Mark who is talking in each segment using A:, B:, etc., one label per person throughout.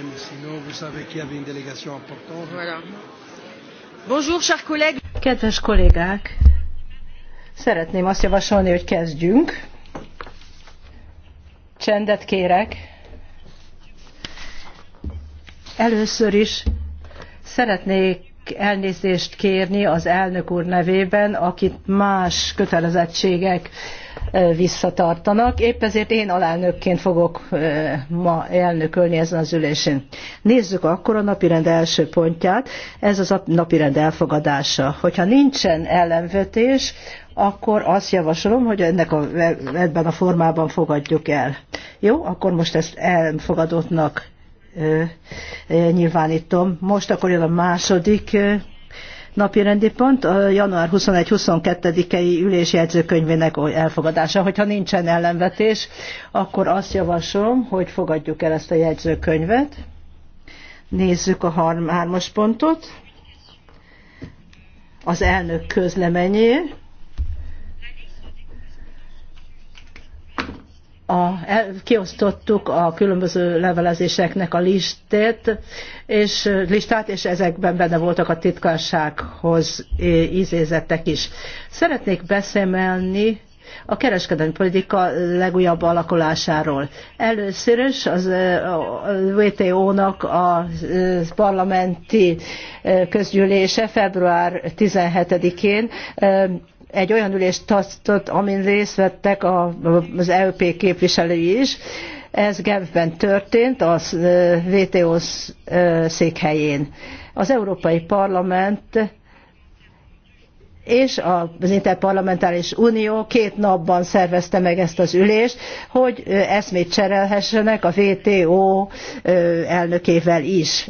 A: problème, sinon vous savez qu'il y avait une délégation importante. Voilà.
B: Bonjour, chers collègues. Kedves kollégák, szeretném azt javasolni, hogy kezdjünk. Csendet kérek. Először is szeretnék elnézést kérni az elnök úr nevében, akit más kötelezettségek visszatartanak. Épp ezért én alelnökként fogok ma elnökölni ezen az ülésen. Nézzük akkor a napirend első pontját. Ez az a napirend elfogadása. Hogyha nincsen ellenvetés, akkor azt javasolom, hogy ennek a, ebben a formában fogadjuk el. Jó, akkor most ezt elfogadottnak nyilvánítom. Most akkor jön a második Napi rendi pont, a január 21-22-i ülés jegyzőkönyvének elfogadása. Hogyha nincsen ellenvetés, akkor azt javaslom, hogy fogadjuk el ezt a jegyzőkönyvet. Nézzük a hármas pontot. Az elnök közlemenyé. a, kiosztottuk a különböző levelezéseknek a listét, és listát, és ezekben benne voltak a titkársághoz ízézettek is. Szeretnék beszélni a kereskedelmi politika legújabb alakulásáról. Először is az WTO-nak a parlamenti közgyűlése február 17-én egy olyan ülést tartott, amin részt vettek az EUP képviselői is. Ez Genfben történt, a WTO székhelyén. Az Európai Parlament és az Interparlamentális Unió két napban szervezte meg ezt az ülést, hogy eszmét cserélhessenek a WTO elnökével is.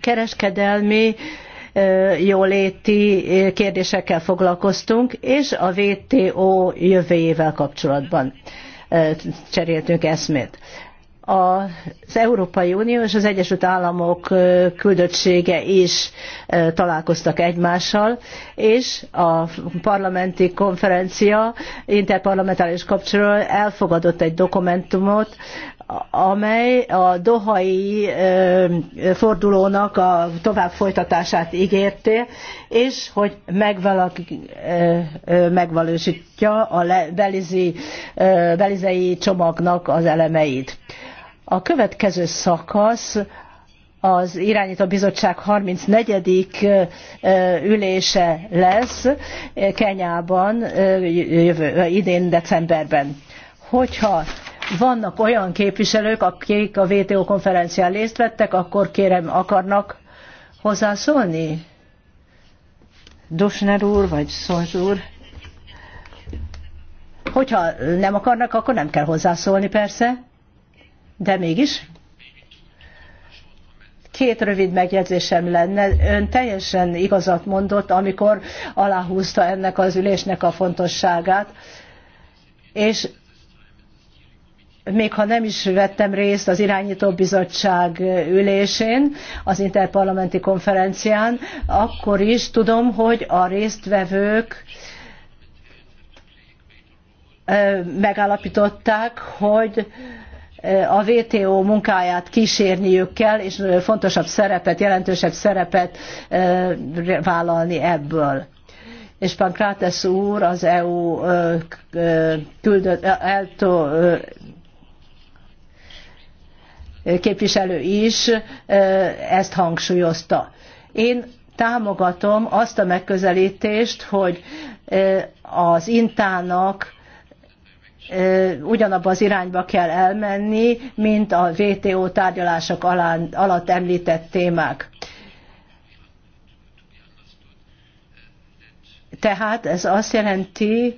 B: Kereskedelmi jóléti kérdésekkel foglalkoztunk, és a WTO jövőjével kapcsolatban cseréltünk eszmét az Európai Unió és az Egyesült Államok küldöttsége is találkoztak egymással, és a parlamenti konferencia interparlamentális kapcsolatról elfogadott egy dokumentumot, amely a dohai fordulónak a tovább folytatását ígérte, és hogy megvalósítja a belizi, belizei csomagnak az elemeit. A következő szakasz az irányító bizottság 34. ülése lesz Kenyában jövő, idén decemberben. Hogyha vannak olyan képviselők, akik a WTO konferencián részt vettek, akkor kérem, akarnak hozzászólni? Dusner úr, vagy Szonzs úr? Hogyha nem akarnak, akkor nem kell hozzászólni persze, de mégis. Két rövid megjegyzésem lenne. Ön teljesen igazat mondott, amikor aláhúzta ennek az ülésnek a fontosságát, és még ha nem is vettem részt az irányító bizottság ülésén, az interparlamenti konferencián, akkor is tudom, hogy a résztvevők megállapították, hogy a WTO munkáját kísérniük kell, és fontosabb szerepet, jelentősebb szerepet vállalni ebből és Pankrátesz úr, az EU küldött, eltó, képviselő is ezt hangsúlyozta. Én támogatom azt a megközelítést, hogy az intának ugyanabba az irányba kell elmenni, mint a WTO tárgyalások alatt említett témák. Tehát ez azt jelenti,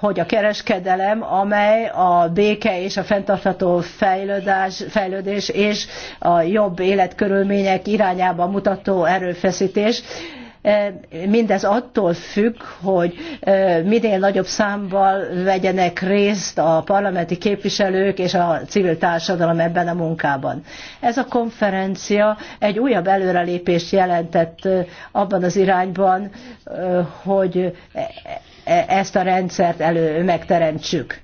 B: hogy a kereskedelem, amely a béke és a fenntartható fejlődés, fejlődés és a jobb életkörülmények irányába mutató erőfeszítés, e, mindez attól függ, hogy e, minél nagyobb számban vegyenek részt a parlamenti képviselők és a civil társadalom ebben a munkában. Ez a konferencia egy újabb előrelépést jelentett e, abban az irányban, hogy E, ezt a rendszert elő megteremtsük.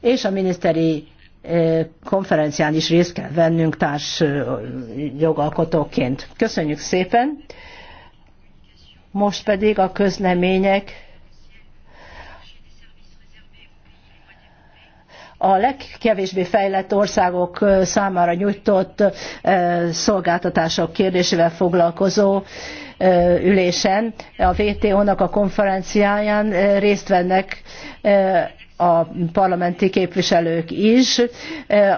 B: És a miniszteri e, konferencián is részt kell vennünk társ e, jogalkotóként. Köszönjük szépen! Most pedig a közlemények a legkevésbé fejlett országok számára nyújtott szolgáltatások kérdésével foglalkozó ülésen, a WTO-nak a konferenciáján részt vennek a parlamenti képviselők is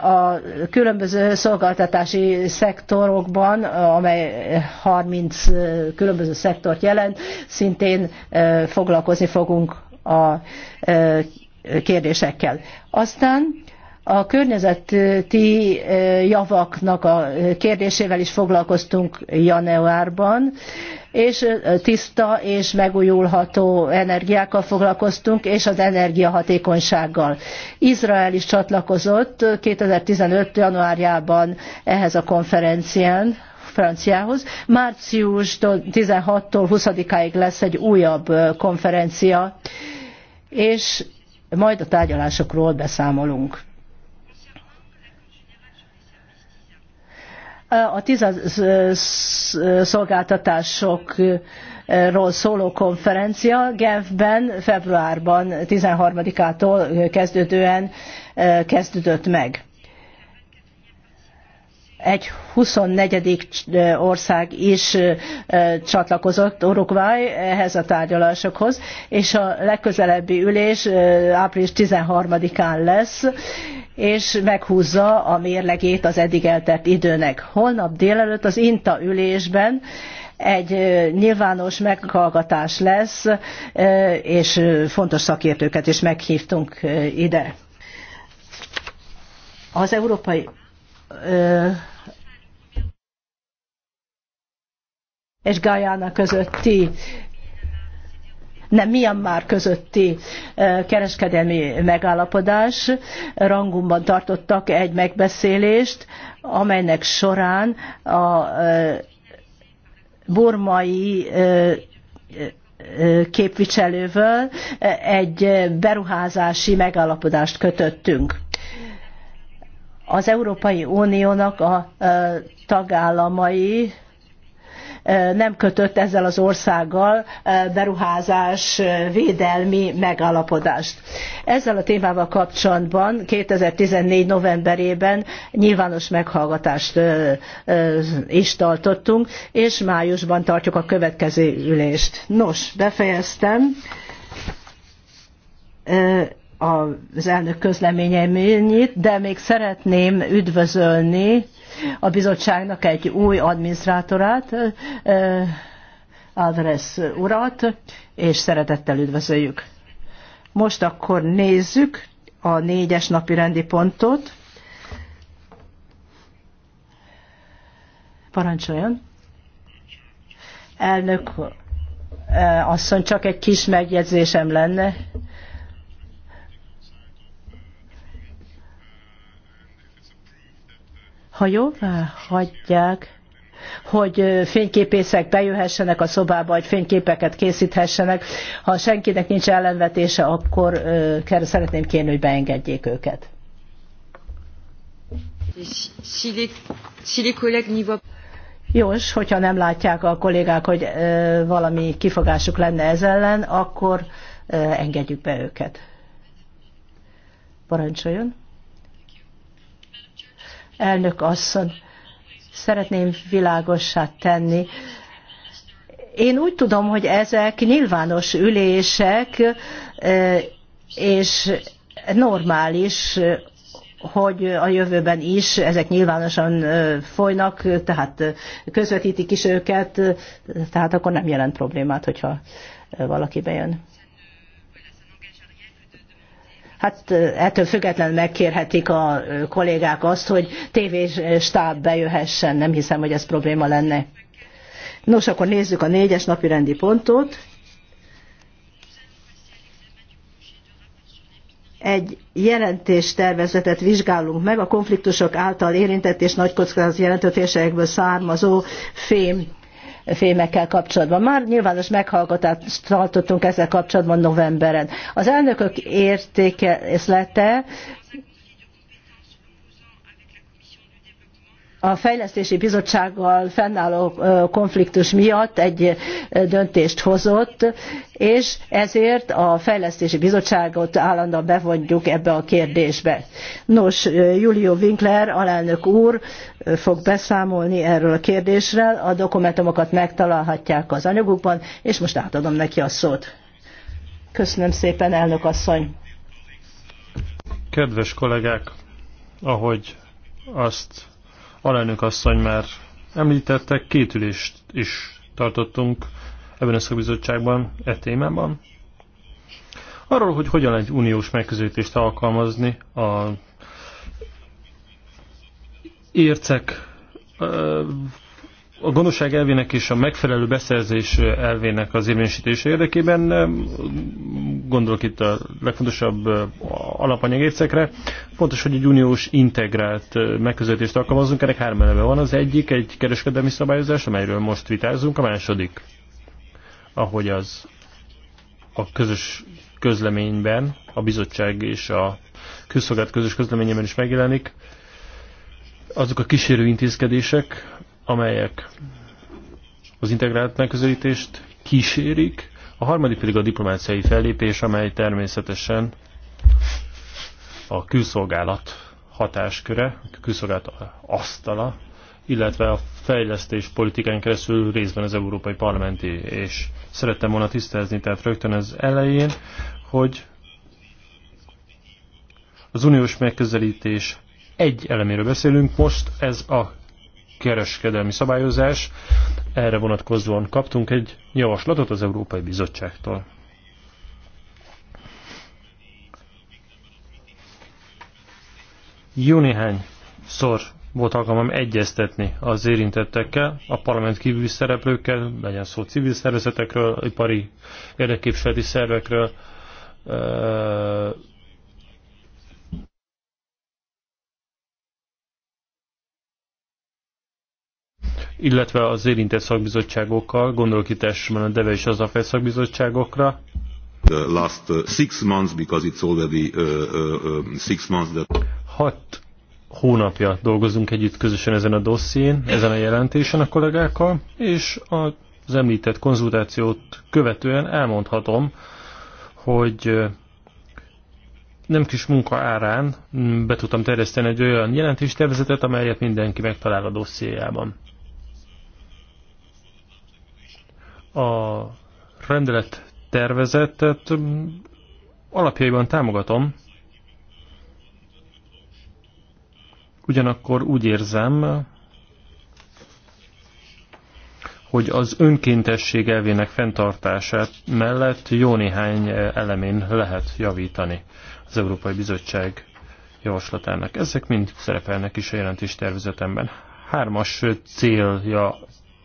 B: a különböző szolgáltatási szektorokban, amely 30 különböző szektort jelent, szintén foglalkozni fogunk a kérdésekkel. Aztán a környezeti javaknak a kérdésével is foglalkoztunk januárban, és tiszta és megújulható energiákkal foglalkoztunk, és az energiahatékonysággal. Izrael is csatlakozott 2015. januárjában ehhez a konferencián, Franciához. Március 16-tól 20-áig lesz egy újabb konferencia, és majd a tárgyalásokról beszámolunk. a tíz szolgáltatásokról szóló konferencia Genfben februárban 13-ától kezdődően e, kezdődött meg. Egy 24. E, ország is e, csatlakozott, Uruguay, ehhez a tárgyalásokhoz, és a legközelebbi ülés április 13-án lesz és meghúzza a mérlegét az eddig eltett időnek. Holnap délelőtt az INTA ülésben egy nyilvános meghallgatás lesz, és fontos szakértőket is meghívtunk ide. Az európai és Gajana közötti nem, Myanmar közötti e, kereskedelmi megállapodás. Rangunban tartottak egy megbeszélést, amelynek során a e, burmai e, képviselővel egy beruházási megállapodást kötöttünk az Európai Uniónak a tagállamai nem kötött ezzel az országgal beruházás védelmi megállapodást. Ezzel a témával kapcsolatban 2014. novemberében nyilvános meghallgatást is tartottunk, és májusban tartjuk a következő ülést. Nos, befejeztem az elnök közleményeit, de még szeretném üdvözölni a bizottságnak egy új adminisztrátorát, Alvarez urat, és szeretettel üdvözöljük. Most akkor nézzük a négyes napi rendi pontot. Parancsoljon. Elnök asszony, csak egy kis megjegyzésem lenne ha jóvá hagyják, hogy fényképészek bejöhessenek a szobába, hogy fényképeket készíthessenek. Ha senkinek nincs ellenvetése, akkor szeretném kérni, hogy beengedjék őket. Jó, és hogyha nem látják a kollégák, hogy valami kifogásuk lenne ez ellen, akkor engedjük be őket. Parancsoljon! elnök asszony, szeretném világossá tenni. Én úgy tudom, hogy ezek nyilvános ülések, e, és normális, hogy a jövőben is ezek nyilvánosan e, folynak, tehát közvetítik is őket, e, tehát akkor nem jelent problémát, hogyha valaki bejön. Hát ettől függetlenül megkérhetik a kollégák azt, hogy stáb bejöhessen. Nem hiszem, hogy ez probléma lenne. Nos, akkor nézzük a négyes napi rendi pontot. Egy tervezetet vizsgálunk meg a konfliktusok által érintett és nagy kockázat jelentő térségekből származó fém fémekkel kapcsolatban. Már nyilvános meghallgatást tartottunk ezzel kapcsolatban novemberen. Az elnökök értékelete a fejlesztési bizottsággal fennálló konfliktus miatt egy döntést hozott, és ezért a fejlesztési bizottságot állandóan bevonjuk ebbe a kérdésbe. Nos, Julio Winkler, alelnök úr fog beszámolni erről a kérdésről, a dokumentumokat megtalálhatják az anyagukban, és most átadom neki a szót. Köszönöm szépen, elnök asszony.
A: Kedves kollégák, ahogy azt alelnök asszony már említettek, két ülést is tartottunk ebben a szakbizottságban e témában. Arról, hogy hogyan egy uniós megközelítést alkalmazni a ércek a gondosság elvének és a megfelelő beszerzés elvének az érvényesítése érdekében, gondolok itt a legfontosabb alapanyagércekre, fontos, hogy egy uniós integrált megközelítést alkalmazunk, ennek három eleme van. Az egyik egy kereskedelmi szabályozás, amelyről most vitázunk, a második, ahogy az a közös közleményben, a bizottság és a külszolgált közös közleményében is megjelenik, azok a kísérő intézkedések, amelyek az integrált megközelítést kísérik, a harmadik pedig a diplomáciai fellépés, amely természetesen a külszolgálat hatásköre, a külszolgálat asztala, illetve a fejlesztés politikán keresztül részben az Európai Parlamenti, és szerettem volna tisztázni, tehát rögtön az elején, hogy az uniós megközelítés egy eleméről beszélünk, most ez a kereskedelmi szabályozás. Erre vonatkozóan kaptunk egy javaslatot az Európai Bizottságtól. Jó néhány szor volt alkalmam egyeztetni az érintettekkel, a parlament kívüli szereplőkkel, legyen szó civil szervezetekről, ipari érdekképviseleti szervekről, illetve az érintett szakbizottságokkal, gondolok itt elsősorban a DEVE és az AFE szakbizottságokra. The last uh, six months, because it's already uh, uh, um, six months that... Hat hónapja dolgozunk együtt közösen ezen a dosszién, ezen a jelentésen a kollégákkal, és az említett konzultációt követően elmondhatom, hogy uh, nem kis munka árán be tudtam terjeszteni egy olyan jelentéstervezetet, amelyet mindenki megtalál a dossziéjában. A rendelet tervezetet alapjaiban támogatom, ugyanakkor úgy érzem, hogy az önkéntesség elvének fenntartását mellett jó néhány elemén lehet javítani az Európai Bizottság javaslatának. Ezek mind szerepelnek is a jelentés tervezetemben. Hármas célja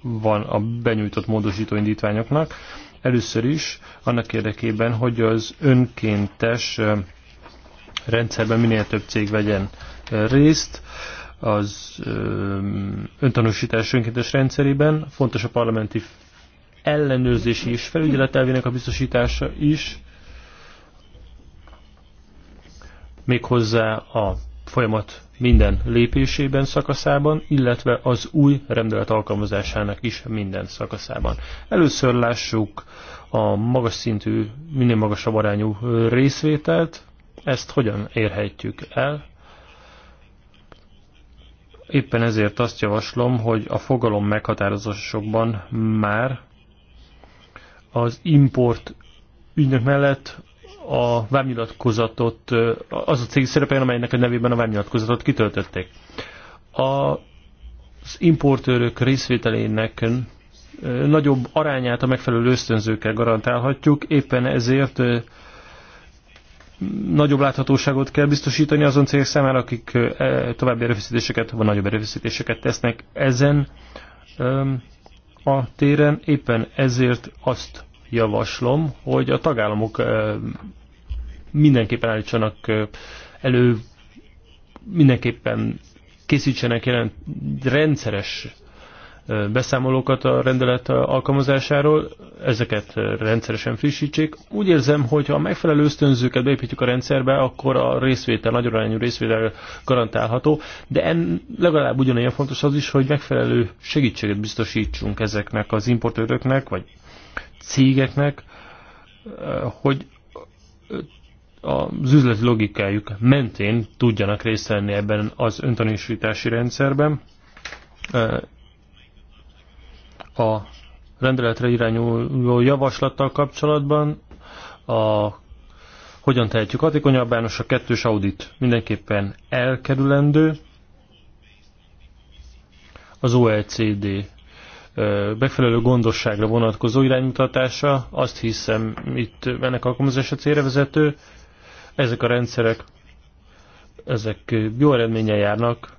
A: van a benyújtott módosító indítványoknak. Először is annak érdekében, hogy az önkéntes rendszerben minél több cég vegyen részt az öntanúsítás önkéntes rendszerében. Fontos a parlamenti ellenőrzési és felügyeletelvének a biztosítása is, méghozzá a folyamat minden lépésében, szakaszában, illetve az új rendelet alkalmazásának is minden szakaszában. Először lássuk a magas szintű, minél magasabb arányú részvételt, ezt hogyan érhetjük el. Éppen ezért azt javaslom, hogy a fogalom meghatározásokban már az import ügynök mellett a vámnyilatkozatot, az a cég szerepel, amelynek a nevében a vámnyilatkozatot kitöltötték. Az importőrök részvételének nagyobb arányát a megfelelő ösztönzőkkel garantálhatjuk, éppen ezért nagyobb láthatóságot kell biztosítani azon cégek számára, akik e, további erőfeszítéseket, vagy nagyobb erőfeszítéseket tesznek ezen a téren. Éppen ezért azt javaslom, hogy a tagállamok mindenképpen állítsanak elő, mindenképpen készítsenek jelen rendszeres beszámolókat a rendelet alkalmazásáról, ezeket rendszeresen frissítsék. Úgy érzem, hogy ha megfelelő ösztönzőket beépítjük a rendszerbe, akkor a részvétel, arányú részvétel garantálható, de en, legalább ugyanolyan fontos az is, hogy megfelelő segítséget biztosítsunk ezeknek az importőröknek, vagy cégeknek, eh, hogy az üzleti logikájuk mentén tudjanak részt venni ebben az öntanúsítási rendszerben. Eh, a rendeletre irányuló javaslattal kapcsolatban a hogyan tehetjük hatékonyabbá, nos a kettős audit mindenképpen elkerülendő. Az OECD megfelelő gondosságra vonatkozó iránymutatása, azt hiszem itt ennek alkalmazása célra vezető. Ezek a rendszerek, ezek jó eredménnyel járnak.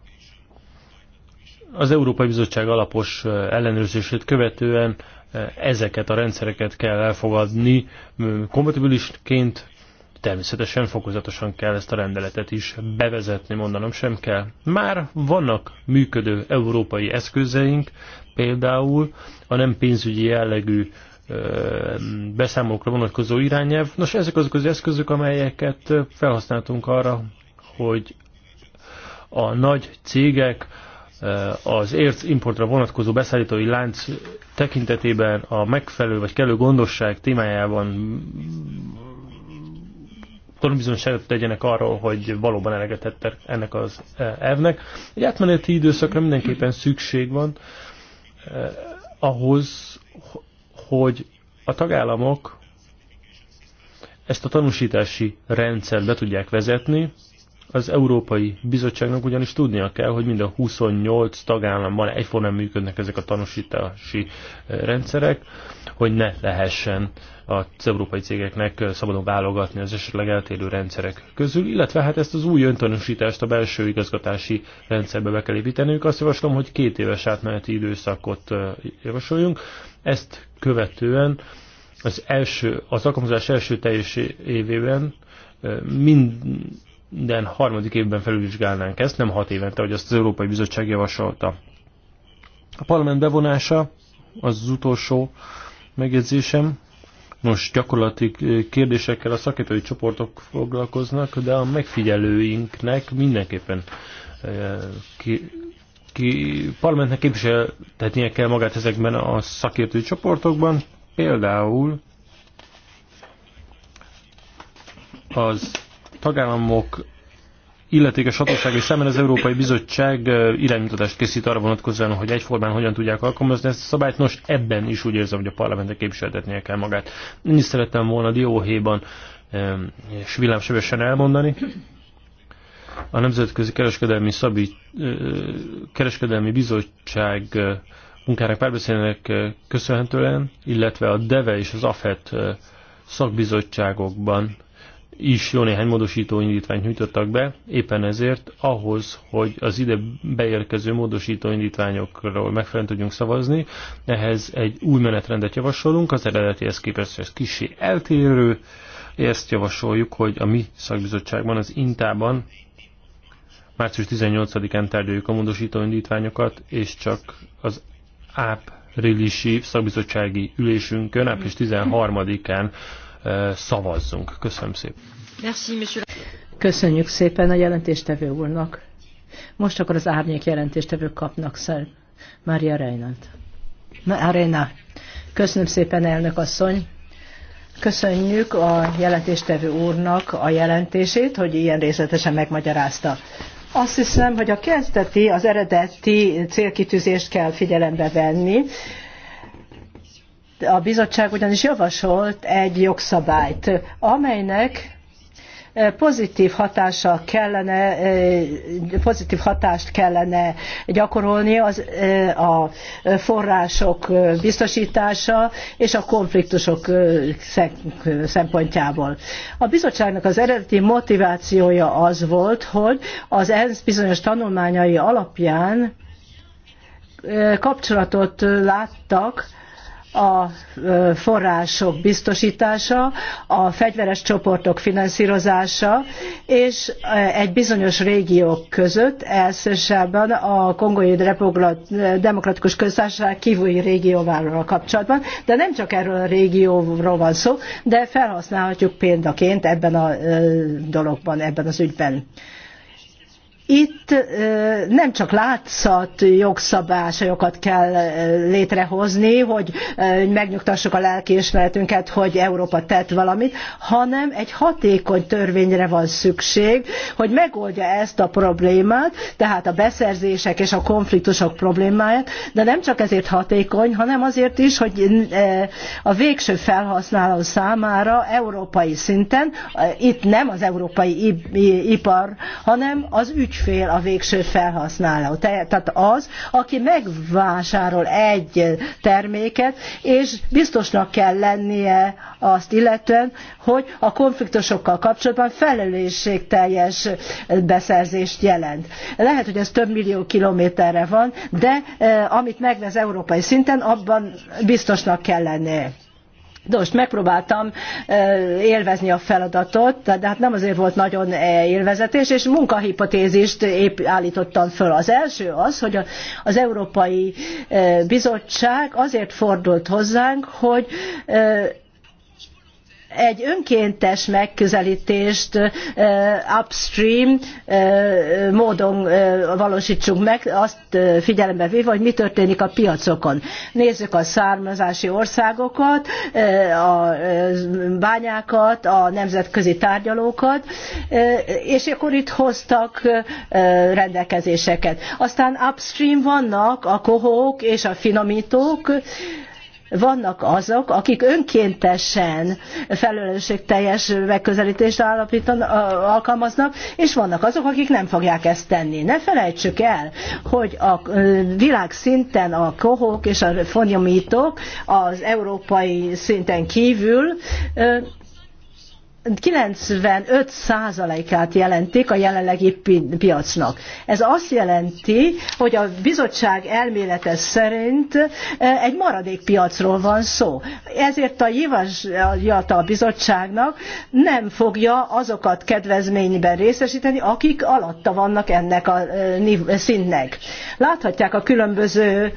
A: Az Európai Bizottság alapos ellenőrzését követően ezeket a rendszereket kell elfogadni kompatibilisként, Természetesen fokozatosan kell ezt a rendeletet is bevezetni, mondanom sem kell. Már vannak működő európai eszközeink, például a nem pénzügyi jellegű beszámolókra vonatkozó irányelv. Nos, ezek azok az eszközök, amelyeket felhasználtunk arra, hogy a nagy cégek az érc importra vonatkozó beszállítói lánc tekintetében a megfelelő vagy kellő gondosság témájában tanúbizonyságot tegyenek arról, hogy valóban eleget ennek az e, elvnek. Egy átmeneti időszakra mindenképpen szükség van eh, ahhoz, hogy a tagállamok ezt a tanúsítási rendszert be tudják vezetni, az Európai Bizottságnak ugyanis tudnia kell, hogy mind a 28 tagállamban egyformán működnek ezek a tanúsítási e, rendszerek, hogy ne lehessen az európai cégeknek szabadon válogatni az esetleg eltérő rendszerek közül, illetve hát ezt az új öntanúsítást a belső igazgatási rendszerbe be kell építenünk. Azt javaslom, hogy két éves átmeneti időszakot javasoljunk. Ezt követően az első, az alkalmazás első teljes évében minden harmadik évben felülvizsgálnánk ezt, nem hat évente, ahogy azt az Európai Bizottság javasolta. A parlament bevonása az, az utolsó megjegyzésem. Nos, gyakorlati eh, kérdésekkel a szakértői csoportok foglalkoznak, de a megfigyelőinknek mindenképpen eh, ki, ki parlamentnek képviseltetnie kell magát ezekben a szakértői csoportokban, például az tagállamok illetékes hatósági szemben az Európai Bizottság iránymutatást készít arra vonatkozóan, hogy egyformán hogyan tudják alkalmazni ezt a szabályt. Nos, ebben is úgy érzem, hogy a parlamentek képviseltetnie kell magát. Én is szerettem volna dióhéjban és villámsebesen elmondani. A Nemzetközi Kereskedelmi, Szabi, Kereskedelmi Bizottság munkának párbeszédének köszönhetően, illetve a DEVE és az AFET szakbizottságokban is jó néhány módosító indítványt nyújtottak be, éppen ezért ahhoz, hogy az ide beérkező módosító indítványokról megfelelően tudjunk szavazni, ehhez egy új menetrendet javasolunk, az eredetihez képest ez kicsi eltérő, ezt javasoljuk, hogy a mi szakbizottságban, az Intában március 18-án tárgyaljuk a módosító indítványokat, és csak az áprilisi szakbizottsági ülésünkön, április 13-án szavazzunk. Köszönöm szépen.
B: Köszönjük szépen a jelentéstevő úrnak. Most akkor az árnyék jelentéstevők kapnak szer. Mária Reinát. Arena. Köszönöm szépen, elnök asszony. Köszönjük a jelentéstevő úrnak a jelentését, hogy ilyen részletesen megmagyarázta. Azt hiszem, hogy a kezdeti, az eredeti célkitűzést kell figyelembe venni, a bizottság ugyanis javasolt egy jogszabályt, amelynek e, pozitív hatása kellene, e, pozitív hatást kellene gyakorolni az, e, a források biztosítása és a konfliktusok szempontjából. A bizottságnak az eredeti motivációja az volt, hogy az ENSZ bizonyos tanulmányai alapján kapcsolatot láttak a források biztosítása, a fegyveres csoportok finanszírozása, és egy bizonyos régiók között, elsősorban a Kongói Demokratikus Köztársaság kívüli régióval kapcsolatban, de nem csak erről a régióról van szó, de felhasználhatjuk példaként ebben a dologban, ebben az ügyben itt nem csak látszat jogszabályokat kell létrehozni, hogy megnyugtassuk a lelkiismeretünket, hogy Európa tett valamit, hanem egy hatékony törvényre van szükség, hogy megoldja ezt a problémát, tehát a beszerzések és a konfliktusok problémáját, de nem csak ezért hatékony, hanem azért is, hogy a végső felhasználó számára európai szinten, itt nem az európai ipar, hanem az ügy ügyfél a végső felhasználó. Tehát az, aki megvásárol egy terméket, és biztosnak kell lennie azt illetően, hogy a konfliktusokkal kapcsolatban felelősségteljes beszerzést jelent. Lehet, hogy ez több millió kilométerre van, de eh, amit megvesz európai szinten, abban biztosnak kell lennie. Most megpróbáltam élvezni a feladatot, de hát nem azért volt nagyon élvezetés, és munkahipotézist épp állítottam föl. Az első az, hogy az Európai Bizottság azért fordult hozzánk, hogy egy önkéntes megközelítést eh, upstream eh, módon eh, valósítsunk meg, azt figyelembe véve, hogy mi történik a piacokon. Nézzük a származási országokat, a bányákat, a nemzetközi tárgyalókat, és akkor itt hoztak rendelkezéseket. Aztán upstream vannak a kohók és a finomítók, vannak azok, akik önkéntesen felelősségteljes megközelítést alkalmaznak, és vannak azok, akik nem fogják ezt tenni. Ne felejtsük el, hogy a világszinten a kohók és a fonyomítók az európai szinten kívül 95%-át jelentik a jelenlegi piacnak. Ez azt jelenti, hogy a bizottság elmélete szerint e, egy maradék piacról van szó. Ezért a javaslata a bizottságnak nem fogja azokat kedvezményben részesíteni, akik alatta vannak ennek a e, szintnek. Láthatják a különböző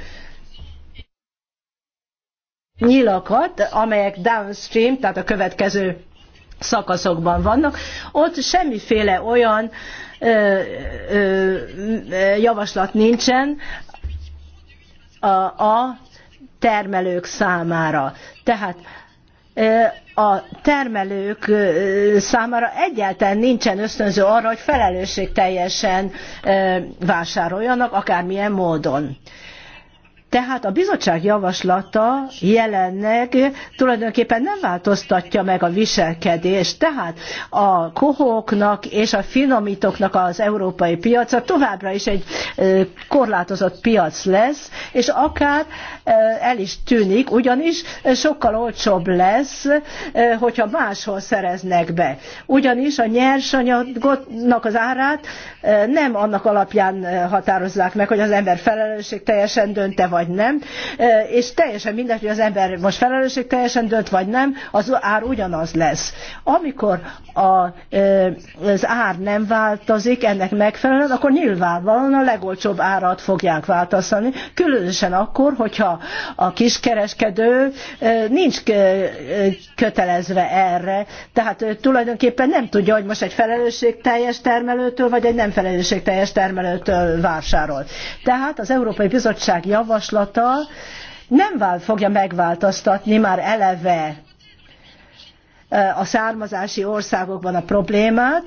B: nyilakat, amelyek downstream, tehát a következő szakaszokban vannak, ott semmiféle olyan ö, ö, javaslat nincsen a, a termelők számára. Tehát a termelők számára egyáltalán nincsen ösztönző arra, hogy felelősségteljesen vásároljanak, akármilyen módon. Tehát a bizottság javaslata jelenleg tulajdonképpen nem változtatja meg a viselkedést, tehát a kohóknak és a finomítóknak az európai piaca továbbra is egy korlátozott piac lesz, és akár el is tűnik, ugyanis sokkal olcsóbb lesz, hogyha máshol szereznek be. Ugyanis a nyersanyagnak az árát nem annak alapján határozzák meg, hogy az ember felelősség teljesen dönte vagy nem, és teljesen mindegy, hogy az ember most felelősség teljesen dönt vagy nem, az ár ugyanaz lesz. Amikor a, az ár nem változik ennek megfelelően, akkor nyilvánvalóan a legolcsóbb árat fogják változtatni, különösen akkor, hogyha a kiskereskedő nincs kötelezve erre, tehát ő tulajdonképpen nem tudja, hogy most egy felelősségteljes termelőtől, vagy egy nem felelősségteljes termelőtől vásárol. Tehát az Európai Bizottság javaslata nem vál, fogja megváltoztatni már eleve a származási országokban a problémát,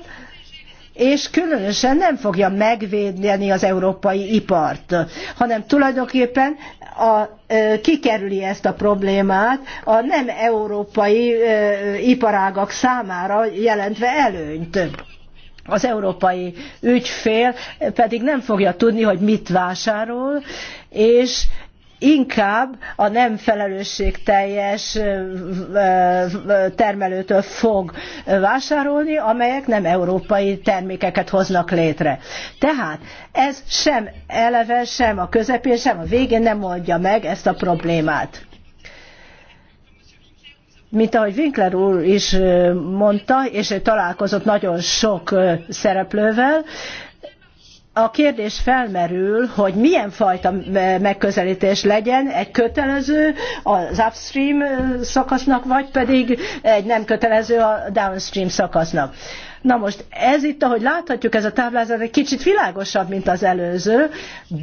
B: és különösen nem fogja megvédeni az európai ipart, hanem tulajdonképpen a, kikerüli ezt a problémát a nem európai iparágak számára jelentve előnyt az európai ügyfél pedig nem fogja tudni, hogy mit vásárol, és inkább a nem felelősségteljes termelőtől fog vásárolni, amelyek nem európai termékeket hoznak létre. Tehát ez sem eleve, sem a közepén, sem a végén nem oldja meg ezt a problémát mint ahogy Winkler úr is mondta, és ő találkozott nagyon sok szereplővel, a kérdés felmerül, hogy milyen fajta eh, megközelítés legyen, egy kötelező az upstream eh, szakasznak, vagy pedig egy nem kötelező a downstream szakasznak. Na most ez itt, ahogy láthatjuk, ez a táblázat egy kicsit világosabb, mint az előző,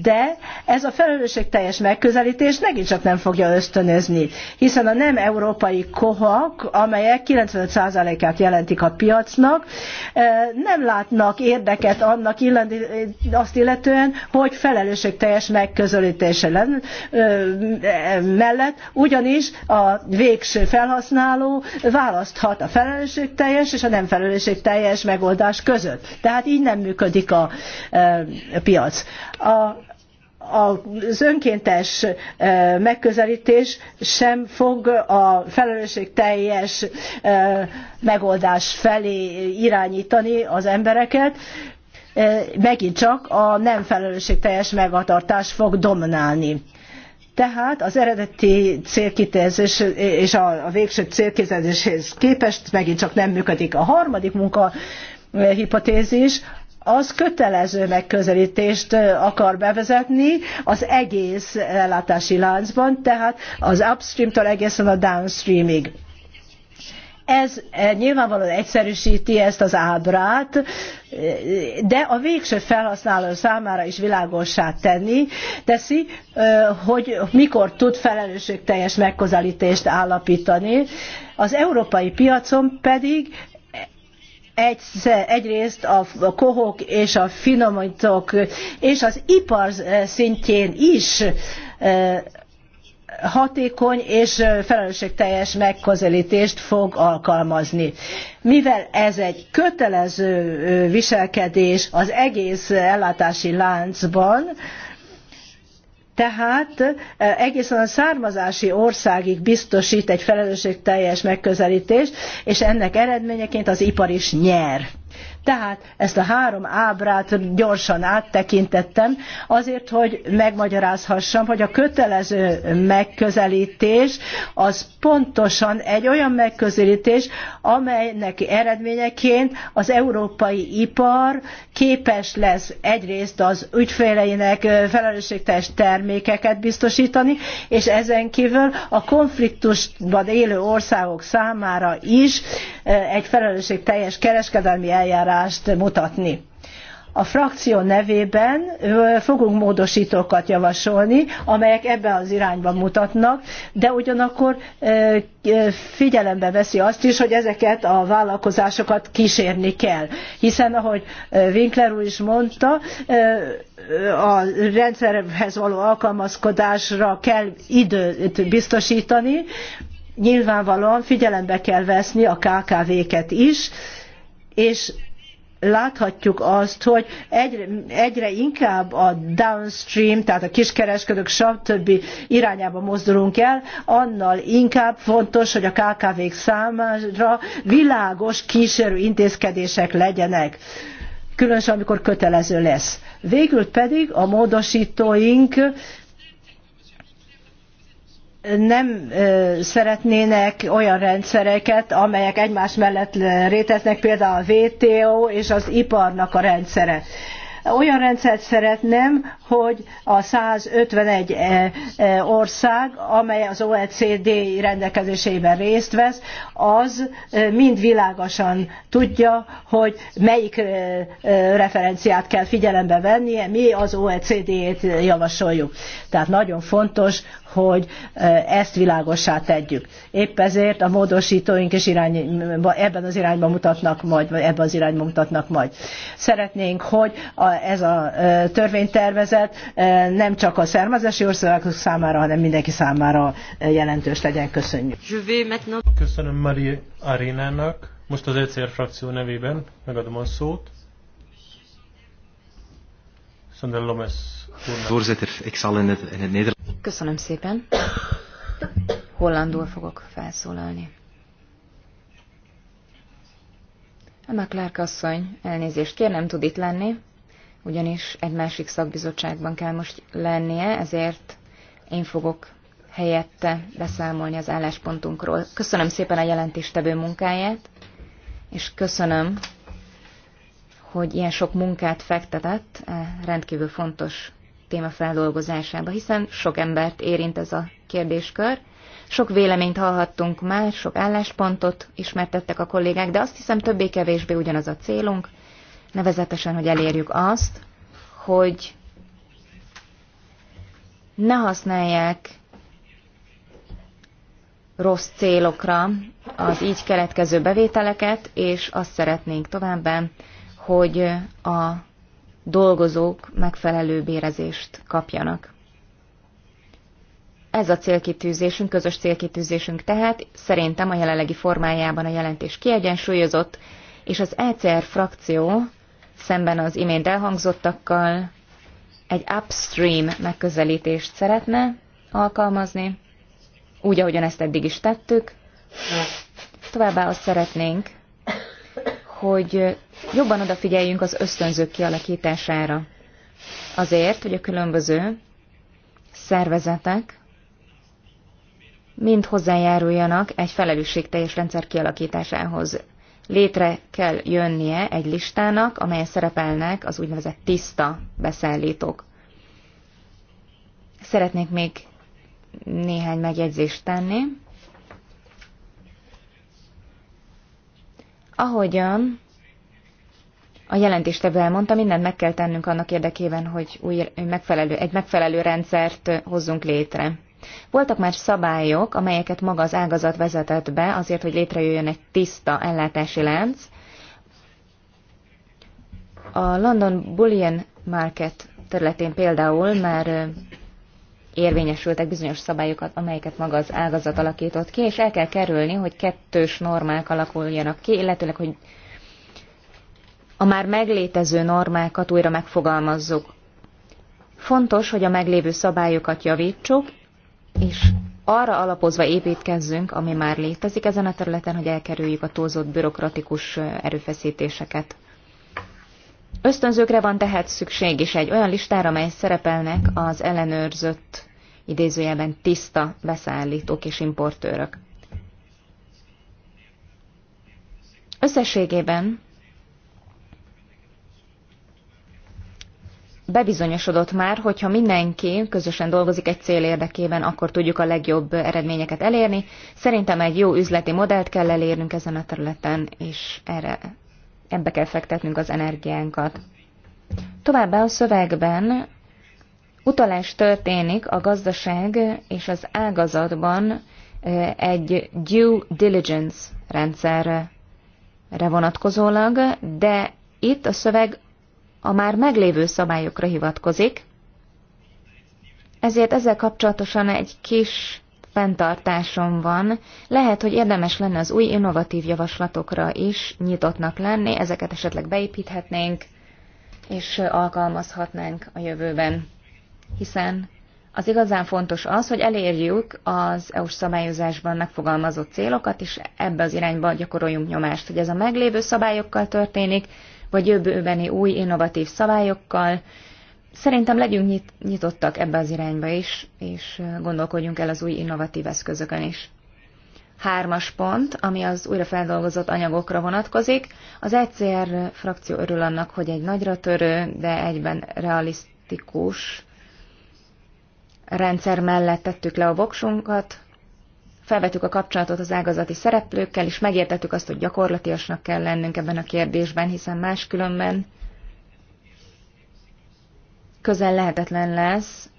B: de ez a felelősségteljes megközelítés megint csak nem fogja ösztönözni, hiszen a nem európai kohak, amelyek 95%-át jelentik a piacnak, eh, nem látnak érdeket annak azt illetően, hogy felelősségteljes megközelítése eh, mellett, ugyanis a végső felhasználó választhat a felelősségteljes és a nem felelősségteljes teljes megoldás között. Tehát így nem működik a, e, piac. A, az önkéntes e, megközelítés sem fog a teljes e, megoldás felé irányítani az embereket, megint csak a nem teljes megatartás fog dominálni. Tehát az eredeti célkitezés és a végső célkitezéshez képest megint csak nem működik. A harmadik munka eh, hipotézis, az kötelező megközelítést eh, akar bevezetni az egész ellátási láncban, tehát az upstream-tól egészen a downstreamig ez eh, nyilvánvalóan egyszerűsíti ezt az ábrát, eh, de a végső felhasználó számára is világossá tenni, teszi, eh, hogy mikor tud felelősségteljes megközelítést állapítani. Az európai piacon pedig egy, egyrészt a kohók és a finomítók és az ipar szintjén is hatékony és felelősségteljes megközelítést fog alkalmazni. Mivel ez egy kötelező viselkedés az egész ellátási láncban, tehát egészen a származási országig biztosít egy felelősségteljes megközelítést, és ennek eredményeként az ipar is nyer. Tehát ezt a három ábrát gyorsan áttekintettem, azért, hogy megmagyarázhassam, hogy a kötelező megközelítés az pontosan egy olyan megközelítés, amelynek eredményeként az európai ipar képes lesz egyrészt az ügyféleinek felelősségteljes termékeket biztosítani, és ezen kívül a konfliktusban élő országok számára is egy felelősségteljes kereskedelmi eljárás hozzáállást mutatni. A frakció nevében fogunk módosítókat javasolni, amelyek ebbe az irányba mutatnak, de ugyanakkor figyelembe veszi azt is, hogy ezeket a vállalkozásokat kísérni kell. Hiszen, ahogy Winkler úr is mondta, a rendszerhez való alkalmazkodásra kell időt biztosítani, nyilvánvalóan figyelembe kell veszni a KKV-ket is, és láthatjuk azt, hogy egyre, egyre inkább a downstream, tehát a kiskereskedők, stb. irányába mozdulunk el, annal inkább fontos, hogy a KKV-k számára világos kísérő intézkedések legyenek különösen amikor kötelező lesz. Végül pedig a módosítóink nem szeretnének olyan rendszereket, amelyek egymás mellett léteznek, például a WTO és az iparnak a rendszere olyan rendszert szeretném, hogy a 151 ország, amely az OECD rendelkezésében részt vesz, az mind világosan tudja, hogy melyik referenciát kell figyelembe vennie, mi az OECD-t javasoljuk. Tehát nagyon fontos, hogy eh, ezt világossá tegyük. Épp ezért a módosítóink is irány, ebben az irányban mutatnak majd, vagy ebben az irányban mutatnak majd. Szeretnénk, hogy a, ez a eh, törvénytervezet eh, nem csak a származási országok számára, hanem mindenki számára jelentős legyen. Köszönjük.
A: Köszönöm Mari Arénának. Most az ECR frakció nevében megadom a szót. Sandel Lomesz.
B: Voorzitter, ik zal in het, in het Nederlands...
C: Köszönöm szépen. Hollandul fogok felszólalni. Emma Clark asszony, elnézést kér, nem tud itt lenni, ugyanis egy másik szakbizottságban kell most lennie, ezért én fogok helyette beszámolni az álláspontunkról. Köszönöm szépen a jelentéstevő munkáját, és köszönöm, hogy ilyen sok munkát fektetett rendkívül fontos téma feldolgozásába, hiszen sok embert érint ez a kérdéskör. Sok véleményt hallhattunk már, sok álláspontot ismertettek a kollégák, de azt hiszem többé-kevésbé ugyanaz a célunk, nevezetesen, hogy elérjük azt, hogy ne használják rossz célokra az így keletkező bevételeket, és azt szeretnénk továbbá, hogy a dolgozók megfelelő bérezést kapjanak. Ez a célkitűzésünk, közös célkitűzésünk tehát, szerintem a jelenlegi formájában a jelentés kiegyensúlyozott, és az ECR frakció szemben az imént elhangzottakkal egy upstream megközelítést szeretne alkalmazni, úgy, ahogyan ezt eddig is tettük. Továbbá azt szeretnénk, hogy jobban odafigyeljünk az ösztönzők kialakítására. Azért, hogy a különböző szervezetek mind hozzájáruljanak egy felelősségteljes rendszer kialakításához. Létre kell jönnie egy listának, amelyen szerepelnek az úgynevezett tiszta beszállítók. Szeretnék még néhány megjegyzést tenni. Ahogyan a jelentéstevő elmondta, mindent meg kell tennünk annak érdekében, hogy új, megfelelő, egy megfelelő rendszert hozzunk létre. Voltak már szabályok, amelyeket maga az ágazat vezetett be azért, hogy létrejöjjön egy tiszta ellátási lánc. A London Bullion Market területén például már érvényesültek bizonyos szabályokat, amelyeket maga az ágazat alakított ki, és el kell kerülni, hogy kettős normák alakuljanak ki, illetőleg, hogy a már meglétező normákat újra megfogalmazzuk. Fontos, hogy a meglévő szabályokat javítsuk, és arra alapozva építkezzünk, ami már létezik ezen a területen, hogy elkerüljük a túlzott bürokratikus erőfeszítéseket. Ösztönzőkre van tehát szükség is egy olyan listára, mely szerepelnek az ellenőrzött, idézőjelben tiszta beszállítók és importőrök. Összességében bebizonyosodott már, hogyha mindenki közösen dolgozik egy cél érdekében, akkor tudjuk a legjobb eredményeket elérni. Szerintem egy jó üzleti modellt kell elérnünk ezen a területen, és erre, ebbe kell fektetnünk az energiánkat. Továbbá a szövegben utalás történik a gazdaság és az ágazatban egy due diligence rendszerre vonatkozólag, de itt a szöveg a már meglévő szabályokra hivatkozik, ezért ezzel kapcsolatosan egy kis fenntartásom van. Lehet, hogy érdemes lenne az új innovatív javaslatokra is nyitottnak lenni, ezeket esetleg beépíthetnénk, és alkalmazhatnánk a jövőben. Hiszen az igazán fontos az, hogy elérjük az EU-s szabályozásban megfogalmazott célokat, és ebbe az irányba gyakoroljunk nyomást, hogy ez a meglévő szabályokkal történik, vagy jövőbeni új innovatív szabályokkal. Szerintem legyünk nyitottak ebbe az irányba is, és gondolkodjunk el az új innovatív eszközökön is. Hármas pont, ami az újrafeldolgozott anyagokra vonatkozik. Az ECR frakció örül annak, hogy egy nagyra törő, de egyben realisztikus rendszer mellett tettük le a voksunkat, felvettük a kapcsolatot az ágazati szereplőkkel, és megértettük azt, hogy gyakorlatilasnak kell lennünk ebben a kérdésben, hiszen máskülönben közel lehetetlen lesz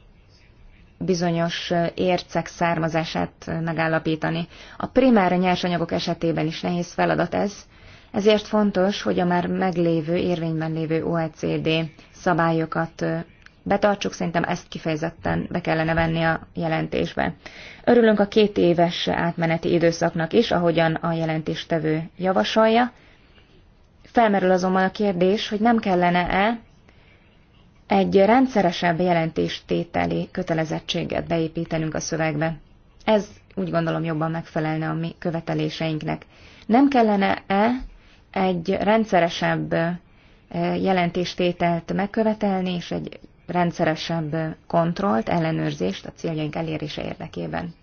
C: bizonyos ércek származását megállapítani. A primára nyersanyagok esetében is nehéz feladat ez, ezért fontos, hogy a már meglévő, érvényben lévő OECD szabályokat betartsuk, szerintem ezt kifejezetten be kellene venni a jelentésbe. Örülünk a két éves átmeneti időszaknak is, ahogyan a jelentéstevő javasolja. Felmerül azonban a kérdés, hogy nem kellene-e egy rendszeresebb jelentéstételi kötelezettséget beépítenünk a szövegbe. Ez úgy gondolom jobban megfelelne a mi követeléseinknek. Nem kellene-e egy rendszeresebb eh, jelentéstételt megkövetelni, és egy rendszeresebb kontrollt, ellenőrzést a céljaink elérése érdekében.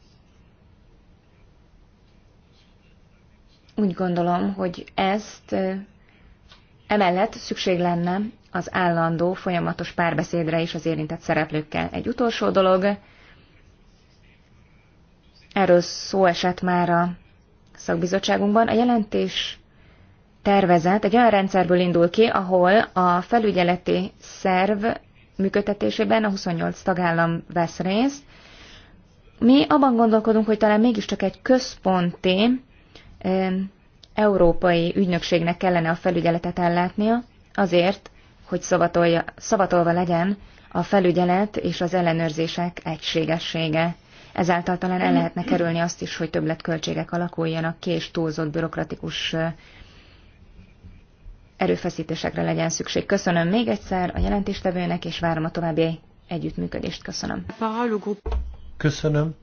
C: Úgy gondolom, hogy ezt emellett szükség lenne az állandó, folyamatos párbeszédre is az érintett szereplőkkel. Egy utolsó dolog, erről szó esett már a szakbizottságunkban, a jelentés tervezet egy olyan rendszerből indul ki, ahol a felügyeleti szerv működtetésében a 28 tagállam vesz részt. Mi abban gondolkodunk, hogy talán mégiscsak egy központi európai ügynökségnek kellene a felügyeletet ellátnia, azért, hogy szavatolja, szavatolva legyen a felügyelet és az ellenőrzések egységessége. Ezáltal talán el lehetne kerülni azt is, hogy többletköltségek alakuljanak ki, és túlzott bürokratikus erőfeszítésekre legyen szükség. Köszönöm még egyszer a jelentéstevőnek, és várom a további együttműködést. Köszönöm.
A: Köszönöm.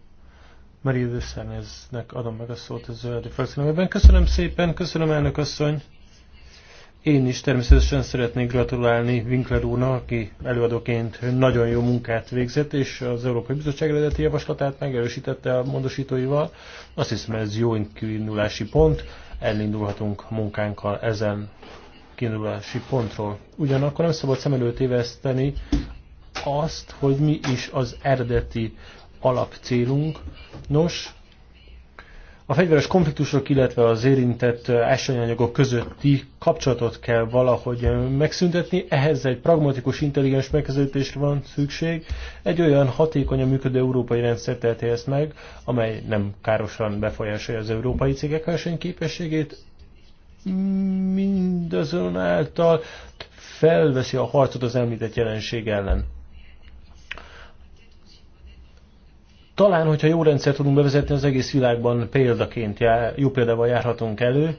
A: Marie Vösszerneznek adom meg a szót a zöldi frakcióban. Köszönöm szépen, köszönöm elnök asszony. Én is természetesen szeretnék gratulálni Winkler úrnak, aki előadóként nagyon jó munkát végzett, és az Európai Bizottság eredeti javaslatát megerősítette a módosítóival. Azt hiszem, ez jó indulási pont, elindulhatunk munkánkkal ezen kiindulási pontról. Ugyanakkor nem szabad szem előtt éveszteni azt, hogy mi is az eredeti alapcélunk. Nos, a fegyveres konfliktusok, illetve az érintett ásványanyagok közötti kapcsolatot kell valahogy megszüntetni. Ehhez egy pragmatikus, intelligens megközelítésre van szükség. Egy olyan hatékonyan működő európai rendszer teheti ezt meg, amely nem károsan befolyásolja az európai cégek versenyképességét, mindazonáltal felveszi a harcot az említett jelenség ellen. Talán, hogyha jó rendszer tudunk bevezetni, az egész világban példaként jár, jó példával járhatunk elő.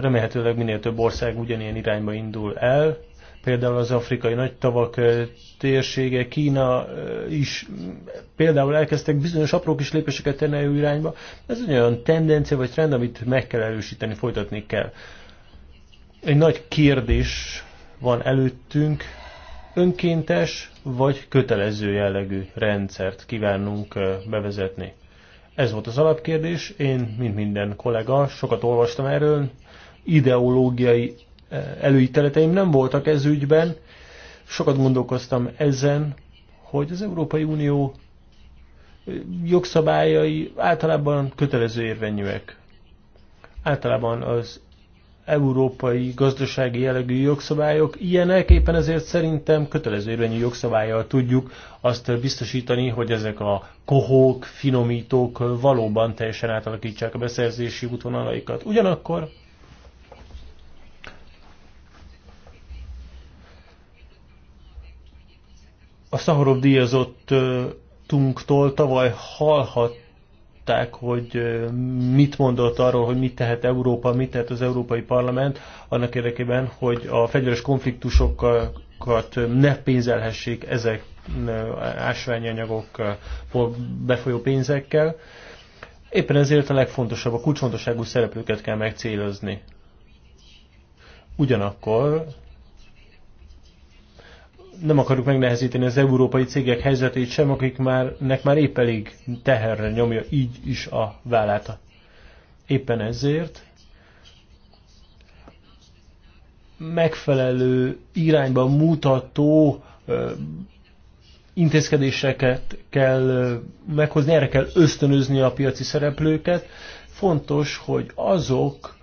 A: Remélhetőleg minél több ország ugyanilyen irányba indul el például az afrikai nagy tavak térsége, Kína is például elkezdtek bizonyos apró kis lépéseket tenni a irányba. Ez egy olyan tendencia vagy trend, amit meg kell erősíteni, folytatni kell. Egy nagy kérdés van előttünk, önkéntes vagy kötelező jellegű rendszert kívánunk bevezetni. Ez volt az alapkérdés, én, mint minden kollega, sokat olvastam erről, ideológiai előítéleteim nem voltak ez ügyben. Sokat gondolkoztam ezen, hogy az Európai Unió jogszabályai általában kötelező érvényűek. Általában az európai gazdasági jellegű jogszabályok ilyenek, éppen ezért szerintem kötelező érvényű jogszabályjal tudjuk azt biztosítani, hogy ezek a kohók, finomítók valóban teljesen átalakítsák a beszerzési útvonalaikat. Ugyanakkor A Szahorov díjazottunktól tavaly hallhatták, hogy mit mondott arról, hogy mit tehet Európa, mit tehet az Európai Parlament annak érdekében, hogy a fegyveres konfliktusokat ne pénzelhessék ezek ásványanyagok befolyó pénzekkel. Éppen ezért a legfontosabb, a kulcsfontosságú szereplőket kell megcélozni. Ugyanakkor nem akarjuk megnehezíteni az európai cégek helyzetét sem, akik már, nek már épp elég teherre nyomja így is a vállát. Éppen ezért megfelelő irányba mutató intézkedéseket kell meghozni, erre kell ösztönözni a piaci szereplőket. Fontos, hogy azok,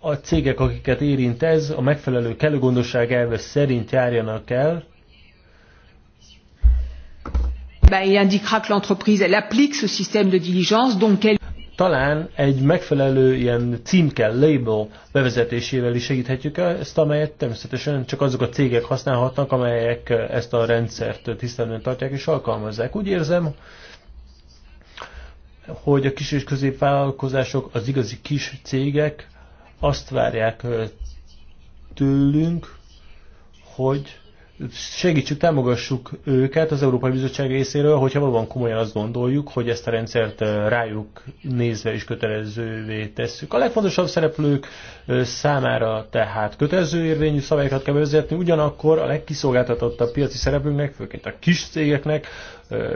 A: a cégek, akiket érint ez, a megfelelő gondosság elve szerint járjanak el. talán egy megfelelő ilyen címkel, label bevezetésével is segíthetjük ezt, amelyet természetesen csak azok a cégek használhatnak, amelyek ezt a rendszert tisztelően tartják és alkalmazzák. Úgy érzem, hogy a kis és középvállalkozások, az igazi kis cégek azt várják tőlünk, hogy segítsük, támogassuk őket az Európai Bizottság részéről, hogyha valóban komolyan azt gondoljuk, hogy ezt a rendszert rájuk nézve is kötelezővé tesszük. A legfontosabb szereplők számára tehát kötelező érvényű szabályokat kell vezetni, ugyanakkor a legkiszolgáltatottabb piaci szereplőknek, főként a kis cégeknek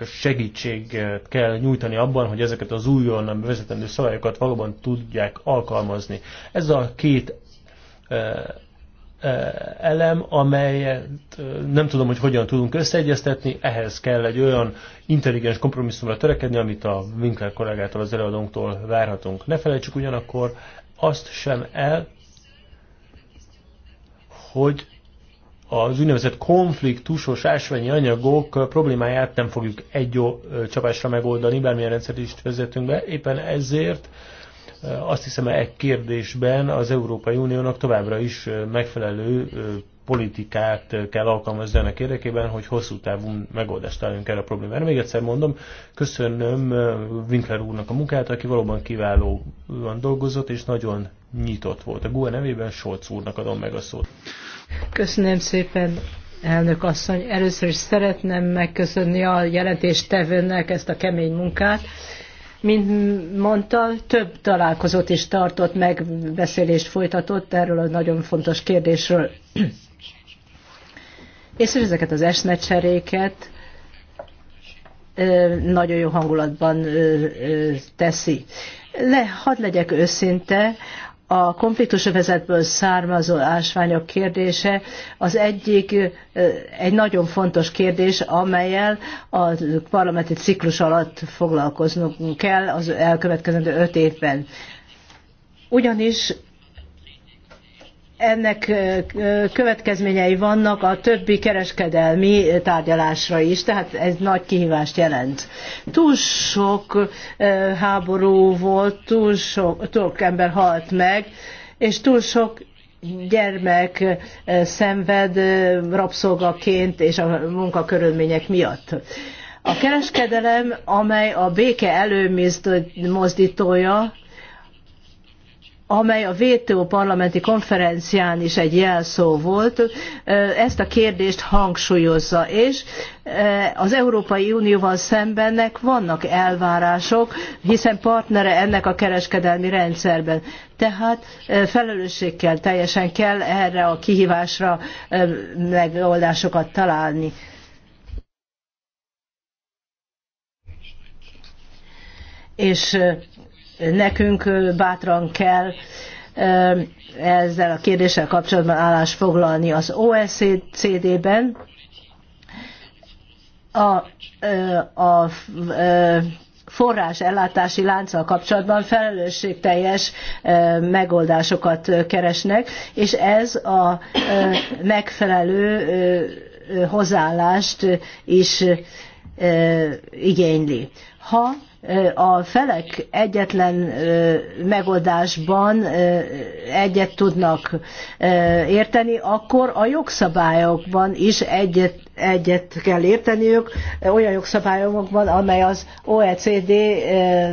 A: segítséget kell nyújtani abban, hogy ezeket az újonnan vezetendő szabályokat valóban tudják alkalmazni. Ez a két elem, amelyet nem tudom, hogy hogyan tudunk összeegyeztetni, ehhez kell egy olyan intelligens kompromisszumra törekedni, amit a Winkler kollégától, az előadónktól várhatunk. Ne felejtsük ugyanakkor azt sem el, hogy az úgynevezett konfliktusos ásványi anyagok problémáját nem fogjuk egy jó csapásra megoldani, bármilyen rendszert is vezetünk be. Éppen ezért azt hiszem, egy kérdésben az Európai Uniónak továbbra is megfelelő politikát kell alkalmazni ennek érdekében, hogy hosszú távú megoldást találjunk erre a problémára. Még egyszer mondom, köszönöm Winkler úrnak a munkát, aki valóban kiválóan dolgozott, és nagyon nyitott volt. A GUE nevében Solc úrnak adom meg a szót.
B: Köszönöm szépen, elnök asszony. Először is szeretném megköszönni a jelentéstevőnek ezt a kemény munkát. Mint mondta, több találkozót is tartott, megbeszélést folytatott erről a nagyon fontos kérdésről. És ezeket az esmecseréket nagyon jó hangulatban teszi. Le, hadd legyek őszinte, a konfliktusövezetből származó ásványok kérdése az egyik egy nagyon fontos kérdés, amelyel a parlamenti ciklus alatt foglalkoznunk kell az elkövetkezendő öt évben. Ugyanis ennek következményei vannak a többi kereskedelmi tárgyalásra is, tehát ez nagy kihívást jelent. Túl sok háború volt, túl sok, túl sok ember halt meg, és túl sok gyermek szenved rabszolgaként és a munkakörülmények miatt. A kereskedelem, amely a béke előmozdítója, amely a WTO parlamenti konferencián is egy jelszó volt, ezt a kérdést hangsúlyozza, és az Európai Unióval szembennek vannak elvárások, hiszen partnere ennek a kereskedelmi rendszerben. Tehát felelősséggel teljesen kell erre a kihívásra megoldásokat találni. És nekünk bátran kell ezzel a kérdéssel kapcsolatban állást foglalni az oscd ben A, a forrás ellátási lánccal kapcsolatban felelősségteljes megoldásokat keresnek, és ez a megfelelő hozzáállást is igényli. Ha a felek egyetlen megoldásban egyet tudnak érteni, akkor a jogszabályokban is egyet, egyet kell érteniük, olyan jogszabályokban, amely az OECD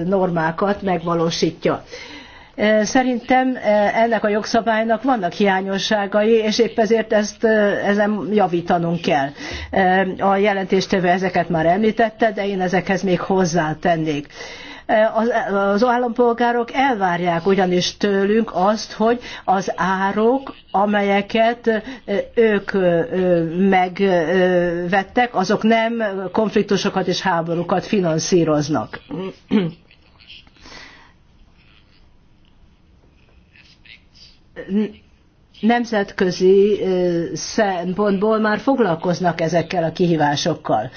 B: normákat megvalósítja. Szerintem ennek a jogszabálynak vannak hiányosságai, és épp ezért ezt ezen javítanunk kell. A jelentéstevő ezeket már említette, de én ezekhez még hozzátennék az, állampolgárok elvárják ugyanis tőlünk azt, hogy az árok, amelyeket ők megvettek, azok nem konfliktusokat és háborúkat finanszíroznak. nemzetközi szempontból már foglalkoznak ezekkel a kihívásokkal.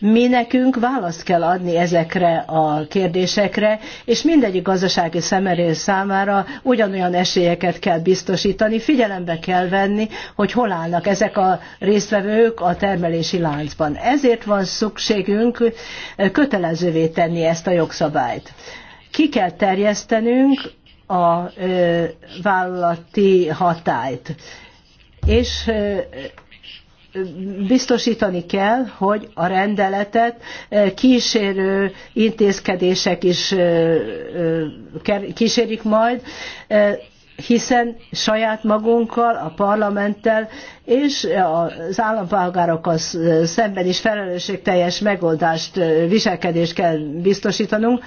B: Mi nekünk választ kell adni ezekre a kérdésekre, és mindegyik gazdasági szemerél számára ugyanolyan esélyeket kell biztosítani, figyelembe kell venni, hogy hol állnak ezek a résztvevők a termelési láncban. Ezért van szükségünk kötelezővé tenni ezt a jogszabályt. Ki kell terjesztenünk a vállalati hatályt. És biztosítani kell, hogy a rendeletet kísérő intézkedések is kísérik majd, hiszen saját magunkkal, a parlamenttel és az állampolgárokkal szemben is felelősségteljes megoldást, viselkedést kell biztosítanunk,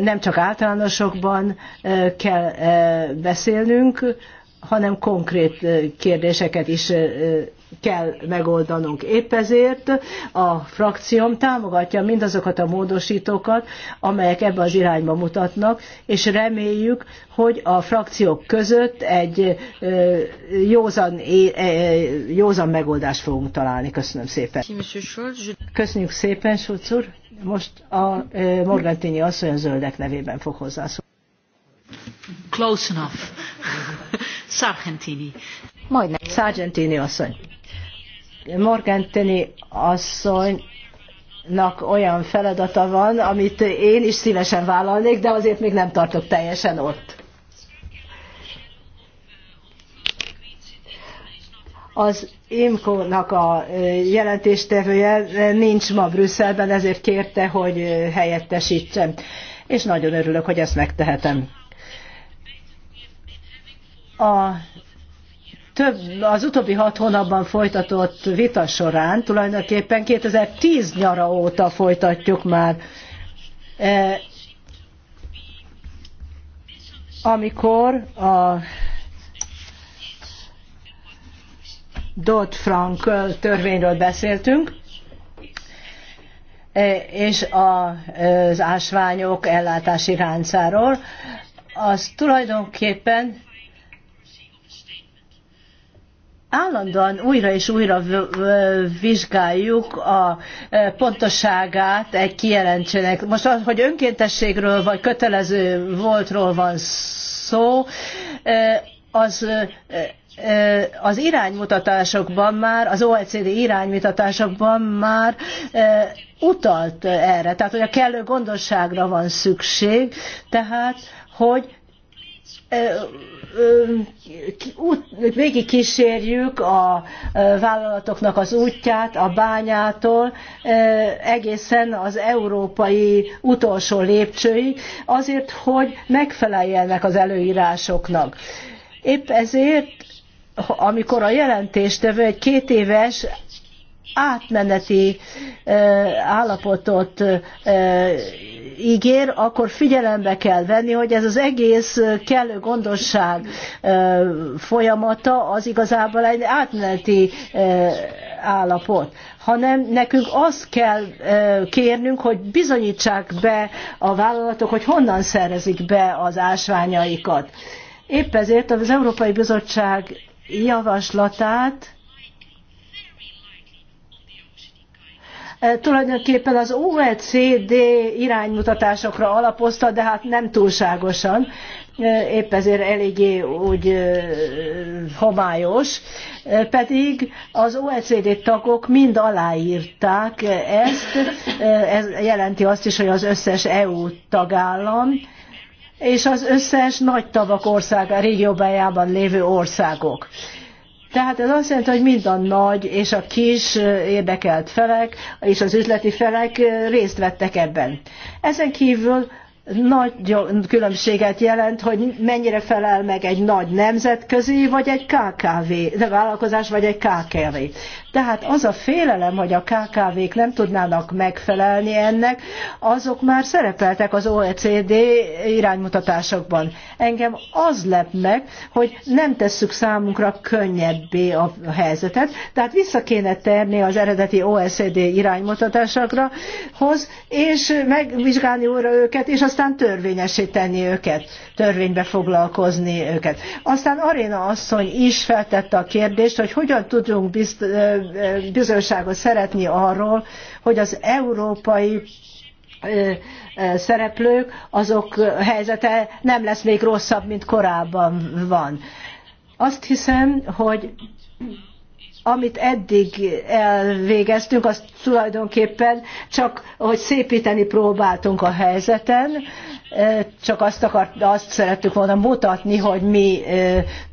B: nem csak általánosokban kell beszélnünk, hanem konkrét kérdéseket is kell megoldanunk. Épp ezért a frakcióm támogatja mindazokat a módosítókat, amelyek ebbe az irányba mutatnak, és reméljük, hogy a frakciók között egy józan, józan megoldást fogunk találni. Köszönöm szépen. Köszönjük szépen, Sulc most a e, Morgantini asszony a zöldek nevében fog hozzászólni. Close enough. Sargentini. Majdnem. Sargentini asszony. Morgantini asszonynak olyan feladata van, amit én is szívesen vállalnék, de azért még nem tartok teljesen ott. Az Imkónak a jelentéstevője nincs ma Brüsszelben, ezért kérte, hogy helyettesítsem. És nagyon örülök, hogy ezt megtehetem. A több, az utóbbi hat hónapban folytatott vita során tulajdonképpen 2010 nyara óta folytatjuk már, amikor a Dodd-Frank törvényről beszéltünk, e, és az ásványok ellátási ráncáról, az tulajdonképpen állandóan újra és újra vizsgáljuk a e, pontosságát egy kijelentsenek. Most az, hogy önkéntességről vagy kötelező voltról van szó, e, az az iránymutatásokban már, az OECD iránymutatásokban már utalt erre, tehát hogy a kellő gondosságra van szükség, tehát hogy végigkísérjük a vállalatoknak az útját, a bányától egészen az európai utolsó lépcsőig, azért, hogy megfeleljenek az előírásoknak. Épp ezért amikor a jelentéstevő egy két éves átmeneti állapotot ígér, akkor figyelembe kell venni, hogy ez az egész kellő gondosság folyamata az igazából egy átmeneti állapot hanem nekünk azt kell kérnünk, hogy bizonyítsák be a vállalatok, hogy honnan szerezik be az ásványaikat. Épp ezért az Európai Bizottság javaslatát eh, tulajdonképpen az OECD iránymutatásokra alapozta, de hát nem túlságosan, eh, épp ezért eléggé úgy eh, homályos, pedig az OECD tagok mind aláírták ezt, ez jelenti azt is, hogy az összes EU tagállam, és az összes nagy tavak ország, a régióbájában lévő országok. Tehát ez azt jelenti, hogy mind a nagy és a kis érdekelt felek és az üzleti felek részt vettek ebben. Ezen kívül nagy különbséget jelent, hogy mennyire felel meg egy nagy nemzetközi, vagy egy KKV, de vállalkozás, vagy egy KKV. Tehát az a félelem, hogy a KKV-k nem tudnának megfelelni ennek, azok már szerepeltek az OECD iránymutatásokban. Engem az lep meg, hogy nem tesszük számunkra könnyebbé a helyzetet, tehát vissza kéne térni az eredeti OECD iránymutatásokra, hoz, és megvizsgálni újra őket, és aztán törvényesíteni őket, törvénybe foglalkozni őket. Aztán Aréna asszony is feltette a kérdést, hogy hogyan tudunk bizt, bizonyságot szeretni arról, hogy az európai szereplők, azok helyzete nem lesz még rosszabb, mint korábban van. Azt hiszem, hogy amit eddig elvégeztünk, azt tulajdonképpen csak, hogy szépíteni próbáltunk a helyzeten, csak azt, akart, azt szerettük volna mutatni, hogy mi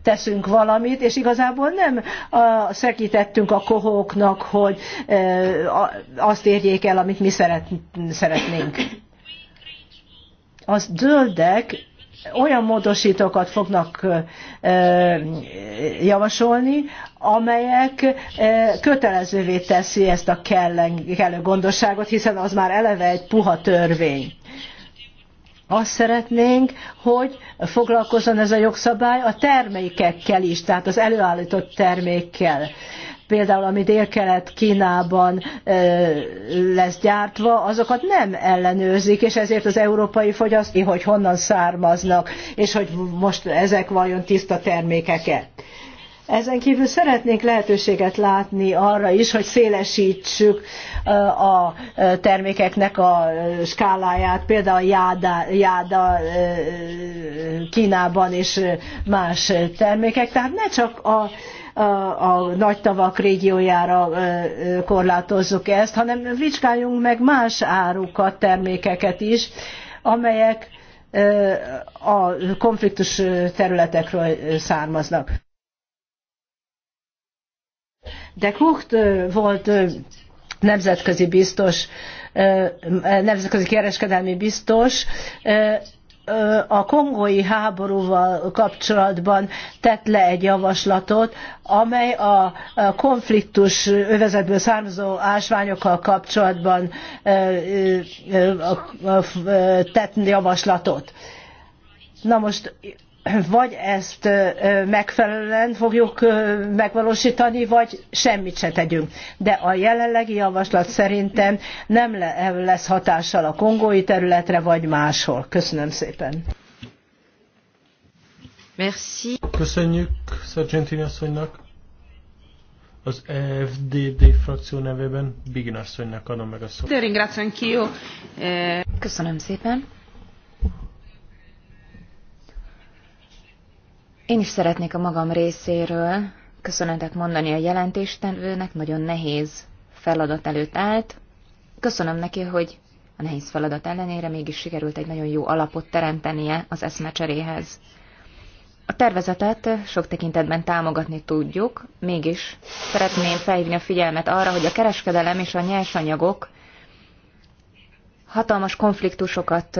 B: teszünk valamit, és igazából nem szekítettünk a kohóknak, hogy azt érjék el, amit mi szeretnénk. Az zöldek olyan módosítókat fognak javasolni, amelyek kötelezővé teszi ezt a kellő gondosságot, hiszen az már eleve egy puha törvény azt szeretnénk, hogy foglalkozzon ez a jogszabály a termékekkel is, tehát az előállított termékkel. Például, ami délkelet Kínában lesz gyártva, azokat nem ellenőrzik, és ezért az európai fogyasztó, hogy honnan származnak, és hogy most ezek vajon tiszta termékeket. Ezen kívül szeretnénk lehetőséget látni arra is, hogy szélesítsük a termékeknek a skáláját, például jáda, jáda Kínában és más termékek. Tehát ne csak a a, a nagy tavak régiójára korlátozzuk ezt, hanem vizsgáljunk meg más árukat, termékeket is, amelyek a konfliktus területekről származnak. De Kucht volt nemzetközi biztos, nemzetközi kereskedelmi biztos, a kongói háborúval kapcsolatban tett le egy javaslatot, amely a konfliktus övezetből származó ásványokkal kapcsolatban tett javaslatot. Na most vagy ezt megfelelően fogjuk megvalósítani, vagy semmit se tegyünk. De a jelenlegi javaslat szerintem nem lesz hatással a kongói területre, vagy máshol. Köszönöm szépen.
C: Merci.
A: Köszönjük Sargentini asszonynak. Az e FDD frakció nevében Bigin asszonynak adom meg a szót.
C: Köszönöm szépen. Én is szeretnék a magam részéről köszönetet mondani a jelentéstenőnek, nagyon nehéz feladat előtt állt. Köszönöm neki, hogy a nehéz feladat ellenére mégis sikerült egy nagyon jó alapot teremtenie az eszmecseréhez. A tervezetet sok tekintetben támogatni tudjuk, mégis szeretném felhívni a figyelmet arra, hogy a kereskedelem és a nyersanyagok hatalmas konfliktusokat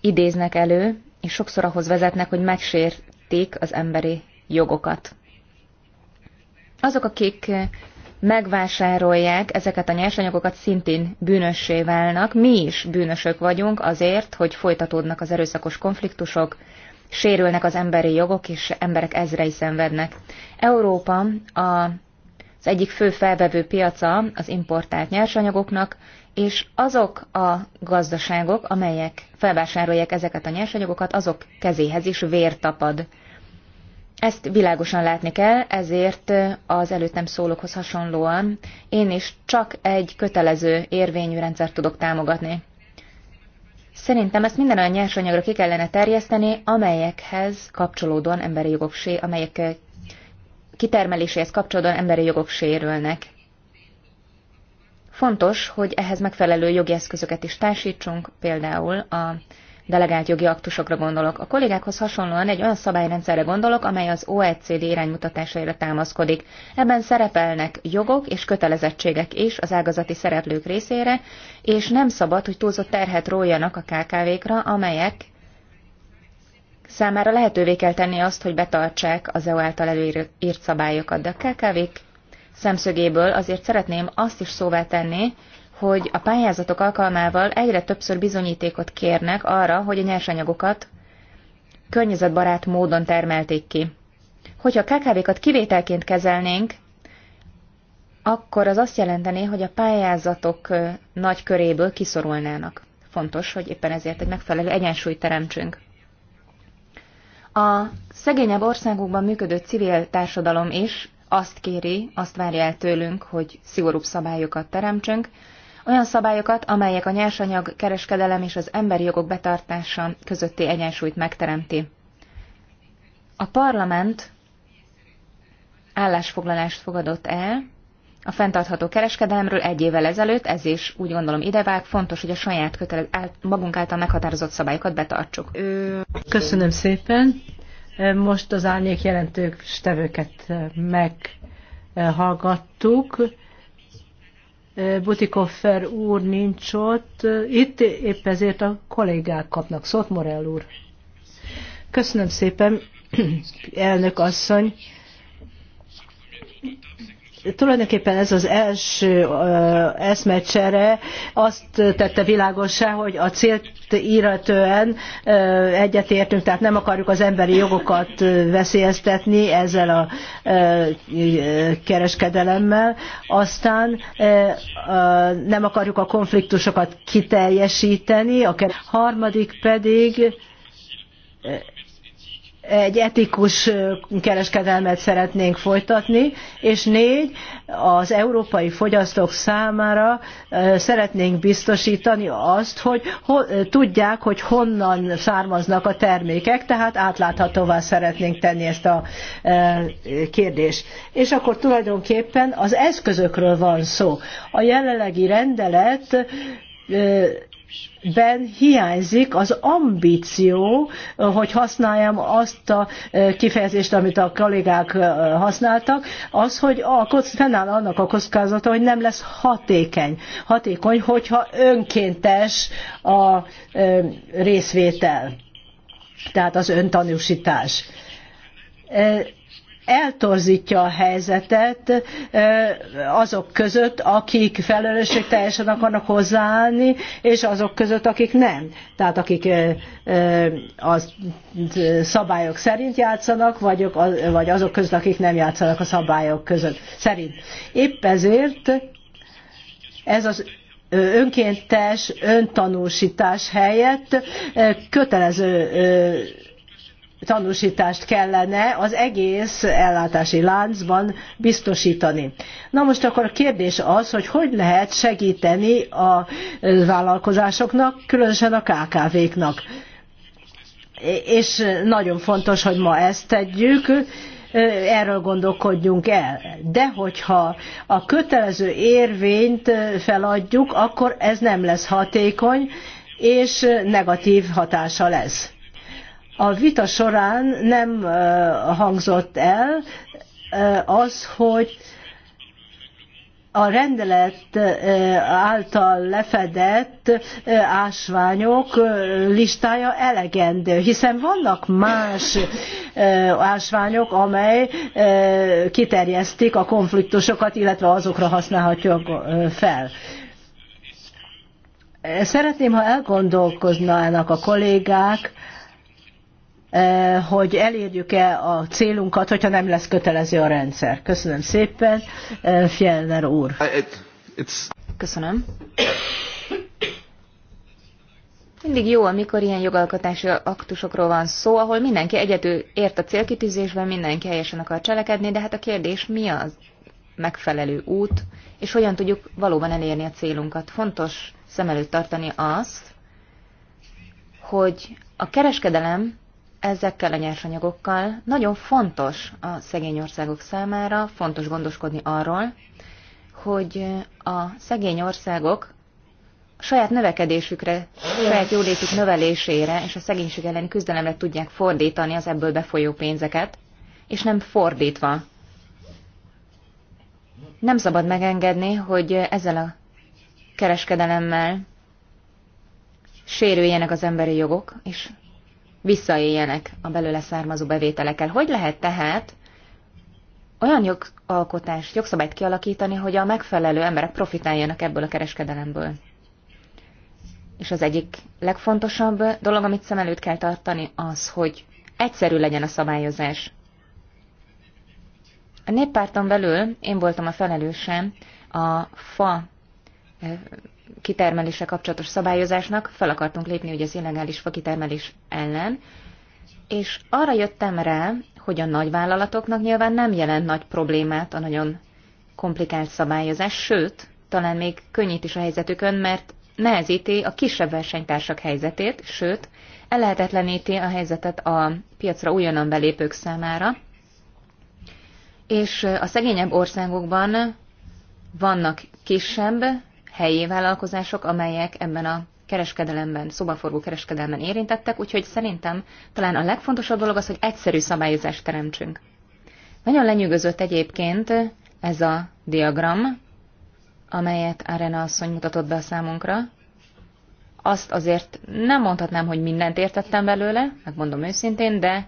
C: idéznek elő, és sokszor ahhoz vezetnek, hogy megsért megvették az emberi jogokat. Azok, akik megvásárolják ezeket a nyersanyagokat, szintén bűnössé válnak. Mi is bűnösök vagyunk azért, hogy folytatódnak az erőszakos konfliktusok, sérülnek az emberi jogok, és emberek ezrei szenvednek. Európa a, az egyik fő felvevő piaca az importált nyersanyagoknak, és azok a gazdaságok, amelyek felvásárolják ezeket a nyersanyagokat, azok kezéhez is vér tapad. Ezt világosan látni kell, ezért az előttem szólókhoz hasonlóan én is csak egy kötelező érvényű rendszert tudok támogatni. Szerintem ezt minden olyan nyersanyagra ki kellene terjeszteni, amelyekhez kapcsolódóan emberi jogok, sé, amelyek eh, kitermeléséhez kapcsolódóan emberi jogok sérülnek. Fontos, hogy ehhez megfelelő jogi eszközöket is társítsunk, például a delegált jogi aktusokra gondolok. A kollégákhoz hasonlóan egy olyan szabályrendszerre gondolok, amely az OECD iránymutatásaira támaszkodik. Ebben szerepelnek jogok és kötelezettségek is az ágazati szereplők részére, és nem szabad, hogy túlzott terhet róljanak a KKV-kra, amelyek számára lehetővé kell tenni azt, hogy betartsák az EU által előírt szabályokat, de a KKV-k szemszögéből azért szeretném azt is szóvá tenni, hogy a pályázatok alkalmával egyre többször bizonyítékot kérnek arra, hogy a nyersanyagokat környezetbarát módon termelték ki. Hogyha a KKV-kat kivételként kezelnénk, akkor az azt jelenteni, hogy a pályázatok nagy köréből kiszorulnának. Fontos, hogy éppen ezért egy megfelelő egyensúlyt teremtsünk. A szegényebb országokban működő civil társadalom is azt kéri, azt várja el tőlünk, hogy szigorúbb szabályokat teremtsünk, olyan szabályokat, amelyek a nyersanyag kereskedelem és az emberi jogok betartása közötti egyensúlyt megteremti. A parlament állásfoglalást fogadott el a fenntartható kereskedelemről egy évvel ezelőtt, ez is úgy gondolom idevág, fontos, hogy a saját kötele, magunk által meghatározott szabályokat betartsuk. Köszönöm
B: szépen. Most az árnyék jelentős tevőket meghallgattuk. Butikoffer úr nincs ott. Itt épp ezért a kollégák kapnak szót, Morell úr. Köszönöm szépen, elnök asszony tulajdonképpen ez az első eszmecsere azt tette világosá, hogy a célt illetően egyetértünk, tehát nem akarjuk az emberi jogokat veszélyeztetni ezzel a kereskedelemmel. Aztán nem akarjuk a konfliktusokat kiteljesíteni. A harmadik pedig egy etikus kereskedelmet szeretnénk folytatni, és négy, az európai fogyasztók számára szeretnénk biztosítani azt, hogy tudják, hogy honnan származnak a termékek, tehát átláthatóvá szeretnénk tenni ezt a kérdést. És akkor tulajdonképpen az eszközökről van szó. A jelenlegi rendelet ben hiányzik az ambíció, hogy használjam azt a e, kifejezést, amit a kollégák e, használtak, az, hogy a, fennáll annak a kockázata, hogy nem lesz hatékeny, hatékony, hogyha önkéntes a e, részvétel, tehát az öntanúsítás eltorzítja a helyzetet azok között, akik felelősség teljesen akarnak hozzáállni, és azok között, akik nem. Tehát akik a szabályok szerint játszanak, vagy azok között, akik nem játszanak a szabályok között szerint. Épp ezért ez az önkéntes öntanúsítás helyett kötelező tanúsítást kellene az egész ellátási láncban biztosítani. Na most akkor a kérdés az, hogy hogy lehet segíteni a vállalkozásoknak, különösen a KKV-knak. És nagyon fontos, hogy ma ezt tegyük, erről gondolkodjunk el. De hogyha a kötelező érvényt feladjuk, akkor ez nem lesz hatékony, és negatív hatása lesz a vita során nem hangzott el az, hogy a rendelet által lefedett ásványok listája elegendő, hiszen vannak más ásványok, amely kiterjesztik a konfliktusokat, illetve azokra használhatjuk fel. Szeretném, ha elgondolkoznának a kollégák, Eh, hogy elérjük-e a célunkat, hogyha nem lesz kötelező a rendszer. Köszönöm szépen, eh, Fjellner úr.
C: Köszönöm. Mindig jó, amikor ilyen jogalkotási aktusokról van szó, ahol mindenki egyedül ért a célkitűzésben, mindenki helyesen akar cselekedni, de hát a kérdés mi az megfelelő út, és hogyan tudjuk valóban elérni a célunkat. Fontos szem előtt tartani azt, hogy a kereskedelem ezekkel a nyersanyagokkal nagyon fontos a szegény országok számára, fontos gondoskodni arról, hogy a szegény országok saját növekedésükre, saját jólétük növelésére és a szegénység elleni küzdelemre tudják fordítani az ebből befolyó pénzeket, és nem fordítva. Nem szabad megengedni, hogy ezzel a kereskedelemmel sérüljenek az emberi jogok, és visszaéljenek a belőle származó bevételekkel. Hogy lehet tehát olyan jogalkotást, jogszabályt kialakítani, hogy a megfelelő emberek profitáljanak ebből a kereskedelemből? És az egyik legfontosabb dolog, amit szem előtt kell tartani, az, hogy egyszerű legyen a szabályozás. A néppárton belül én voltam a felelősem a fa eh, kitermelése kapcsolatos szabályozásnak fel akartunk lépni ugye az illegális fakitermelés ellen, és arra jöttem rá, hogy a nagyvállalatoknak nyilván nem jelent nagy problémát a nagyon komplikált szabályozás, sőt, talán még könnyít is a helyzetükön, mert nehezíti a kisebb versenytársak helyzetét, sőt, ellehetetleníti a helyzetet a piacra újonnan belépők számára. És a szegényebb országokban vannak kisebb helyi vállalkozások, amelyek ebben a kereskedelemben, szobaforgó kereskedelemben érintettek, úgyhogy szerintem talán a legfontosabb dolog az, hogy egyszerű szabályozást teremtsünk. Nagyon lenyűgözött egyébként ez a diagram, amelyet Arena asszony mutatott be a számunkra. Azt azért nem mondhatnám, hogy mindent értettem belőle, megmondom őszintén, de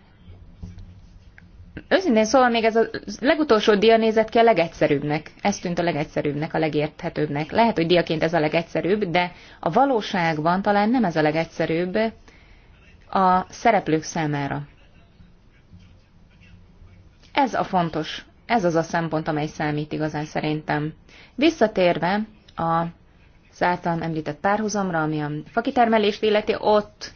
C: Őszintén szóval még ez a legutolsó dia nézett ki a legegyszerűbbnek. Ez tűnt a legegyszerűbbnek, a legérthetőbbnek. Lehet, hogy diaként ez a legegyszerűbb, de a valóságban talán nem ez a legegyszerűbb a szereplők számára. Ez a fontos, ez az a szempont, amely számít igazán szerintem. Visszatérve a általam említett párhuzamra, ami a fakitermelést illeti, ott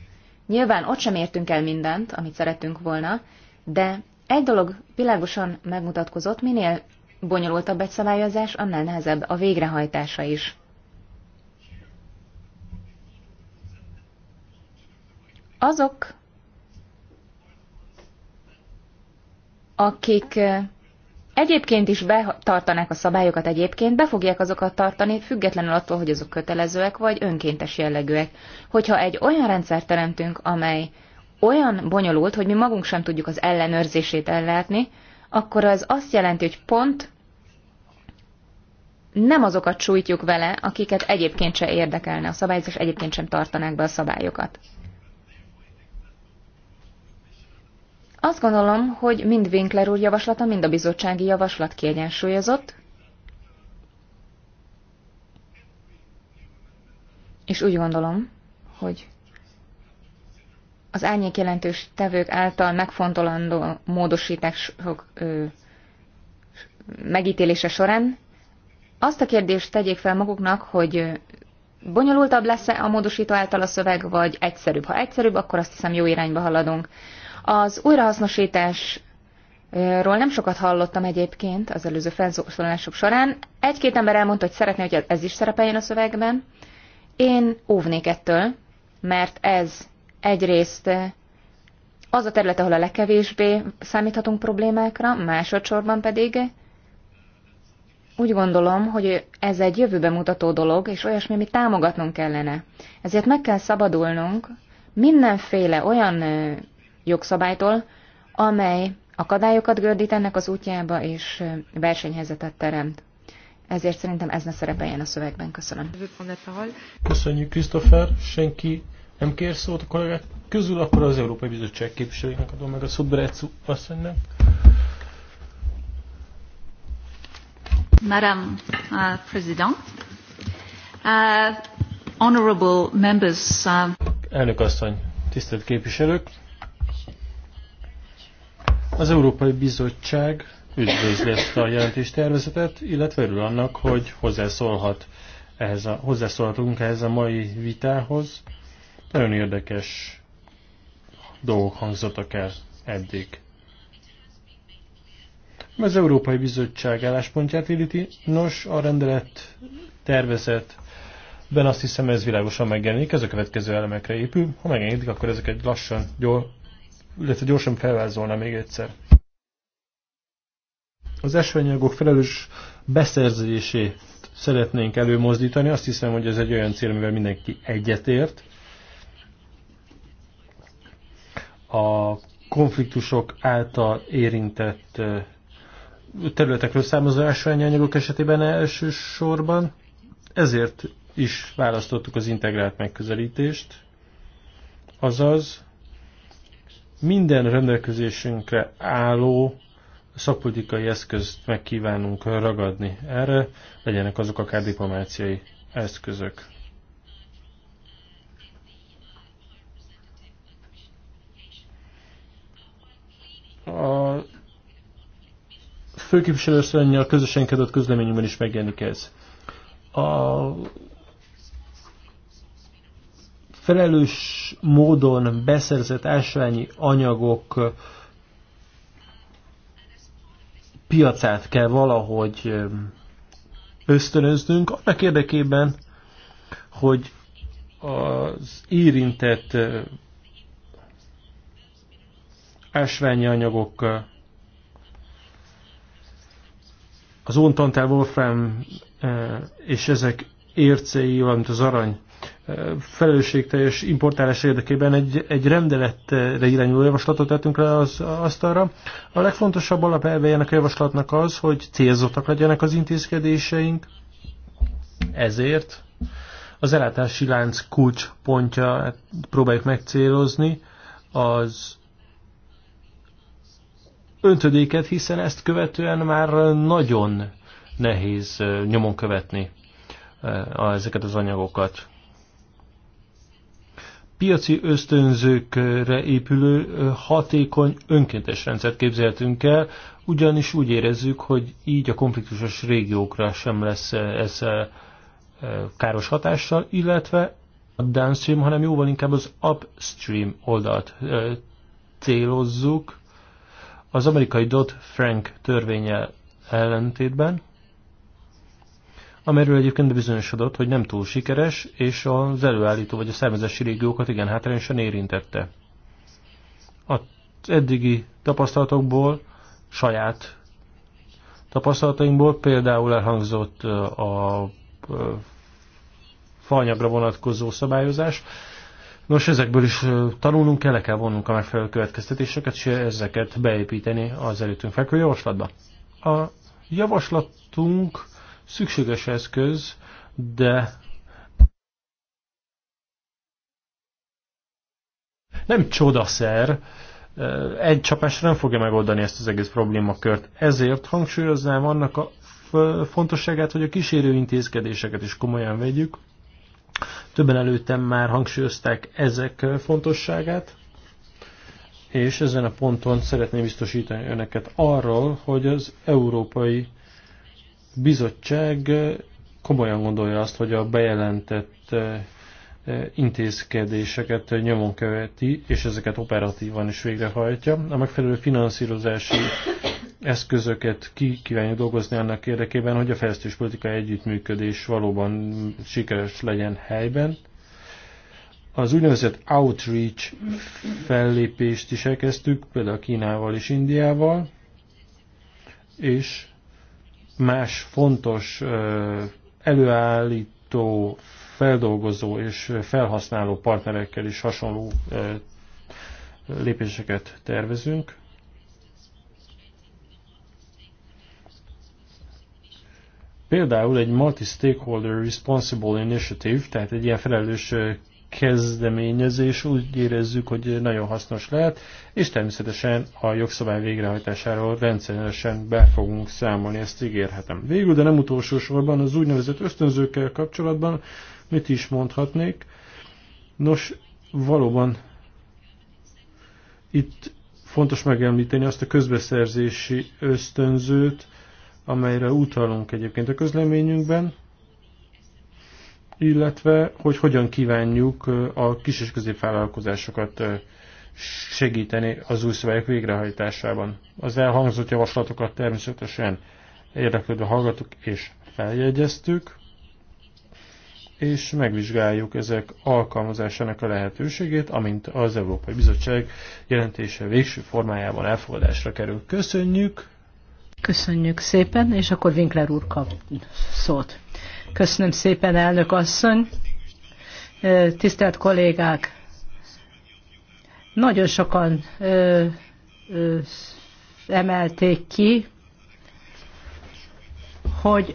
C: nyilván ott sem értünk el mindent, amit szerettünk volna, de egy dolog világosan megmutatkozott, minél bonyolultabb egy szabályozás, annál nehezebb a végrehajtása is. Azok, akik eh, egyébként is betartanák a szabályokat egyébként, be fogják azokat tartani, függetlenül attól, hogy azok kötelezőek vagy önkéntes jellegűek. Hogyha egy olyan rendszer teremtünk, amely olyan bonyolult, hogy mi magunk sem tudjuk az ellenőrzését ellátni, akkor az azt jelenti, hogy pont nem azokat sújtjuk vele, akiket egyébként se érdekelne a szabályozás, egyébként sem tartanák be a szabályokat. Azt gondolom, hogy mind Winkler úr javaslata, mind a bizottsági javaslat kiegyensúlyozott, és úgy gondolom, hogy az árnyék jelentős tevők által megfontolandó módosítások ö, megítélése során azt a kérdést tegyék fel maguknak, hogy bonyolultabb lesz-e a módosító által a szöveg, vagy egyszerűbb. Ha egyszerűbb, akkor azt hiszem jó irányba haladunk. Az újrahasznosításról nem sokat hallottam egyébként az előző felszólalások során. Egy-két ember elmondta, hogy szeretné, hogy ez is szerepeljen a szövegben. Én óvnék ettől, mert ez Egyrészt eh, az a terület, ahol a legkevésbé számíthatunk problémákra, másodszorban pedig úgy gondolom, hogy ez egy jövőbe mutató dolog, és olyasmi, amit támogatnunk kellene. Ezért meg kell szabadulnunk mindenféle olyan eh, jogszabálytól, amely akadályokat gördít ennek az útjába, és eh, versenyhelyzetet teremt. Ezért szerintem ez ne szerepeljen a szövegben. Köszönöm.
A: Köszönjük, Christopher. Senki nem kér szót a kollégák közül, akkor az Európai Bizottság képviselőjének adom meg a szót, Brecu asszonynak.
C: Madam uh, President, uh, honorable members. Uh...
A: Elnök asszony, tisztelt képviselők! Az Európai Bizottság üdvözli ezt a jelentéstervezetet, illetve örül annak, hogy hozzászólhat ehhez a, hozzászólhatunk ehhez a mai vitához, nagyon érdekes dolgok hangzottak el eddig. Az Európai Bizottság álláspontját illeti, nos, a rendelet tervezet Ben azt hiszem, ez világosan megjelenik, ez a következő elemekre épül. Ha megengedik, akkor ezeket lassan, gyors, illetve gyorsan felvázolna még egyszer. Az esőanyagok felelős beszerzését szeretnénk előmozdítani. Azt hiszem, hogy ez egy olyan cél, amivel mindenki egyetért. a konfliktusok által érintett területekről származó ásványanyagok esetében elsősorban. Ezért is választottuk az integrált megközelítést, azaz minden rendelkezésünkre álló szakpolitikai eszközt megkívánunk ragadni erre, legyenek azok akár diplomáciai eszközök. A a közösen kezdett közleményünkben is megjelenik ez. A felelős módon beszerzett ásványi anyagok piacát kell valahogy ösztönöznünk, annak érdekében, hogy az érintett ásványi anyagok, az ontantel Wolfram e, és ezek ércei, valamint az arany e, felelősségteljes importálás érdekében egy, egy rendeletre irányuló javaslatot tettünk le az asztalra. A legfontosabb alapelve ennek a javaslatnak az, hogy célzottak legyenek az intézkedéseink, ezért az ellátási lánc kulcspontja próbáljuk megcélozni, az öntödéket, hiszen ezt követően már nagyon nehéz nyomon követni ezeket az anyagokat. Piaci ösztönzőkre épülő hatékony önkéntes rendszert képzeltünk el, ugyanis úgy érezzük, hogy így a konfliktusos régiókra sem lesz ez káros hatással, illetve a downstream, hanem jóval inkább az upstream oldalt célozzuk, az amerikai Dodd-Frank törvényel ellentétben, amelyről egyébként bizonyosodott, hogy nem túl sikeres, és az előállító vagy a szervezési régiókat igen hátrányosan érintette. Az eddigi tapasztalatokból, saját tapasztalatainkból például elhangzott a faanyagra vonatkozó szabályozás, Nos, ezekből is tanulnunk kell, le kell vonnunk a megfelelő következtetéseket, és ezeket beépíteni az előttünk fekvő javaslatba. A javaslatunk szükséges eszköz, de nem csodaszer, egy csapásra nem fogja megoldani ezt az egész problémakört. Ezért hangsúlyoznám annak a fontosságát, hogy a kísérő intézkedéseket is komolyan vegyük, Többen előttem már hangsúlyozták ezek fontosságát, és ezen a ponton szeretném biztosítani önöket arról, hogy az Európai Bizottság komolyan gondolja azt, hogy a bejelentett eh, intézkedéseket nyomon követi, és ezeket operatívan is végrehajtja. A megfelelő finanszírozási eszközöket ki kívánjuk dolgozni annak érdekében, hogy a fejlesztéspolitikai együttműködés valóban sikeres legyen helyben. Az úgynevezett outreach fellépést is elkezdtük, például Kínával és Indiával, és más fontos előállító, feldolgozó és felhasználó partnerekkel is hasonló lépéseket tervezünk. Például egy multi-stakeholder responsible initiative, tehát egy ilyen felelős kezdeményezés úgy érezzük, hogy nagyon hasznos lehet, és természetesen a jogszabály végrehajtásáról rendszeresen be fogunk számolni, ezt ígérhetem. Végül, de nem utolsó sorban az úgynevezett ösztönzőkkel kapcsolatban mit is mondhatnék? Nos, valóban itt fontos megemlíteni azt a közbeszerzési ösztönzőt, amelyre utalunk egyébként a közleményünkben, illetve hogy hogyan kívánjuk a kis és középvállalkozásokat segíteni az új szabályok végrehajtásában. Az elhangzott javaslatokat természetesen érdeklődve hallgattuk és feljegyeztük, és megvizsgáljuk ezek alkalmazásának a lehetőségét, amint az Európai Bizottság jelentése végső formájában elfogadásra kerül. Köszönjük!
B: Köszönjük szépen, és akkor Winkler úr kap szót. Köszönöm szépen, elnök asszony. Tisztelt kollégák! Nagyon sokan ö, ö, emelték ki, hogy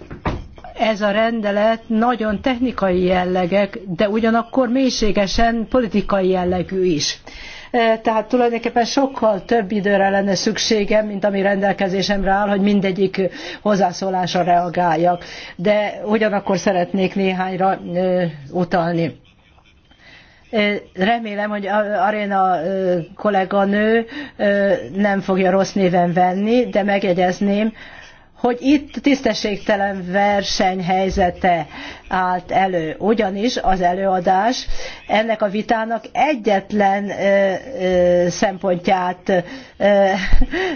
B: ez a rendelet nagyon technikai jellegek, de ugyanakkor mélységesen politikai jellegű is E, tehát tulajdonképpen sokkal több időre lenne szükségem, mint ami rendelkezésemre áll, hogy mindegyik hozzászólásra reagáljak. De ugyanakkor szeretnék néhányra e, utalni. E, remélem, hogy Aréna kolléganő nem fogja rossz néven venni, de megjegyezném, hogy itt tisztességtelen versenyhelyzete állt elő. Ugyanis az előadás ennek a vitának egyetlen ö, ö, szempontját ö,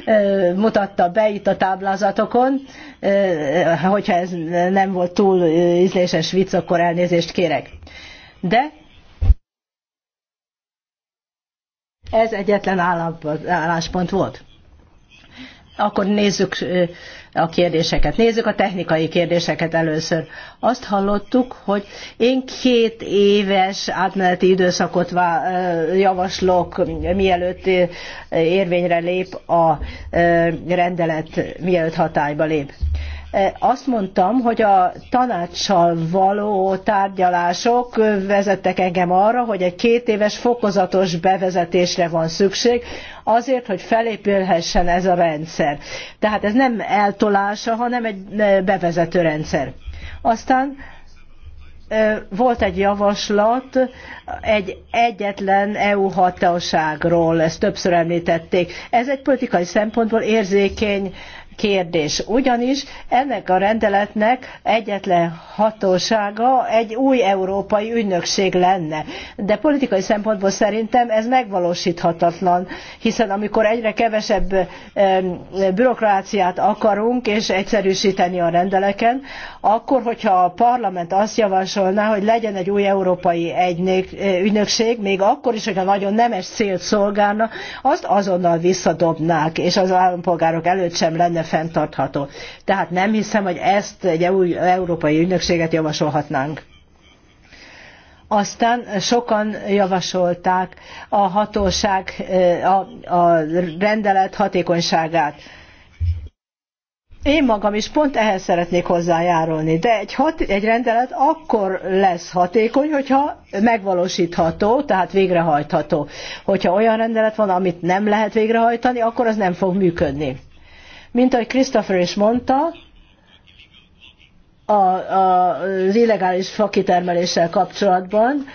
B: ö, mutatta be itt a táblázatokon. Ö, hogyha ez nem volt túl ízléses vicc, akkor elnézést kérek. De ez egyetlen álláspont volt akkor nézzük a kérdéseket. Nézzük a technikai kérdéseket először. Azt hallottuk, hogy én két éves átmeneti időszakot javaslok, mielőtt érvényre lép a rendelet, mielőtt hatályba lép. E, azt mondtam, hogy a tanácssal való tárgyalások vezettek engem arra, hogy egy két éves fokozatos bevezetésre van szükség, azért, hogy felépülhessen ez a rendszer. Tehát ez nem eltolása, hanem egy e, bevezető rendszer. Aztán e, volt egy javaslat egy egyetlen EU hatóságról, ezt többször említették. Ez egy politikai szempontból érzékeny kérdés. Ugyanis ennek a rendeletnek egyetlen hatósága egy új európai ügynökség lenne. De politikai szempontból szerintem ez megvalósíthatatlan, hiszen amikor egyre kevesebb bürokráciát akarunk és egyszerűsíteni a rendeleken, akkor, hogyha a parlament azt javasolná, hogy legyen egy új európai egynék, ügynökség, még akkor is, hogyha nagyon nemes célt szolgálna, azt azonnal visszadobnák, és az állampolgárok előtt sem lenne lenne fenntartható. Tehát nem hiszem, hogy ezt egy új európai ügynökséget javasolhatnánk. Aztán sokan javasolták a hatóság, eh, a, a rendelet hatékonyságát. Én magam is pont ehhez szeretnék hozzájárulni, de egy, hat, egy rendelet akkor lesz hatékony, hogyha megvalósítható, tehát végrehajtható. Hogyha olyan rendelet van, amit nem lehet végrehajtani, akkor az nem fog működni. Mint ahogy Christopher is mondta, a, a, az illegális fakitermeléssel kapcsolatban,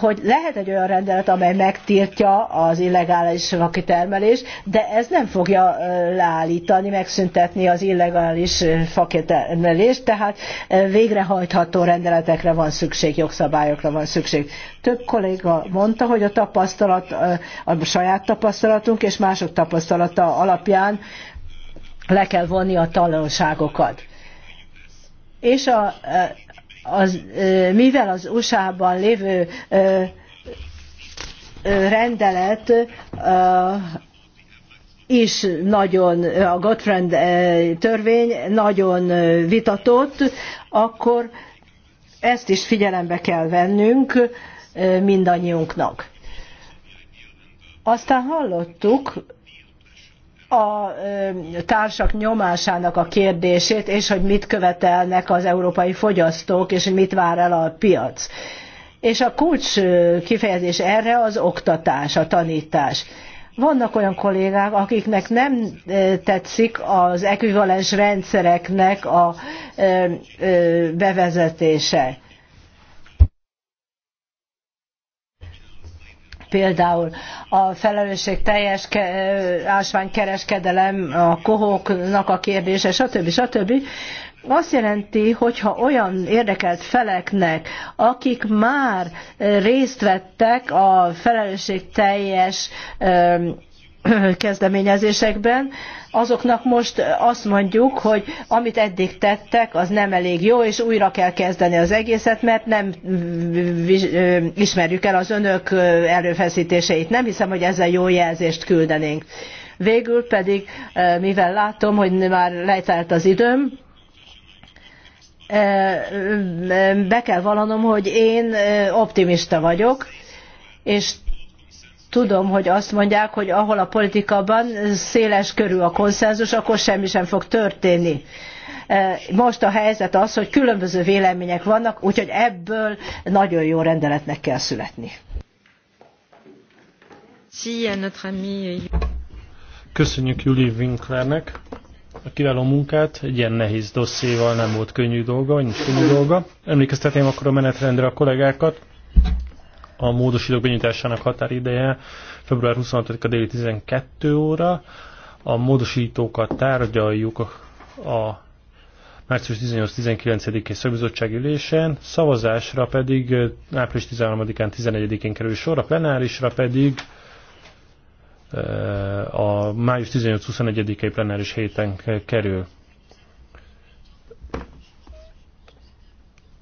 B: hogy lehet egy olyan rendelet, amely megtiltja az illegális fakitermelést, de ez nem fogja leállítani, megszüntetni az illegális fakitermelést, tehát végrehajtható rendeletekre van szükség, jogszabályokra van szükség. Több kolléga mondta, hogy a tapasztalat, a saját tapasztalatunk és mások tapasztalata alapján le kell vonni a tanulságokat. És a, e, az, e, mivel az USA-ban lévő e, rendelet is nagyon, a Gottfried törvény nagyon vitatott, akkor ezt is figyelembe kell vennünk mindannyiunknak. Aztán hallottuk a társak nyomásának a kérdését, és hogy mit követelnek az európai fogyasztók, és hogy mit vár el a piac. És a kulcs kifejezés erre az oktatás, a tanítás. Vannak olyan kollégák, akiknek nem tetszik az ekvivalens rendszereknek a bevezetése például a felelősség teljes ásványkereskedelem, a kohóknak a kérdése, stb. stb. Azt jelenti, hogyha olyan érdekelt feleknek, akik már részt vettek a felelősség teljes kezdeményezésekben, azoknak most azt mondjuk, hogy amit eddig tettek, az nem elég jó, és újra kell kezdeni az egészet, mert nem ismerjük el az önök erőfeszítéseit. Nem hiszem, hogy ezzel jó jelzést küldenénk. Végül pedig, mivel látom, hogy már lejtelt az időm, be kell vallanom, hogy én optimista vagyok, és Tudom, hogy azt mondják, hogy ahol a politikában széles körű a konszenzus, akkor semmi sem fog történni. E, most a helyzet az, hogy különböző vélemények vannak, úgyhogy ebből nagyon jó rendeletnek kell születni.
C: Euh, euh,
A: Köszönjük Juli Winklernek a kiváló munkát, egy ilyen nehéz dosszéval nem volt könnyű dolga, vagy nincs könnyű dolga. Emlékeztetném akkor a menetrendre a kollégákat a módosítók benyújtásának határideje február 26-a déli 12 óra. A módosítókat tárgyaljuk a március 18-19-i szakbizottság ülésen, szavazásra pedig április 13-án, 11-én kerül sor, a plenárisra pedig a május 18-21-i plenáris héten kerül.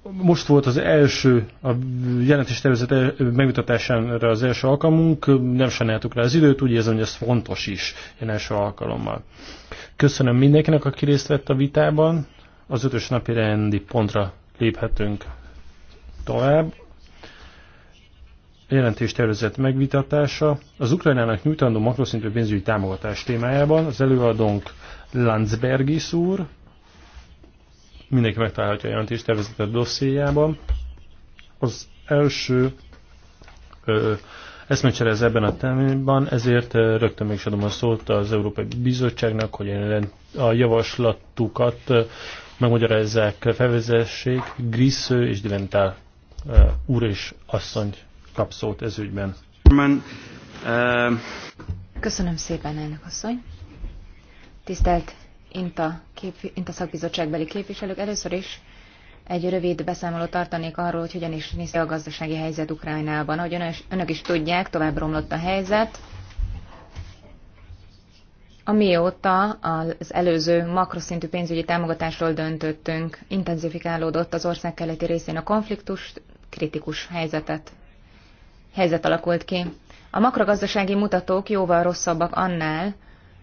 A: most volt az első, a jelentés tervezet megmutatására az első alkalmunk, nem sajnáltuk rá az időt, úgy érzem, hogy ez fontos is ilyen első alkalommal. Köszönöm mindenkinek, aki részt vett a vitában. Az ötös napi rendi pontra léphetünk tovább. A jelentés tervezet megvitatása. Az Ukrajnának nyújtandó makroszintű pénzügyi támogatás témájában az előadónk Landsbergis úr, mindenki megtalálhatja a tervezetett dossziéjában. Az első ö, eszmecsere ez ebben a témában, ezért rögtön meg is adom a szót az Európai Bizottságnak, hogy a javaslatukat megmagyarázzák, felvezessék. Grisző és Diventál úr és asszony kap szót ez ügyben.
C: Köszönöm szépen, elnök asszony. Tisztelt INTA, kép, INTA szakbizottságbeli képviselők. Először is egy rövid beszámolót tartanék arról, hogy hogyan is néz a gazdasági helyzet Ukrajnában. Ahogy önök is tudják, tovább romlott a helyzet. Amióta az előző makroszintű pénzügyi támogatásról döntöttünk, intenzifikálódott az ország keleti részén a konfliktus, kritikus helyzetet, helyzet alakult ki. A makrogazdasági mutatók jóval rosszabbak annál,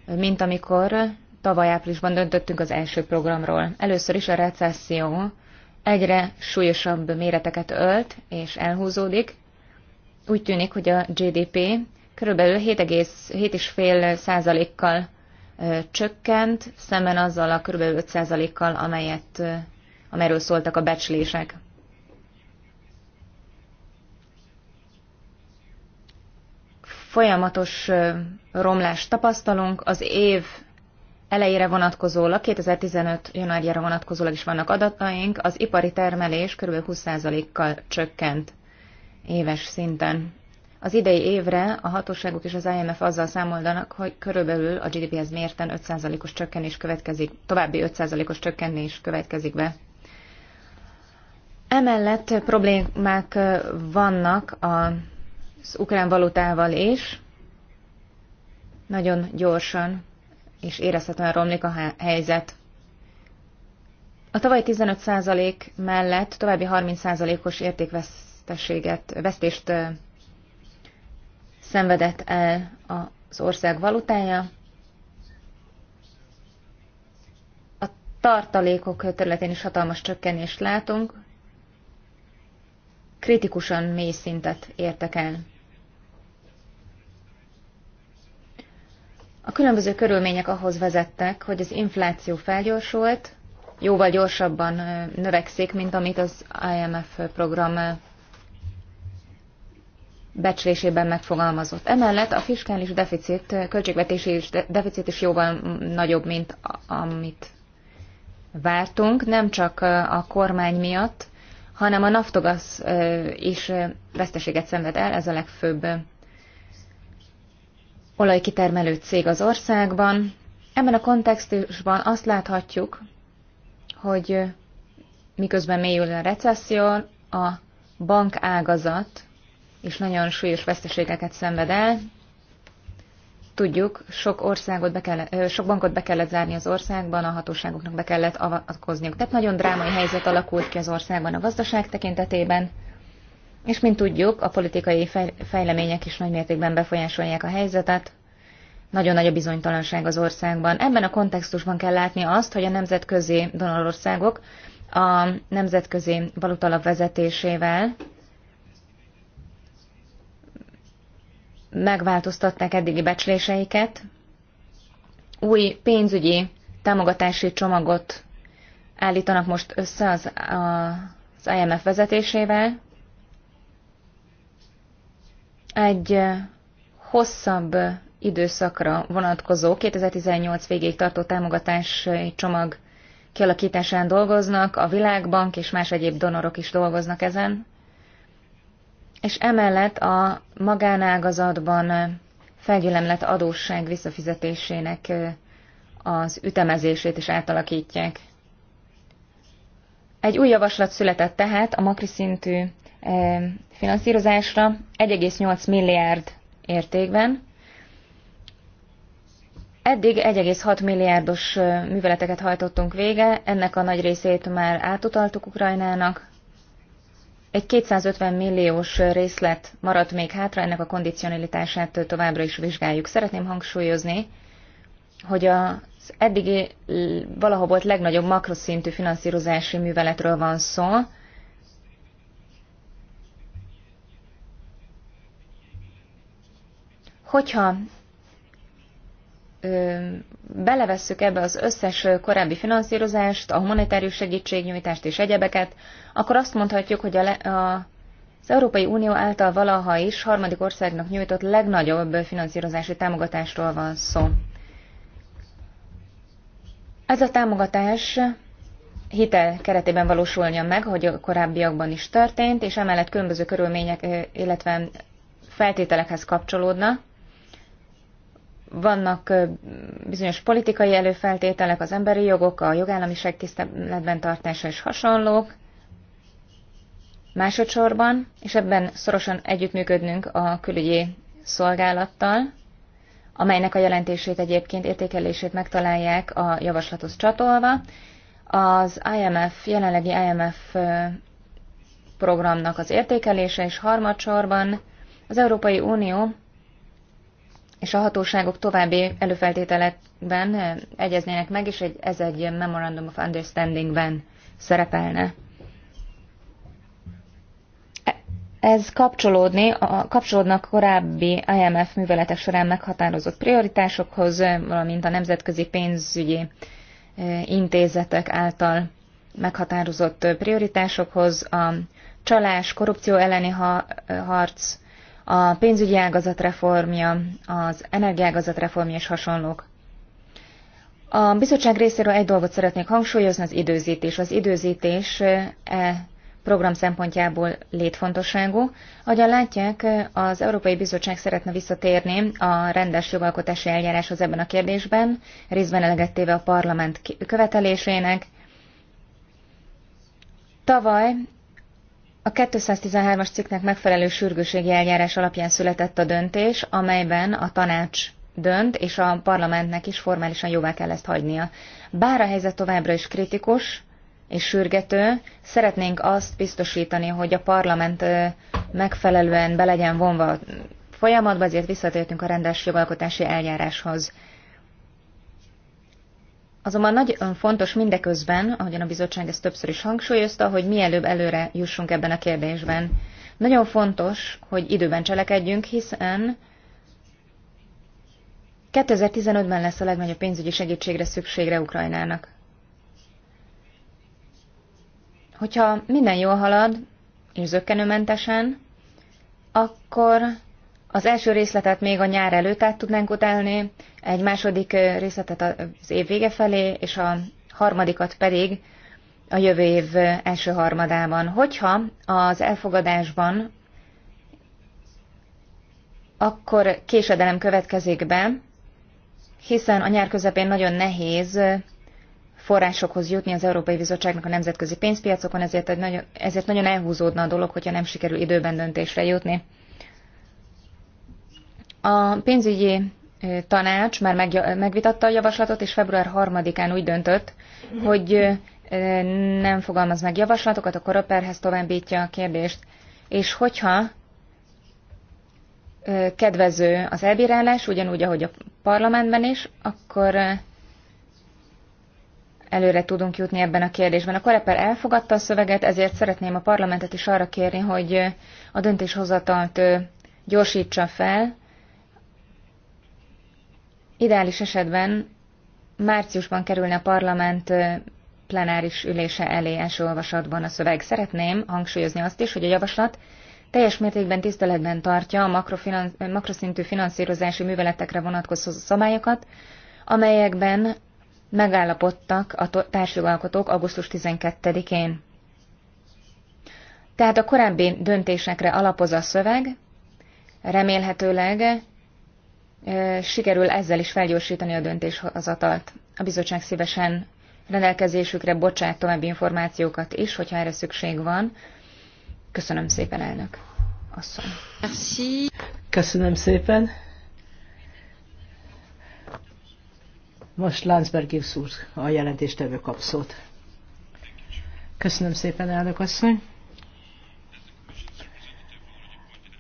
C: mint amikor Tavaly áprilisban döntöttünk az első programról. Először is a recesszió egyre súlyosabb méreteket ölt és elhúzódik. Úgy tűnik, hogy a GDP kb. 75 százalékkal csökkent, szemben azzal a kb. 5%-kal, amelyet, amelyről szóltak a becslések. Folyamatos romlást tapasztalunk, az év elejére vonatkozólag, 2015 januárjára vonatkozólag is vannak adataink, az ipari termelés kb. 20%-kal csökkent éves szinten. Az idei évre a hatóságok és az IMF azzal számoldanak, hogy körülbelül a GDP-hez mérten 5%-os csökkenés következik, további 5%-os csökkenés következik be. Emellett problémák vannak az ukrán valutával is, nagyon gyorsan és érezhetően romlik a helyzet. A tavaly 15% mellett további 30%-os értékveszteséget, vesztést szenvedett el az ország valutája. A tartalékok területén is hatalmas csökkenést látunk, kritikusan mély szintet értek el. A különböző körülmények ahhoz vezettek, hogy az infláció felgyorsult, jóval gyorsabban növekszik, mint amit az IMF program becslésében megfogalmazott. Emellett a fiskális deficit, költségvetési deficit is jóval nagyobb, mint amit vártunk, nem csak a kormány miatt, hanem a naftogasz is veszteséget szenved el, ez a legfőbb olajkitermelő cég az országban. Ebben a kontextusban azt láthatjuk, hogy miközben mélyül a recesszió, a bank ágazat és nagyon súlyos veszteségeket szenved el. Tudjuk, sok, országot be kellett, sok bankot be kellett zárni az országban, a hatóságoknak be kellett avatkozniuk. Tehát nagyon drámai helyzet alakult ki az országban a gazdaság tekintetében. És mint tudjuk, a politikai fejlemények is nagymértékben befolyásolják a helyzetet. Nagyon nagy a bizonytalanság az országban. Ebben a kontextusban kell látni azt, hogy a nemzetközi donorországok a nemzetközi valutalap vezetésével megváltoztatták eddigi becsléseiket, új pénzügyi támogatási csomagot állítanak most össze az, az IMF vezetésével, egy hosszabb időszakra vonatkozó 2018 végéig tartó támogatási csomag kialakításán dolgoznak, a Világbank és más egyéb donorok is dolgoznak ezen, és emellett a magánágazatban felgyülemlett adósság visszafizetésének az ütemezését is átalakítják. Egy új javaslat született tehát a makriszintű E, finanszírozásra 1,8 milliárd értékben. Eddig 1,6 milliárdos e, műveleteket hajtottunk vége, ennek a nagy részét már átutaltuk Ukrajnának. Egy 250 milliós részlet maradt még hátra, ennek a kondicionalitását továbbra is vizsgáljuk. Szeretném hangsúlyozni, hogy az eddigi valahol volt legnagyobb makroszintű finanszírozási műveletről van szó, Hogyha belevesszük ebbe az összes korábbi finanszírozást, a humanitárius segítségnyújtást és egyebeket, akkor azt mondhatjuk, hogy a, a, az Európai Unió által valaha is harmadik országnak nyújtott legnagyobb finanszírozási támogatásról van szó. Ez a támogatás hitel keretében valósulnia meg, hogy a korábbiakban is történt, és emellett különböző körülmények, illetve feltételekhez kapcsolódna, vannak bizonyos politikai előfeltételek, az emberi jogok, a jogállamiság tiszteletben tartása és hasonlók. Másodszorban, és ebben szorosan együttműködnünk a külügyi szolgálattal, amelynek a jelentését egyébként értékelését megtalálják a javaslathoz csatolva. Az IMF, jelenlegi IMF programnak az értékelése, és harmadsorban az Európai Unió és a hatóságok további előfeltételekben eh, egyeznének meg, és egy, ez egy Memorandum of Understandingben szerepelne. E, ez kapcsolódni, a, kapcsolódnak korábbi IMF műveletek során meghatározott prioritásokhoz, eh, valamint a nemzetközi pénzügyi eh, intézetek által meghatározott prioritásokhoz, a csalás, korrupció elleni harc, a pénzügyi ágazat reformja, az energiágazat reformja és hasonlók. A bizottság részéről egy dolgot szeretnék hangsúlyozni, az időzítés. Az időzítés e program szempontjából létfontosságú. Ahogyan látják, az Európai Bizottság szeretne visszatérni a rendes jogalkotási eljáráshoz ebben a kérdésben, részben elegettéve a parlament követelésének. Tavaly a 213-as cikknek megfelelő sürgőségi eljárás alapján született a döntés, amelyben a tanács dönt, és a parlamentnek is formálisan jóvá kell ezt hagynia. Bár a helyzet továbbra is kritikus és sürgető, szeretnénk azt biztosítani, hogy a parlament megfelelően be legyen vonva a folyamatba, ezért visszatértünk a rendes jogalkotási eljáráshoz. Azonban nagyon fontos mindeközben, ahogyan a bizottság ezt többször is hangsúlyozta, hogy mielőbb előre jussunk ebben a kérdésben. Nagyon fontos, hogy időben cselekedjünk, hiszen 2015-ben lesz a legnagyobb pénzügyi segítségre szükségre Ukrajnának. Hogyha minden jól halad, és zöggenőmentesen, akkor az első részletet még a nyár előtt át tudnánk utálni, egy második részletet az év vége felé, és a harmadikat pedig a jövő év első harmadában. Hogyha az elfogadásban akkor késedelem következik be, hiszen a nyár közepén nagyon nehéz forrásokhoz jutni az Európai Bizottságnak a nemzetközi pénzpiacokon, ezért, egy nagyon, ezért nagyon elhúzódna a dolog, hogyha nem sikerül időben döntésre jutni. A pénzügyi tanács már megvitatta a javaslatot, és február 3-án úgy döntött, hogy nem fogalmaz meg javaslatokat, a koroperhez továbbítja a kérdést. És hogyha kedvező az elbírálás, ugyanúgy, ahogy a parlamentben is, akkor előre tudunk jutni ebben a kérdésben. A Koreper elfogadta a szöveget, ezért szeretném a parlamentet is arra kérni, hogy a döntéshozatalt gyorsítsa fel, Ideális esetben márciusban kerülne a parlament plenáris ülése elé első olvasatban a szöveg. Szeretném hangsúlyozni azt is, hogy a javaslat teljes mértékben tiszteletben tartja a makroszintű finanszírozási műveletekre vonatkozó szabályokat, amelyekben megállapodtak a társjogalkotók augusztus 12-én. Tehát a korábbi döntésekre alapoz a szöveg, remélhetőleg sikerül ezzel is felgyorsítani a döntéshozatalt. A bizottság szívesen rendelkezésükre bocsát további információkat is, hogyha erre szükség van. Köszönöm szépen, elnök asszony. Merci. Köszönöm
B: szépen. Most Láncbergész úr a jelentéstevő kap szót. Köszönöm szépen, elnök asszony.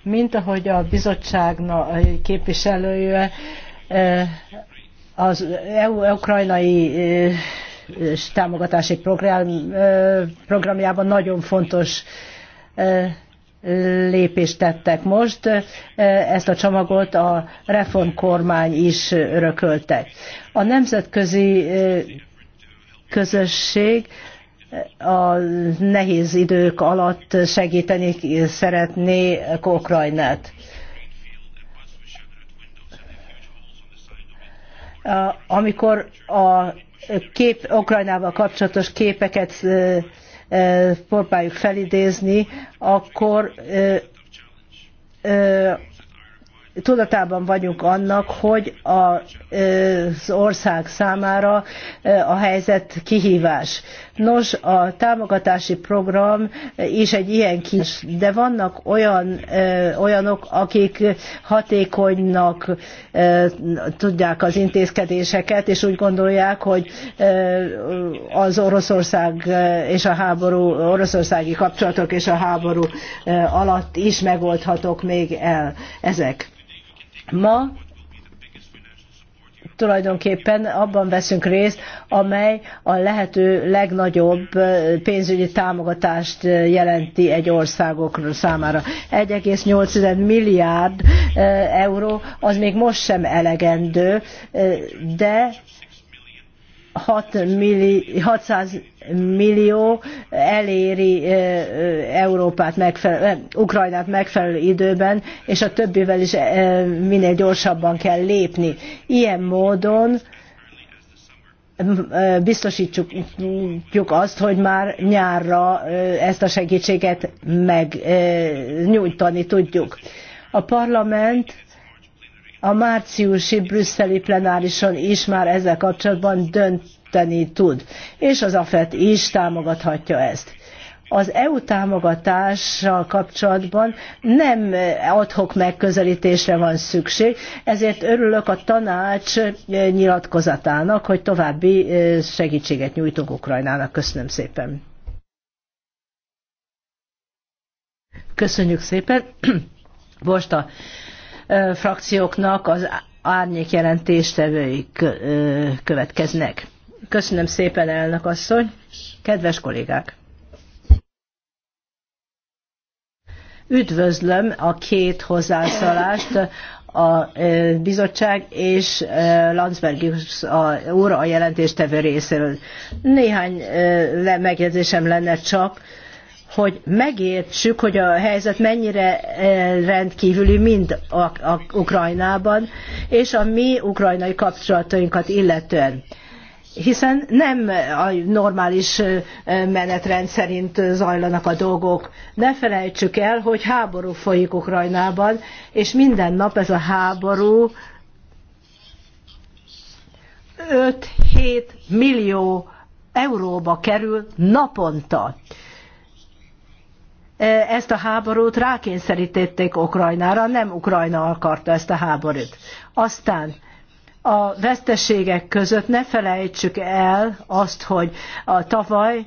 B: mint ahogy a bizottság képviselője e, az EU-ukrajnai e, támogatási program, e, programjában nagyon fontos lépést tettek most. Ezt a csomagot a reformkormány is örökölte. A nemzetközi közösség a nehéz idők alatt segíteni szeretné Ukrajnát. Amikor a kép, Ukrajnával kapcsolatos képeket próbáljuk felidézni, akkor tudatában vagyunk annak, hogy az ország számára a helyzet kihívás. Nos, a támogatási program is egy ilyen kis, de vannak olyan, olyanok, akik hatékonynak tudják az intézkedéseket, és úgy gondolják, hogy az Oroszország és a háború, oroszországi kapcsolatok és a háború alatt is megoldhatók még el ezek Ma tulajdonképpen abban veszünk részt, amely a lehető legnagyobb pénzügyi támogatást jelenti egy országok számára. 1,8 milliárd euró az még most sem elegendő, de 6 milli, 600 millió eléri Európát megfelelő, Ukrajnát megfelelő időben, és a többivel is minél gyorsabban kell lépni. Ilyen módon biztosítjuk azt, hogy már nyárra ezt a segítséget megnyújtani tudjuk. A parlament a márciusi brüsszeli plenárison is már ezzel kapcsolatban dönteni tud, és az AFET is támogathatja ezt. Az EU támogatással kapcsolatban nem adhok megközelítésre van szükség, ezért örülök a tanács nyilatkozatának, hogy további segítséget nyújtunk Ukrajnának. Köszönöm szépen. Köszönjük szépen. Most a frakcióknak az árnyék jelentéstevői következnek. Köszönöm szépen, elnök asszony, kedves kollégák! Üdvözlöm a két hozzászólást, a bizottság és Landsberg úr a jelentéstevő részéről. Néhány megjegyzésem lenne csak hogy megértsük, hogy a helyzet mennyire eh, rendkívüli mind a, a Ukrajnában, és a mi ukrajnai kapcsolatainkat illetően. Hiszen nem a normális eh, menetrend szerint zajlanak a dolgok. Ne felejtsük el, hogy háború folyik Ukrajnában, és minden nap ez a háború 5-7 millió euróba kerül naponta ezt a háborút rákényszerítették Ukrajnára, nem Ukrajna akarta ezt a háborút. Aztán a veszteségek között ne felejtsük el azt, hogy a tavaly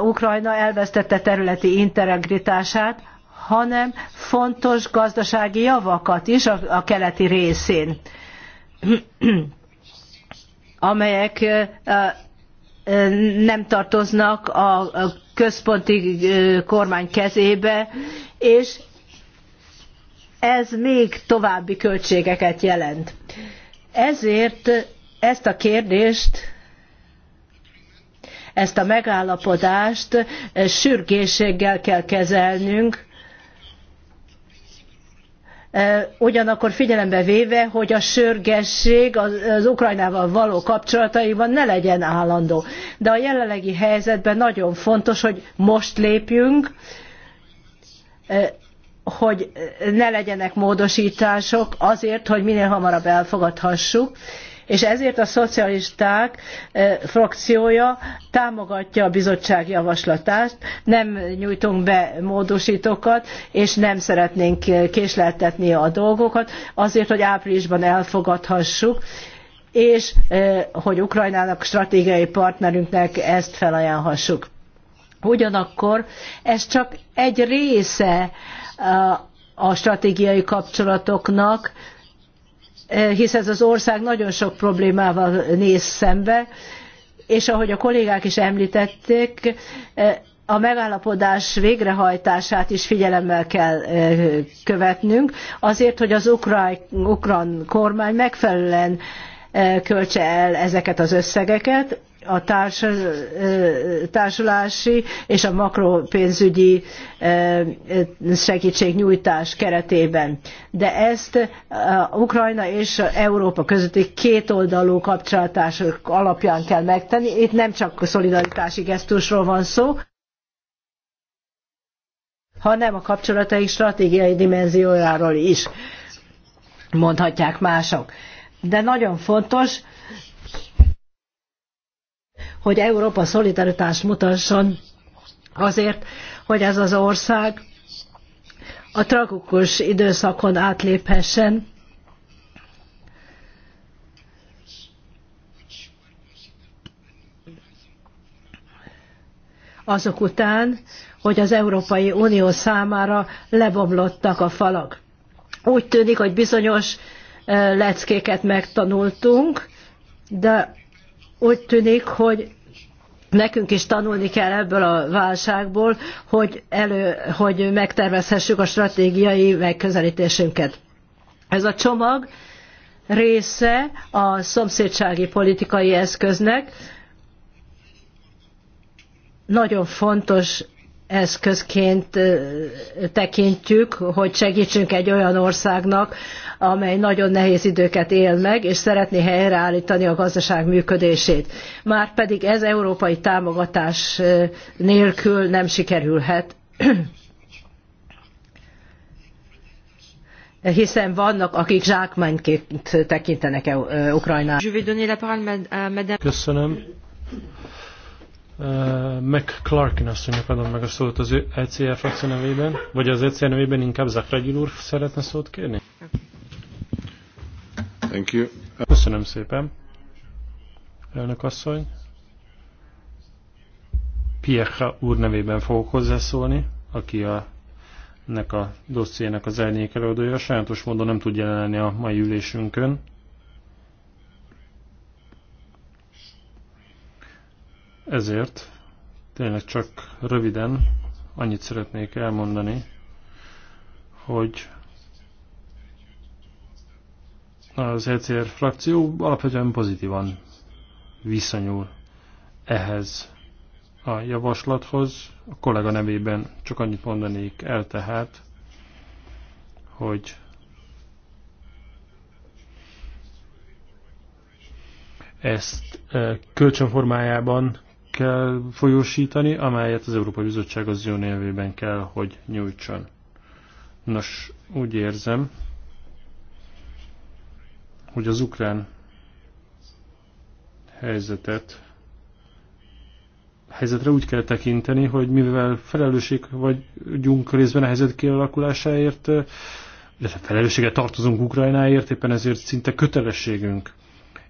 B: Ukrajna elvesztette területi integritását, hanem fontos gazdasági javakat is a, a keleti részén, amelyek nem tartoznak a központi kormány kezébe, és ez még további költségeket jelent. Ezért ezt a kérdést, ezt a megállapodást sürgésséggel kell kezelnünk, ugyanakkor figyelembe véve, hogy a sürgesség az, az Ukrajnával való kapcsolataiban ne legyen állandó. De a jelenlegi helyzetben nagyon fontos, hogy most lépjünk, hogy ne legyenek módosítások azért, hogy minél hamarabb elfogadhassuk, és ezért a szocialisták eh, frakciója támogatja a bizottság javaslatát, nem nyújtunk be módosítókat, és nem szeretnénk késleltetni a dolgokat, azért, hogy áprilisban elfogadhassuk, és eh, hogy Ukrajnának stratégiai partnerünknek ezt felajánlhassuk. Ugyanakkor ez csak egy része eh, a stratégiai kapcsolatoknak, Eh, hisz ez az ország nagyon sok problémával néz szembe, és ahogy a kollégák is említették, eh, a megállapodás végrehajtását is figyelemmel kell eh, követnünk, azért, hogy az ukrán kormány megfelelően költse el ezeket az összegeket, a társ, társulási és a makropénzügyi segítségnyújtás keretében. De ezt a Ukrajna és a Európa közötti kétoldalú kapcsolatások alapján kell megtenni. Itt nem csak a szolidaritási gesztusról van szó, hanem a kapcsolataik stratégiai dimenziójáról is mondhatják mások. De nagyon fontos, hogy Európa szolidaritást mutasson azért, hogy ez az ország a tragikus időszakon átléphessen, azok után, hogy az Európai Unió számára lebomlottak a falak. Úgy tűnik, hogy bizonyos leckéket megtanultunk, de úgy tűnik, hogy nekünk is tanulni kell ebből a válságból, hogy, elő, hogy megtervezhessük a stratégiai megközelítésünket. Ez a csomag része a szomszédsági politikai eszköznek, nagyon fontos eszközként tekintjük, hogy segítsünk egy olyan országnak, amely nagyon nehéz időket él meg, és szeretné helyreállítani a gazdaság működését. Márpedig ez európai támogatás nélkül nem sikerülhet. hiszen vannak, akik zsákmányként tekintenek Ukrajnára.
A: Köszönöm. Uh, Mac Clarkin asszonynak adom meg a szót az ECR frakció nevében, vagy az ECR nevében inkább Zakragyil úr szeretne szót kérni? Thank you. Köszönöm szépen. Elnök asszony. Pierre úr nevében fogok hozzászólni, aki a nek a dossziének az elnyék előadója. Sajátos módon nem tud jelenni a mai ülésünkön. Ezért tényleg csak röviden annyit szeretnék elmondani, hogy az ECR frakció alapvetően pozitívan viszonyul ehhez a javaslathoz. A kollega nevében csak annyit mondanék el tehát, hogy ezt eh, kölcsönformájában kell folyósítani, amelyet az Európai Bizottság az jó névében kell, hogy nyújtson. Nos, úgy érzem, hogy az ukrán helyzetet helyzetre úgy kell tekinteni, hogy mivel felelősség vagyunk részben a helyzet kialakulásáért, illetve felelősséget tartozunk Ukrajnáért, éppen ezért szinte kötelességünk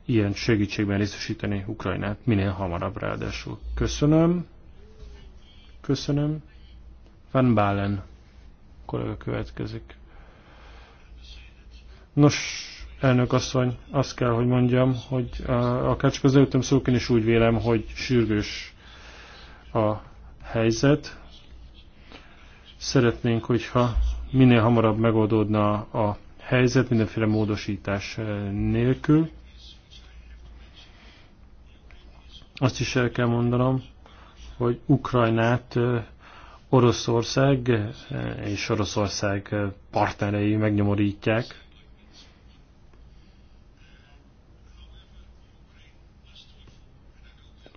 A: ilyen segítségben részesíteni Ukrajnát minél hamarabb ráadásul. Köszönöm. Köszönöm. Van Balen kollega következik. Nos, elnök asszony, azt kell, hogy mondjam, hogy akár csak az előttem én is úgy vélem, hogy sürgős a helyzet. Szeretnénk, hogyha minél hamarabb megoldódna a helyzet, mindenféle módosítás eh, nélkül. Azt is el kell mondanom, hogy Ukrajnát Oroszország és Oroszország partnerei megnyomorítják.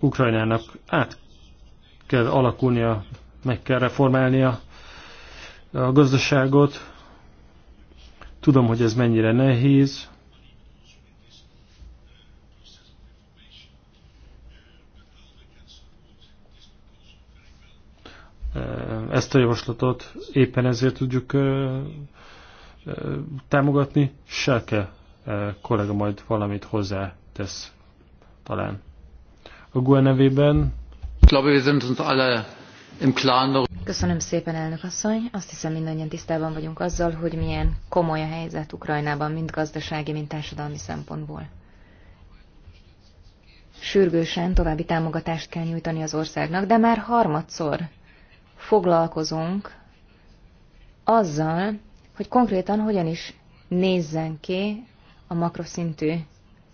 A: Ukrajnának át kell alakulnia, meg kell reformálnia a gazdaságot. Tudom, hogy ez mennyire nehéz, ezt a javaslatot éppen ezért tudjuk támogatni. Selke kollega majd valamit hozzá tesz talán. A GUE nevében...
C: Köszönöm szépen, elnök asszony. Azt hiszem mindannyian tisztában vagyunk azzal, hogy milyen komoly a helyzet Ukrajnában, mind gazdasági, mind társadalmi szempontból. Sürgősen további támogatást kell nyújtani az országnak, de már harmadszor foglalkozunk azzal, hogy konkrétan hogyan is nézzen ki a makroszintű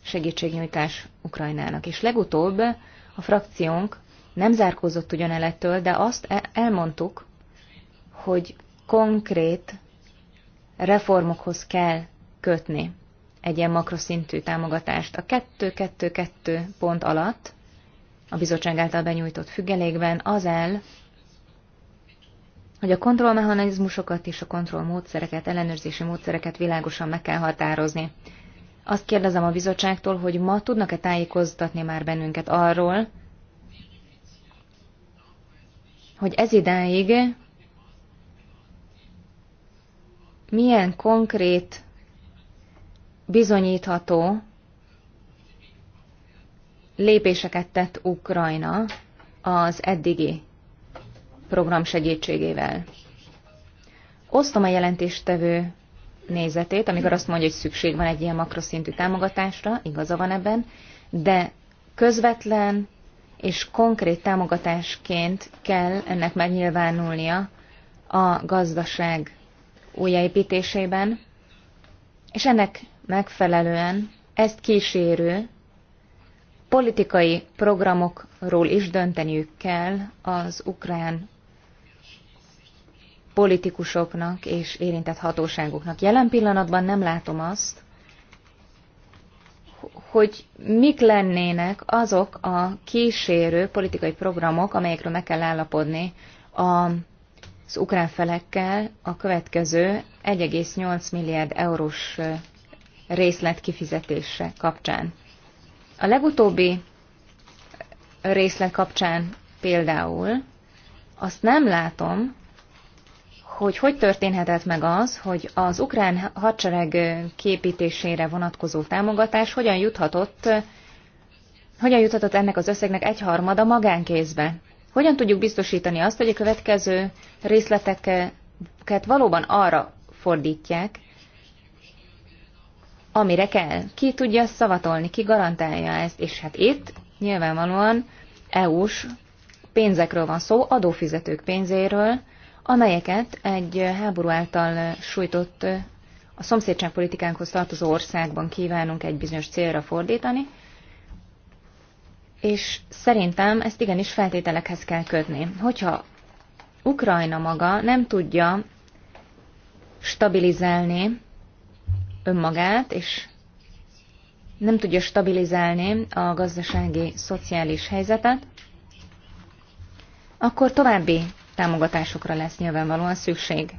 C: segítségnyújtás Ukrajnának. És legutóbb a frakciónk nem zárkózott ugyan el ettől, de azt e- elmondtuk, hogy konkrét reformokhoz kell kötni egy ilyen makroszintű támogatást. A 2-2-2 pont alatt a bizottság által benyújtott függelékben az el, hogy a kontrollmechanizmusokat és a kontrollmódszereket, ellenőrzési módszereket világosan meg kell határozni. Azt kérdezem a bizottságtól, hogy ma tudnak-e tájékoztatni már bennünket arról, hogy ez idáig milyen konkrét, bizonyítható lépéseket tett Ukrajna az eddigi program segítségével. Osztom a jelentéstevő nézetét, amikor azt mondja, hogy szükség van egy ilyen makroszintű támogatásra, igaza van ebben, de közvetlen és konkrét támogatásként kell ennek megnyilvánulnia a gazdaság újjáépítésében, és ennek megfelelően ezt kísérő politikai programokról is dönteniük kell az ukrán politikusoknak és érintett hatóságoknak. Jelen pillanatban nem látom azt, hogy mik lennének azok a kísérő politikai programok, amelyekről meg kell állapodni az ukrán felekkel a következő 1,8 milliárd eurós részlet kifizetése kapcsán. A legutóbbi részlet kapcsán például azt nem látom, hogy hogy történhetett meg az, hogy az ukrán hadsereg képítésére vonatkozó támogatás hogyan juthatott, hogyan juthatott ennek az összegnek egyharmada magánkézbe? Hogyan tudjuk biztosítani azt, hogy a következő részleteket valóban arra fordítják, amire kell? Ki tudja szavatolni, ki garantálja ezt? És hát itt nyilvánvalóan EU-s pénzekről van szó, adófizetők pénzéről, amelyeket egy háború által sújtott a szomszédságpolitikánkhoz tartozó országban kívánunk egy bizonyos célra fordítani, és szerintem ezt igenis feltételekhez kell kötni. Hogyha Ukrajna maga nem tudja stabilizálni önmagát, és nem tudja stabilizálni a gazdasági, szociális helyzetet, akkor további támogatásokra lesz nyilvánvalóan szükség.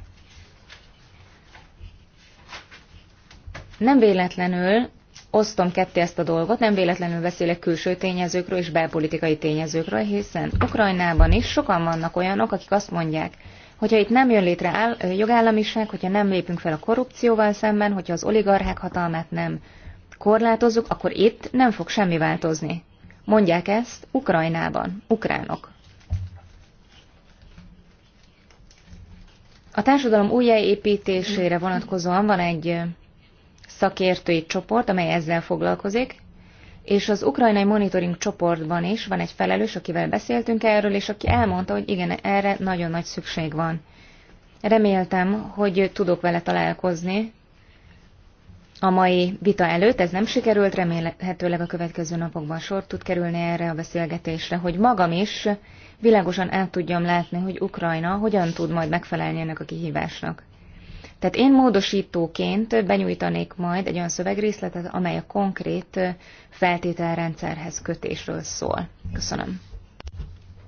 C: Nem véletlenül osztom ketté ezt a dolgot, nem véletlenül beszélek külső tényezőkről és belpolitikai tényezőkről, hiszen Ukrajnában is sokan vannak olyanok, akik azt mondják, hogyha itt nem jön létre áll, jogállamiság, hogyha nem lépünk fel a korrupcióval szemben, hogyha az oligarchák hatalmát nem korlátozzuk, akkor itt nem fog semmi változni. Mondják ezt Ukrajnában, ukránok. A társadalom újjáépítésére vonatkozóan van egy szakértői csoport, amely ezzel foglalkozik, és az ukrajnai monitoring csoportban is van egy felelős, akivel beszéltünk erről, és aki elmondta, hogy igen, erre nagyon nagy szükség van. Reméltem, hogy tudok vele találkozni a mai vita előtt, ez nem sikerült, remélhetőleg a következő napokban sor tud kerülni erre a beszélgetésre, hogy magam is világosan át tudjam látni, hogy Ukrajna hogyan tud majd megfelelni ennek a kihívásnak. Tehát én módosítóként benyújtanék majd egy olyan szövegrészletet, amely a konkrét feltételrendszerhez kötésről szól. Köszönöm.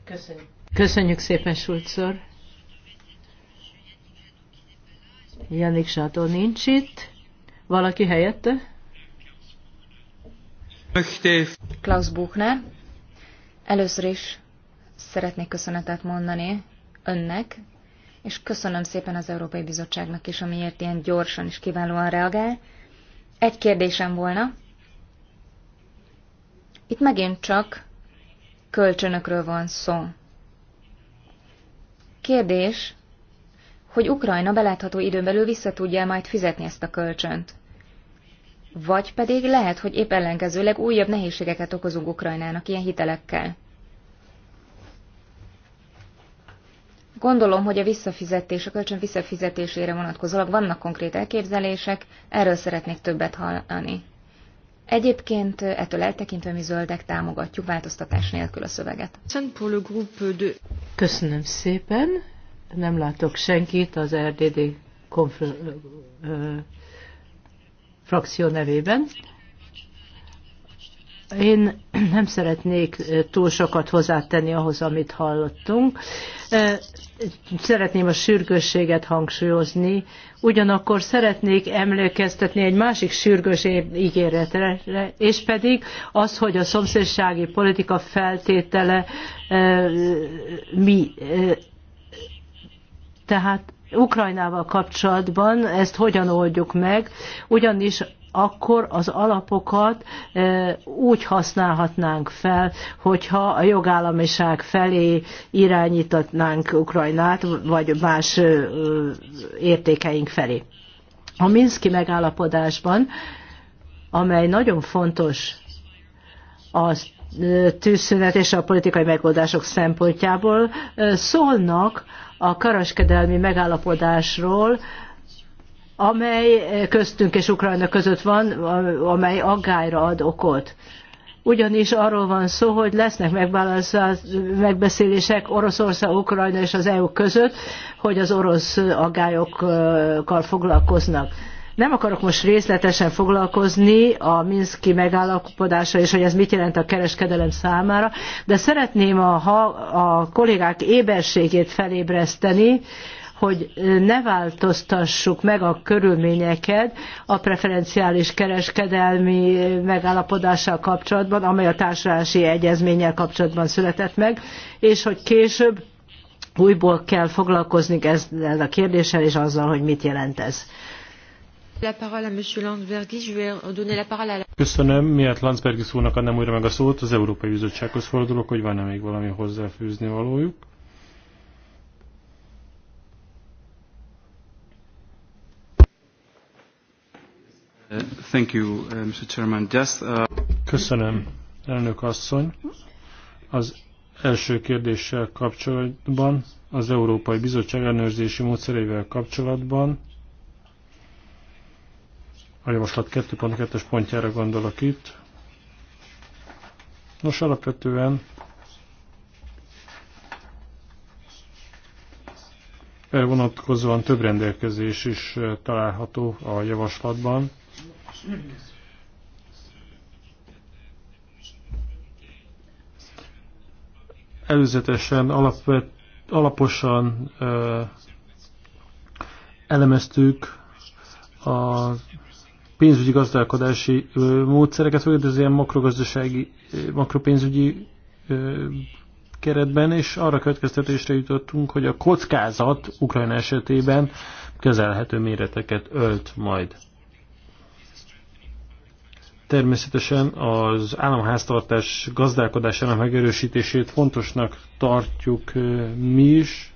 C: Köszönjük. Köszönjük
B: szépen, Sulcor. Janik Zsadó nincs itt.
C: Valaki helyette? Klaus Buchner. Először is szeretnék köszönetet mondani önnek, és köszönöm szépen az Európai Bizottságnak is, amiért ilyen gyorsan és kiválóan reagál. Egy kérdésem volna. Itt megint csak kölcsönökről van szó. Kérdés, hogy Ukrajna belátható időn belül vissza tudja majd fizetni ezt a kölcsönt. Vagy pedig lehet, hogy épp ellenkezőleg újabb nehézségeket okozunk Ukrajnának ilyen hitelekkel. Gondolom, hogy a visszafizetés, a kölcsön visszafizetésére vonatkozólag vannak konkrét elképzelések, erről szeretnék többet hallani. Egyébként ettől eltekintve mi zöldek támogatjuk változtatás nélkül a szöveget.
B: Köszönöm szépen. Nem látok senkit az RDD konf- frakció nevében. Én nem szeretnék túl sokat hozzátenni ahhoz, amit hallottunk. Szeretném a sürgősséget hangsúlyozni, ugyanakkor szeretnék emlékeztetni egy másik sürgős ígéretre, és pedig az, hogy a szomszédsági politika feltétele mi. Tehát Ukrajnával kapcsolatban ezt hogyan oldjuk meg, ugyanis akkor az alapokat úgy használhatnánk fel, hogyha a jogállamiság felé irányítatnánk Ukrajnát, vagy más értékeink felé. A Minszki megállapodásban, amely nagyon fontos a tűzszünet és a politikai megoldások szempontjából szólnak a kereskedelmi megállapodásról, amely eh, köztünk és Ukrajna között van, amely aggályra ad okot. Ugyanis arról van szó, hogy lesznek megbeszélések Oroszország, Ukrajna és az EU között, hogy az orosz aggályokkal foglalkoznak. Nem akarok most részletesen foglalkozni a Minszki megállapodásra és hogy ez mit jelent a kereskedelem számára, de szeretném a, a kollégák éberségét felébreszteni, hogy ne változtassuk meg a körülményeket a preferenciális kereskedelmi megállapodással kapcsolatban, amely a társulási egyezménnyel kapcsolatban született meg, és hogy később újból kell foglalkozni ezzel a kérdéssel és azzal, hogy mit jelent ez.
A: Köszönöm, miért Landsbergis úrnak adnám újra meg a szót, az Európai Bizottsághoz fordulok, hogy van-e még valami hozzáfűzni valójuk. Thank you, uh, Mr. Chairman. Just, uh... Köszönöm, elnök asszony. Az első kérdéssel kapcsolatban, az Európai Bizottság ellenőrzési módszereivel kapcsolatban, a javaslat 2.2-es pontjára gondolok itt. Nos, alapvetően erre vonatkozóan több rendelkezés is uh, található a javaslatban. Előzetesen, alapvet, alaposan ö, elemeztük a pénzügyi gazdálkodási ö, módszereket, vagy az ilyen makrogazdasági, makropénzügyi ö, keretben, és arra következtetésre jutottunk, hogy a kockázat Ukrajna esetében kezelhető méreteket ölt majd. Természetesen az államháztartás gazdálkodásának megerősítését fontosnak tartjuk mi is.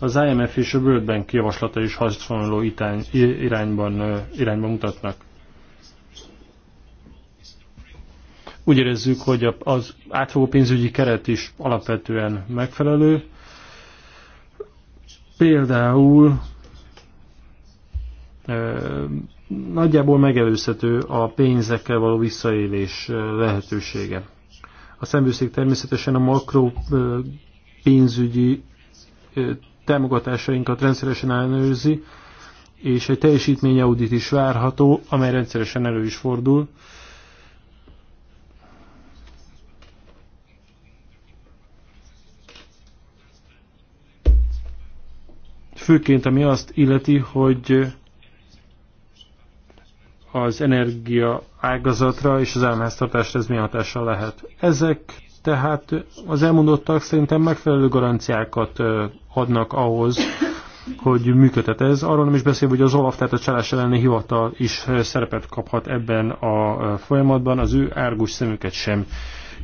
A: Az IMF és a World Bank javaslata is hasonló irány, irányban, irányban mutatnak. Úgy érezzük, hogy az átfogó pénzügyi keret is alapvetően megfelelő Például nagyjából megelőzhető a pénzekkel való visszaélés lehetősége. A szemvőszék természetesen a makro pénzügyi támogatásainkat rendszeresen ellenőrzi, és egy teljesítményaudit is várható, amely rendszeresen elő is fordul. főként ami azt illeti, hogy az energia ágazatra és az államháztartásra ez mi hatással lehet. Ezek tehát az elmondottak szerintem megfelelő garanciákat adnak ahhoz, hogy működhet ez. Arról nem is beszélve, hogy az OLAF, tehát a csalás elleni hivatal is szerepet kaphat ebben a folyamatban. Az ő árgus szemüket sem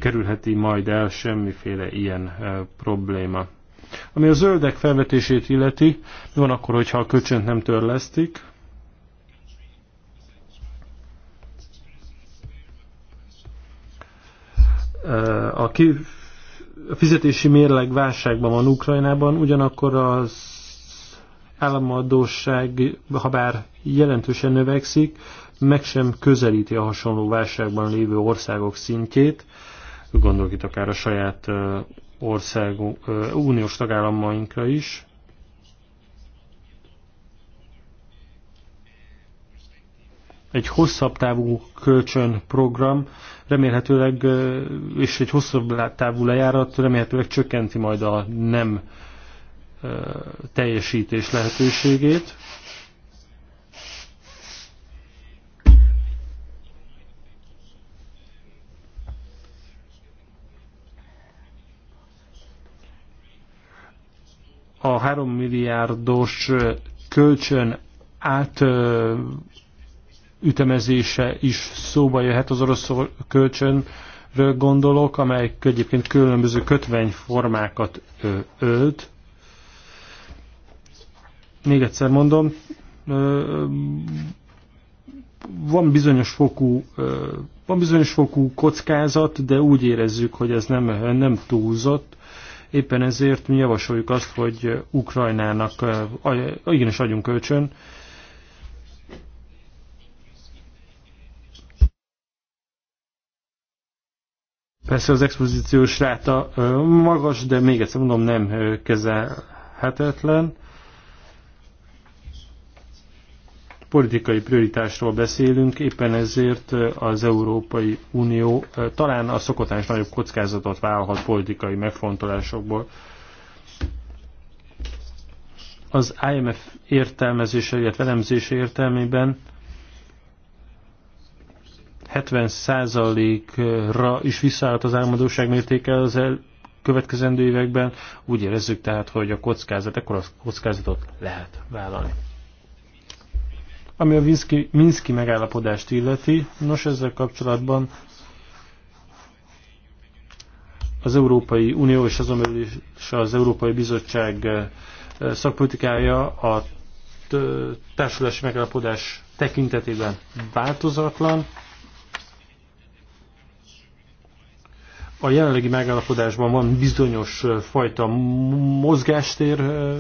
A: kerülheti majd el semmiféle ilyen probléma. Ami a zöldek felvetését illeti, van akkor, hogyha a köcsönt nem törlesztik. A, ki, a fizetési mérleg válságban van Ukrajnában, ugyanakkor az államadóság, ha bár jelentősen növekszik, meg sem közelíti a hasonló válságban lévő országok szintjét. Gondolok itt akár a saját országunk, uniós tagállamainkra is. Egy hosszabb távú kölcsönprogram remélhetőleg, és egy hosszabb távú lejárat remélhetőleg csökkenti majd a nem teljesítés lehetőségét. a 3 milliárdos kölcsön át ütemezése is szóba jöhet az orosz kölcsönről gondolok, amely egyébként különböző kötvényformákat ölt. Még egyszer mondom, van bizonyos fokú van bizonyos fokú kockázat, de úgy érezzük, hogy ez nem, nem túlzott. Éppen ezért mi javasoljuk azt, hogy Ukrajnának igenis adjunk kölcsön, Persze az expozíciós ráta magas, de még egyszer mondom, nem kezelhetetlen. politikai prioritásról beszélünk, éppen ezért az Európai Unió talán a szokotás nagyobb kockázatot vállalhat politikai megfontolásokból. Az IMF értelmezése, illetve elemzése értelmében 70%-ra is visszaállt az álmodóság mértéke az el következendő években. Úgy érezzük tehát, hogy a kockázat, ekkor a kockázatot lehet vállalni. Ami a Viszki, Minszki megállapodást illeti, nos ezzel kapcsolatban az Európai Unió és az, és az Európai Bizottság eh, szakpolitikája a társulási megállapodás tekintetében változatlan. A jelenlegi megállapodásban van bizonyos eh, fajta mozgástér eh,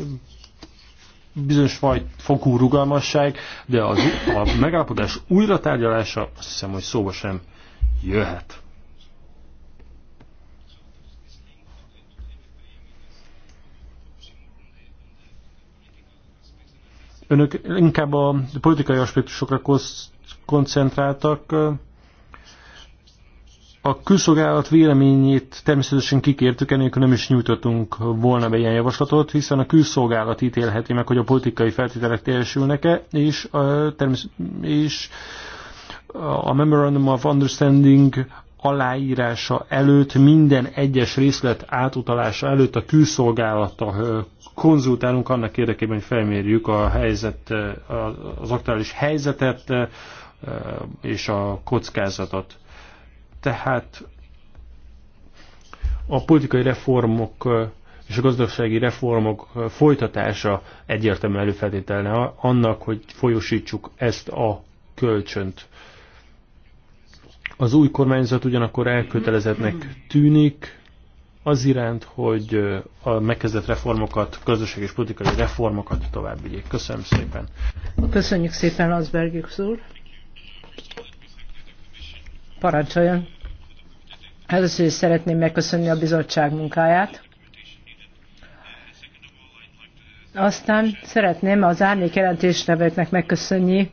A: bizonyos faj, fokú rugalmasság, de az, a megállapodás újra tárgyalása azt hiszem, hogy szóba sem jöhet. Önök inkább a politikai aspektusokra koncentráltak, a külszolgálat véleményét természetesen kikértük, enélkül nem is nyújtottunk volna be ilyen javaslatot, hiszen a külszolgálat ítélheti meg, hogy a politikai feltételek teljesülnek-e, és, és a Memorandum of Understanding aláírása előtt, minden egyes részlet átutalása előtt a külszolgálata konzultálunk annak érdekében, hogy felmérjük a helyzet, az aktuális helyzetet és a kockázatot. Tehát a politikai reformok és a gazdasági reformok folytatása egyértelmű előfeltételne annak, hogy folyosítsuk ezt a kölcsönt. Az új kormányzat ugyanakkor elkötelezettnek tűnik az iránt, hogy a megkezdett reformokat, gazdasági és politikai reformokat tovább vigyék. Köszönöm szépen.
B: Köszönjük szépen, Lanzbergix úr. Parancsoljon. Először is szeretném megköszönni a bizottság munkáját. Aztán szeretném az árnyék jelentésnevőknek megköszönni,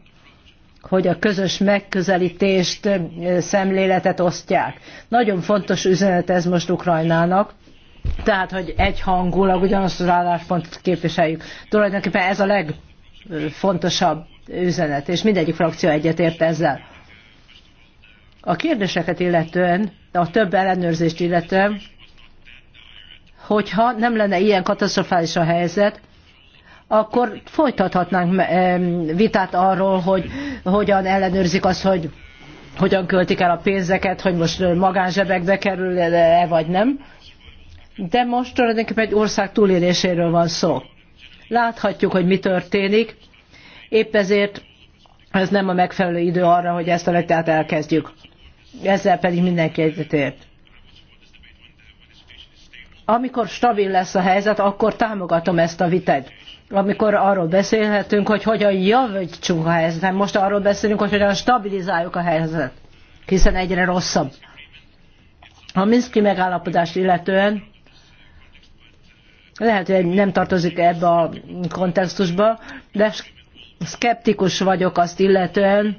B: hogy a közös megközelítést, eh, szemléletet osztják. Nagyon fontos üzenet ez most Ukrajnának, tehát, hogy egyhangulag ugyanazt az álláspontot képviseljük. Tulajdonképpen ez a legfontosabb üzenet, és mindegyik frakció egyetért ezzel. A kérdéseket illetően, a több ellenőrzést illetően, hogyha nem lenne ilyen katasztrofális a helyzet, akkor folytathatnánk eh, vitát arról, hogy hogyan ellenőrzik azt, hogy hogyan költik el a pénzeket, hogy most magánzsebekbe kerül-e vagy nem. De most tulajdonképpen egy ország túléléséről van szó. Láthatjuk, hogy mi történik, épp ezért ez nem a megfelelő idő arra, hogy ezt a lektát elkezdjük ezzel pedig mindenki egyetért. Amikor stabil lesz a helyzet, akkor támogatom ezt a vitát. Amikor arról beszélhetünk, hogy hogyan javítsunk a helyzetet, most arról beszélünk, hogy hogyan stabilizáljuk a helyzetet, hiszen egyre rosszabb. A Minszki megállapodást illetően lehet, hogy nem tartozik ebbe a kontextusba, de szkeptikus vagyok azt illetően,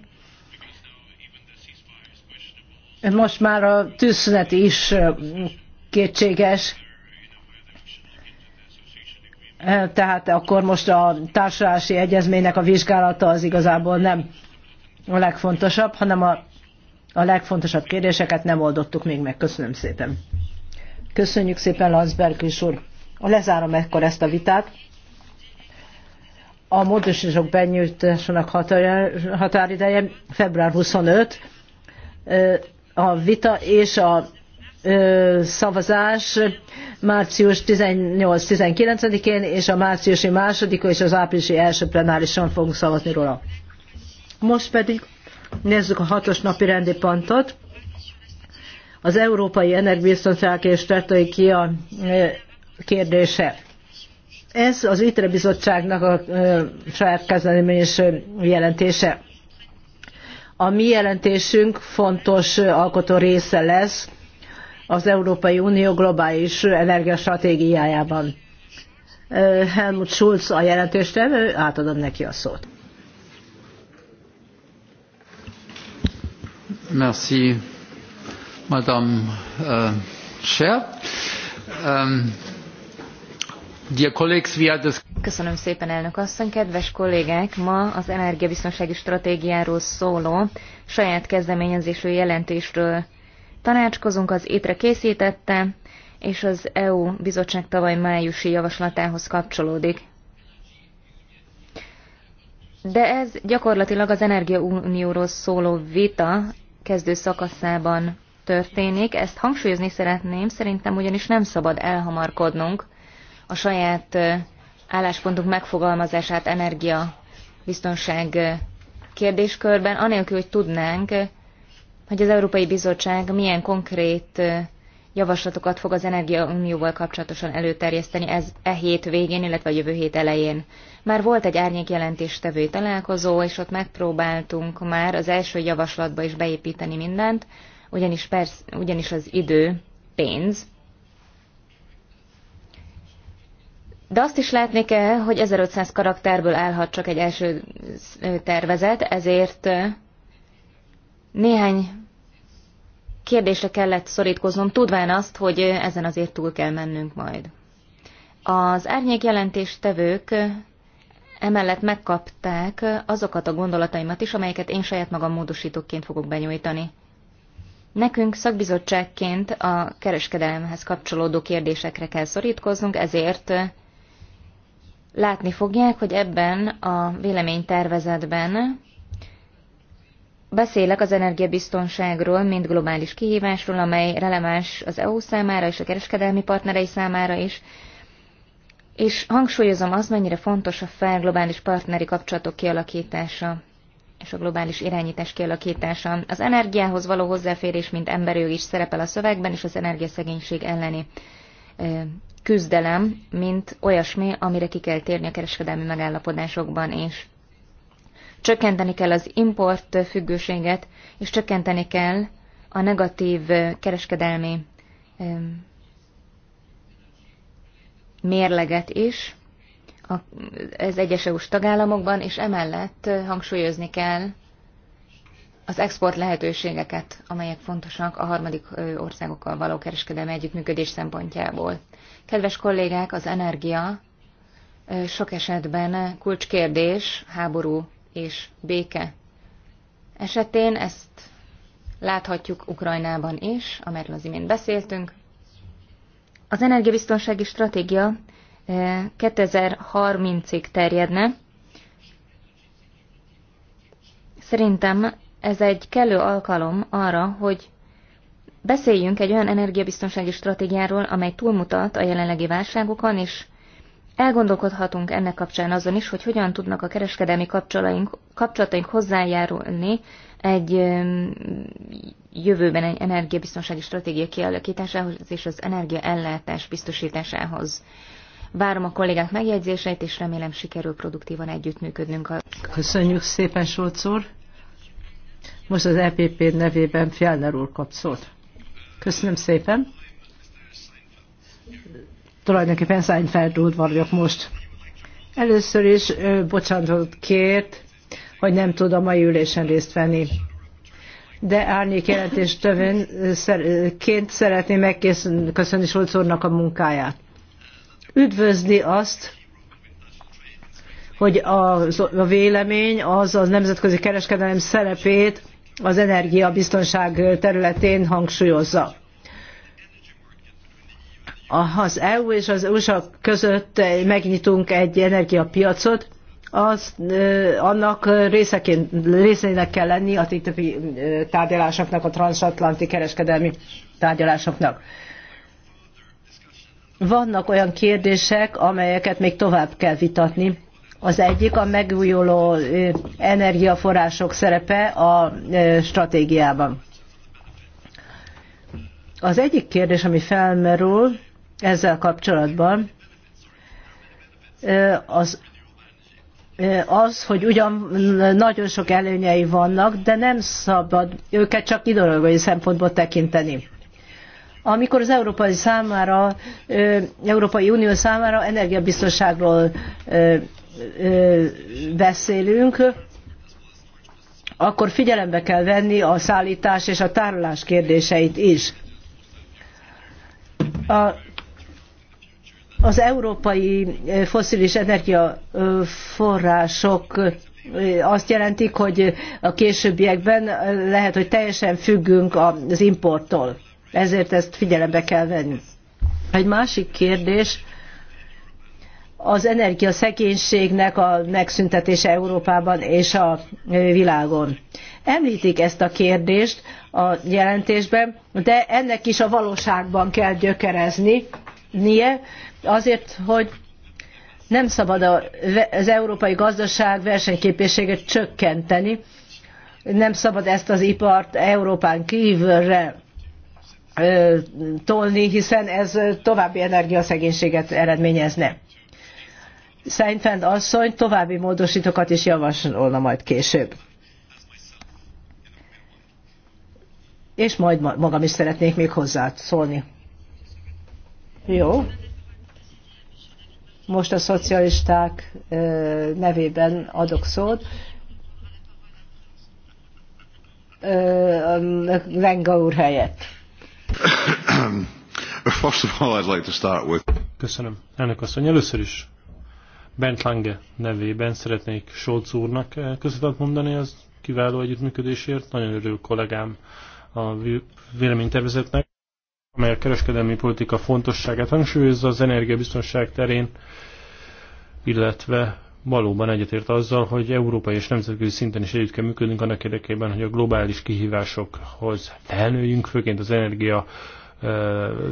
B: most már a tűzszünet is kétséges, tehát akkor most a társulási egyezménynek a vizsgálata az igazából nem a legfontosabb, hanem a, a legfontosabb kérdéseket nem oldottuk még meg. Köszönöm szépen. Köszönjük szépen, Lanzberg is úr. Lezárom ekkor ezt a vitát. A módosítások benyújtásának határideje február 25 a vita és a szavazás március 18-19-én és a márciusi második és az áprilisi első plenárison fogunk szavazni róla. Most pedig nézzük a hatos napi rendi pontot. Az európai energiabiztonság és Kia kérdése. Ez az ITRE bizottságnak a saját kezdeményes jelentése. A mi jelentésünk fontos alkotó része lesz az Európai Unió globális energiastratégiájában. Helmut Schulz a jelentéstevő, átadom neki a szót.
A: Merci, Madame uh, Chair. Um,
C: Köszönöm szépen, elnök asszony. Kedves kollégák, ma az energiabiztonsági stratégiáról szóló saját kezdeményezésű jelentésről tanácskozunk, az étre készítette, és az EU bizottság tavaly májusi javaslatához kapcsolódik. De ez gyakorlatilag az energiaunióról szóló vita kezdő szakaszában történik. Ezt hangsúlyozni szeretném, szerintem ugyanis nem szabad elhamarkodnunk, a saját álláspontunk megfogalmazását energia biztonság kérdéskörben, anélkül, hogy tudnánk, hogy az Európai Bizottság milyen konkrét javaslatokat fog az Energiaunióval kapcsolatosan előterjeszteni ez e hét végén, illetve a jövő hét elején. Már volt egy árnyék jelentéstevői találkozó, és ott megpróbáltunk már az első javaslatba is beépíteni mindent, ugyanis, persze, ugyanis az idő pénz, De azt is látni kell, hogy 1500 karakterből állhat csak egy első tervezet, ezért néhány kérdésre kellett szorítkoznom, tudván azt, hogy ezen azért túl kell mennünk majd. Az árnyék jelentéstevők emellett megkapták azokat a gondolataimat is, amelyeket én saját magam módosítóként fogok benyújtani. Nekünk szakbizottságként a kereskedelemhez kapcsolódó kérdésekre kell szorítkoznunk, ezért látni fogják, hogy ebben a véleménytervezetben beszélek az energiabiztonságról, mint globális kihívásról, amely releváns az EU számára és a kereskedelmi partnerei számára is, és hangsúlyozom azt, mennyire fontos a fel globális partneri kapcsolatok kialakítása és a globális irányítás kialakítása. Az energiához való hozzáférés, mint emberjog is szerepel a szövegben, és az energiaszegénység elleni küzdelem, mint olyasmi, amire ki kell térni a kereskedelmi megállapodásokban is. Csökkenteni kell az import függőséget, és csökkenteni kell a negatív kereskedelmi mérleget is az egyes EU-s tagállamokban, és emellett hangsúlyozni kell az export lehetőségeket, amelyek fontosak a harmadik országokkal való kereskedelmi együttműködés szempontjából. Kedves kollégák, az energia sok esetben kulcskérdés, háború és béke esetén ezt láthatjuk Ukrajnában is, amiről az imént beszéltünk. Az energiabiztonsági stratégia 2030-ig terjedne. Szerintem ez egy kellő alkalom arra, hogy beszéljünk egy olyan energiabiztonsági stratégiáról, amely túlmutat a jelenlegi válságokon, és elgondolkodhatunk ennek kapcsán azon is, hogy hogyan tudnak a kereskedelmi kapcsolataink, kapcsolataink hozzájárulni egy jövőben egy energiabiztonsági stratégia kialakításához és az energiaellátás biztosításához. Várom a kollégák megjegyzéseit, és remélem sikerül produktívan együttműködnünk. A...
B: Köszönjük szépen, Solcór! Most az EPP nevében Fjellner úr kap szót. Köszönöm szépen. Tulajdonképpen Seinfeld úr vagyok most. Először is bocsánatot kért, hogy nem tud a mai ülésen részt venni. De árnyék jelentéstövőnként szeretném megköszönni Solc a munkáját. Üdvözli azt, hogy a, a vélemény az a nemzetközi kereskedelem szerepét az energiabiztonság területén hangsúlyozza az EU és az USA között megnyitunk egy energiapiacot, az, annak részeként, részének kell lenni a TTIP tárgyalásoknak, a transatlanti kereskedelmi tárgyalásoknak. Vannak olyan kérdések, amelyeket még tovább kell vitatni az egyik a megújuló energiaforrások szerepe a stratégiában. Az egyik kérdés, ami felmerül ezzel kapcsolatban, az az, hogy ugyan nagyon sok előnyei vannak, de nem szabad őket csak ideológiai szempontból tekinteni. Amikor az Európai, számára, Európai Unió számára energiabiztonságról beszélünk, akkor figyelembe kell venni a szállítás és a tárolás kérdéseit is. A, az európai foszilis energiaforrások azt jelentik, hogy a későbbiekben lehet, hogy teljesen függünk az importtól. Ezért ezt figyelembe kell venni. Egy másik kérdés, az energiaszegénységnek a megszüntetése Európában és a világon. Említik ezt a kérdést a jelentésben, de ennek is a valóságban kell gyökerezni, nie, azért, hogy nem szabad az európai gazdaság versenyképességet csökkenteni, nem szabad ezt az ipart Európán kívülre tolni, hiszen ez további energiaszegénységet eredményezne. Seinfeld asszony további módosítókat is javasolna majd később. És majd magam is szeretnék még hozzá szólni. Jó. Most a szocialisták nevében adok szót. Um, Venga úr helyett. First of all, I'd like to start with...
A: Köszönöm. Elnök asszony, először is Bent Lange nevében szeretnék Solc úrnak eh, köszönetet mondani az kiváló együttműködésért. Nagyon örül kollégám a véleménytervezetnek, amely a kereskedelmi politika fontosságát hangsúlyozza az energiabiztonság terén, illetve valóban egyetért azzal, hogy európai és nemzetközi szinten is együtt kell működnünk annak érdekében, hogy a globális kihívásokhoz felnőjünk, főként az energia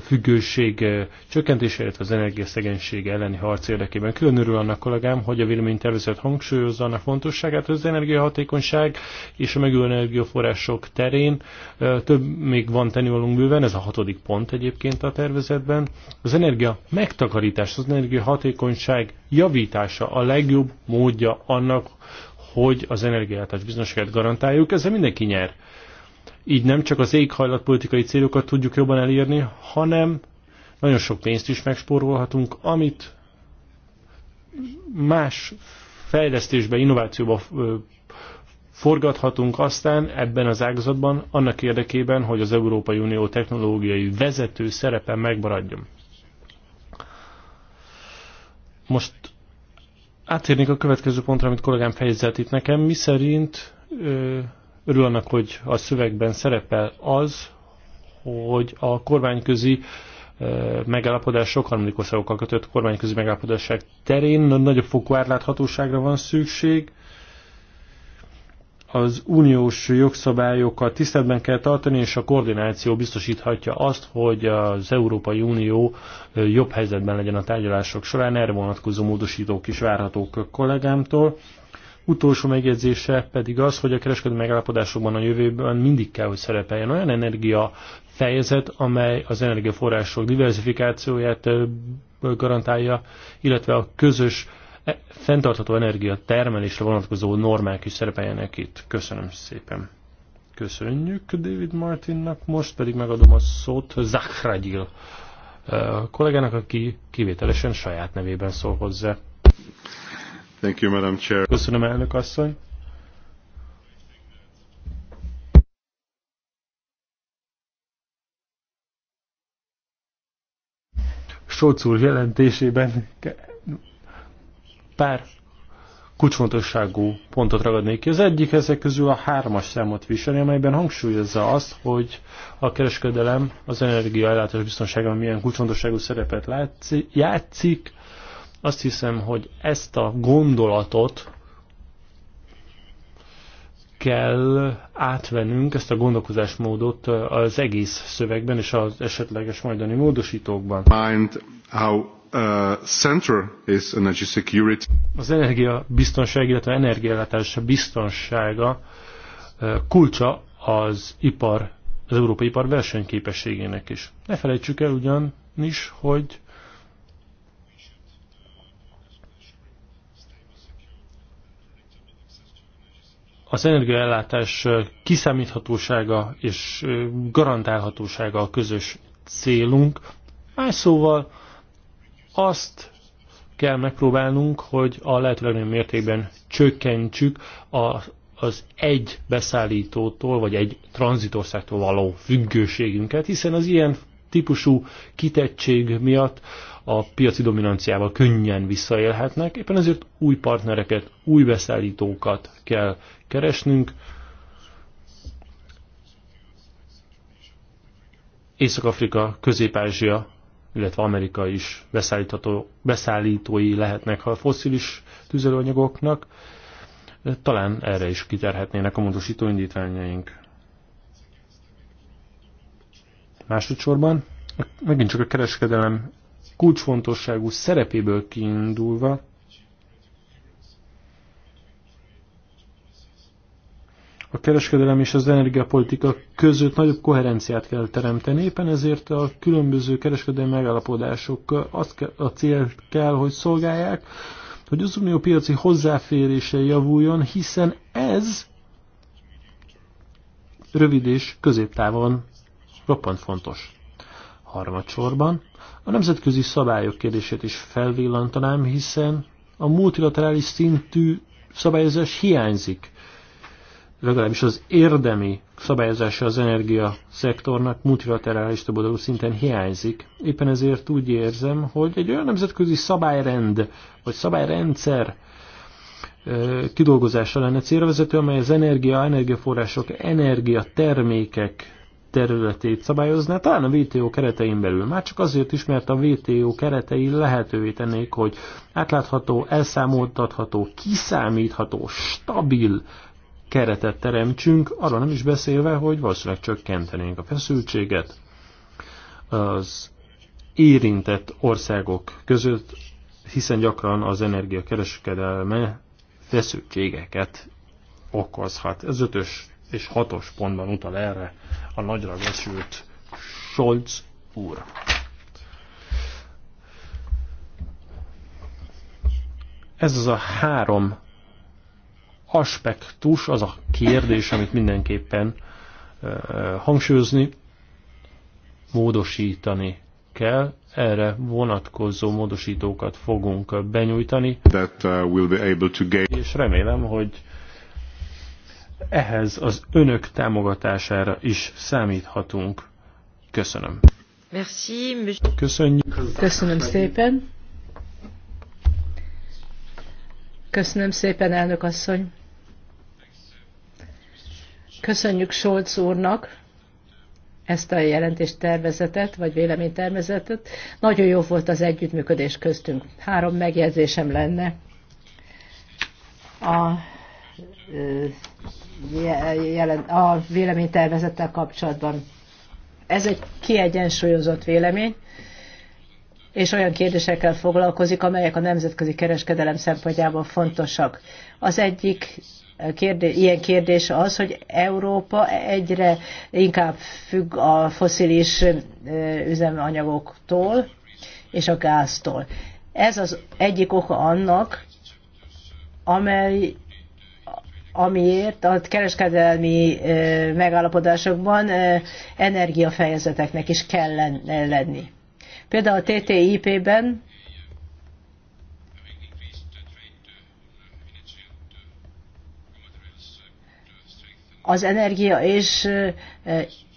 A: függőség csökkentése, illetve az energiaszegénység elleni harc érdekében. Külön örül annak kollégám, hogy a véleménytervezet hangsúlyozza annak fontosságát, az energiahatékonyság és a megújuló energiaforrások terén több még van tennivalónk bőven, ez a hatodik pont egyébként a tervezetben. Az energia megtakarítás, az energiahatékonyság javítása a legjobb módja annak, hogy az energiátás biztonságát garantáljuk, ezzel mindenki nyer. Így nem csak az éghajlatpolitikai célokat tudjuk jobban elérni, hanem nagyon sok pénzt is megspórolhatunk, amit más fejlesztésbe, innovációba forgathatunk aztán ebben az ágazatban, annak érdekében, hogy az Európai Unió technológiai vezető szerepe megmaradjon. Most átérnék a következő pontra, amit kollégám fejezett itt nekem, mi szerint örül annak, hogy a szövegben szerepel az, hogy a kormányközi eh, megállapodások, harmadik országokkal kötött kormányközi megállapodások terén nagyobb fokú átláthatóságra van szükség, az uniós jogszabályokat tiszteletben kell tartani, és a koordináció biztosíthatja azt, hogy az Európai Unió eh, jobb helyzetben legyen a tárgyalások során. Erre vonatkozó módosítók is várhatók kollégámtól. Utolsó megjegyzése pedig az, hogy a kereskedelmi megállapodásokban a jövőben mindig kell, hogy szerepeljen olyan energia fejezet, amely az energiaforrások diversifikációját garantálja, illetve a közös e, fenntartható energia termelésre vonatkozó normák is szerepeljenek itt. Köszönöm szépen. Köszönjük David Martinnak, most pedig megadom a szót Zachragyil kollégának, aki kivételesen saját nevében szól hozzá. Thank you, Madam Chair. Köszönöm, elnök asszony. Sócz úr jelentésében pár kulcsfontosságú pontot ragadnék ki. Az egyik ezek közül a hármas számot viseli, amelyben hangsúlyozza azt, hogy a kereskedelem az energiaellátás biztonságában milyen kulcsfontosságú szerepet látszik, játszik, azt hiszem, hogy ezt a gondolatot kell átvennünk, ezt a gondolkozásmódot az egész szövegben és az esetleges majdani módosítókban. Mind how Uh, center is energy security. Az energia biztonság, illetve energiállátás biztonsága uh, kulcsa az ipar, az európai ipar versenyképességének is. Ne felejtsük el ugyanis, hogy az energiaellátás kiszámíthatósága és garantálhatósága a közös célunk. Más szóval azt kell megpróbálnunk, hogy a lehető legnagyobb mértékben csökkentsük a, az egy beszállítótól vagy egy tranzitországtól való függőségünket, hiszen az ilyen típusú kitettség miatt a piaci dominanciával könnyen visszaélhetnek, éppen ezért új partnereket, új beszállítókat kell keresnünk. Észak-Afrika, Közép-Ázsia, illetve Amerika is beszállítható, beszállítói lehetnek a fosszilis tüzelőanyagoknak. Talán erre is kiterhetnének a módosító indítványaink. Másodszorban megint csak a kereskedelem kulcsfontosságú szerepéből kiindulva a kereskedelem és az energiapolitika között nagyobb koherenciát kell teremteni, éppen ezért a különböző kereskedelmi megállapodások azt ke a cél kell, hogy szolgálják, hogy az unió piaci hozzáférése javuljon, hiszen ez rövid és középtávon roppant fontos. Harmadsorban a nemzetközi szabályok kérdését is felvillantanám, hiszen a multilaterális szintű szabályozás hiányzik. Legalábbis az érdemi szabályozása az energia szektornak multilaterális többodalú szinten hiányzik. Éppen ezért úgy érzem, hogy egy olyan nemzetközi szabályrend vagy szabályrendszer kidolgozása lenne célvezető, amely az energia, energiaforrások, energiatermékek területét szabályozná, hát talán a WTO keretein belül. Már csak azért is, mert a WTO keretei lehetővé tennék, hogy átlátható, elszámoltatható, kiszámítható, stabil keretet teremtsünk, arra nem is beszélve, hogy valószínűleg csökkentenénk a feszültséget az érintett országok között, hiszen gyakran az energiakereskedelme feszültségeket okozhat. Ez ötös és hatos pontban utal erre a nagyra vesült Scholz úr. Ez az a három aspektus, az a kérdés, amit mindenképpen hangsúlyozni, módosítani kell. Erre vonatkozó módosítókat fogunk benyújtani. That, uh, we'll be able to gain. És remélem, hogy ehhez az önök támogatására is számíthatunk. Köszönöm.
B: Merci, Köszönjük. Köszönöm szépen. Köszönöm szépen, elnök asszony. Köszönjük Solc úrnak ezt a jelentést tervezetet, vagy véleménytervezetet. Nagyon jó volt az együttműködés köztünk. Három megjegyzésem lenne. A jelen, a véleménytervezettel kapcsolatban. Ez egy kiegyensúlyozott vélemény, és olyan kérdésekkel foglalkozik, amelyek a nemzetközi kereskedelem szempontjából fontosak. Az egyik kérdés, ilyen kérdés az, hogy Európa egyre inkább függ a foszilis üzemanyagoktól és a gáztól. Ez az egyik oka annak, amely amiért a kereskedelmi megállapodásokban energiafejezeteknek is kell lenni. Például a TTIP-ben az energia és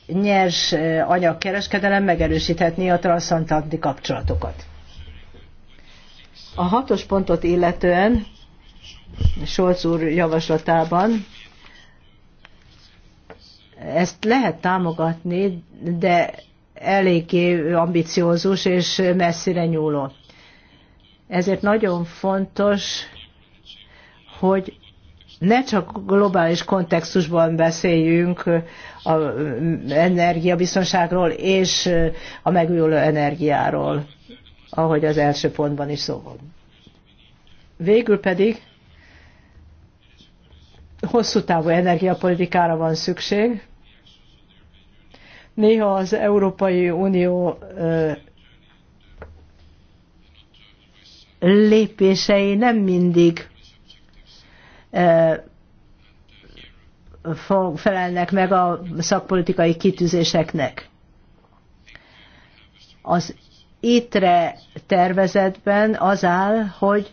B: nyers anyagkereskedelem megerősíthetné a transzantanti kapcsolatokat. A hatos pontot illetően Solc úr javaslatában. Ezt lehet támogatni, de eléggé ambiciózus és messzire nyúló. Ezért nagyon fontos, hogy ne csak globális kontextusban beszéljünk a energiabiztonságról és a megújuló energiáról, ahogy az első pontban is szó volt. Végül pedig hosszú távú energiapolitikára van szükség. Néha az Európai Unió lépései nem mindig felelnek meg a szakpolitikai kitűzéseknek. Az ITRE tervezetben az áll, hogy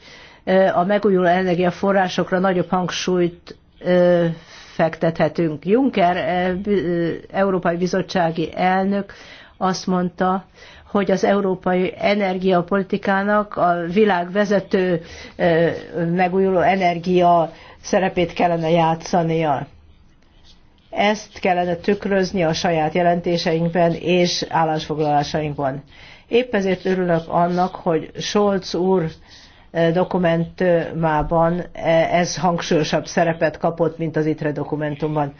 B: a megújuló energiaforrásokra nagyobb hangsúlyt fektethetünk. Juncker, Európai Bizottsági elnök azt mondta, hogy az európai energiapolitikának a világ vezető megújuló energia szerepét kellene játszania. Ezt kellene tükrözni a saját jelentéseinkben és állásfoglalásainkban. Épp ezért örülök annak, hogy Scholz úr dokumentumában ez hangsúlyosabb szerepet kapott, mint az ITRE dokumentumban.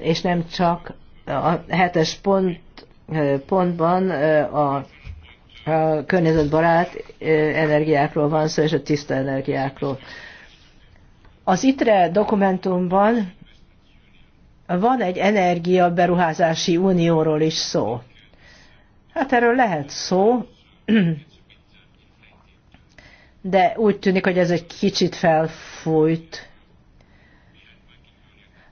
B: És nem csak a hetes pont, pontban a a környezetbarát energiákról van szó, és a tiszta energiákról. Az ITRE dokumentumban van egy energiaberuházási unióról is szó. Hát erről lehet szó, de úgy tűnik, hogy ez egy kicsit felfújt.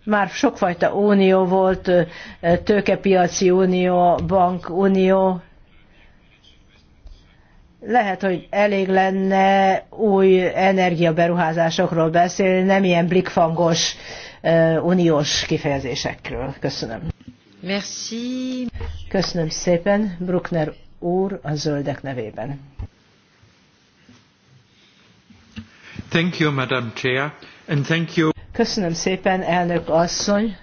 B: Már sokfajta unió volt, tőkepiaci unió, bankunió. Lehet, hogy elég lenne új energiaberuházásokról beszélni, nem ilyen blikfangos uniós kifejezésekről. Köszönöm. Merci. Köszönöm szépen, Bruckner úr a zöldek nevében.
A: Thank you, Madam Chair, and thank you.
B: Köszönöm szépen, elnök asszony,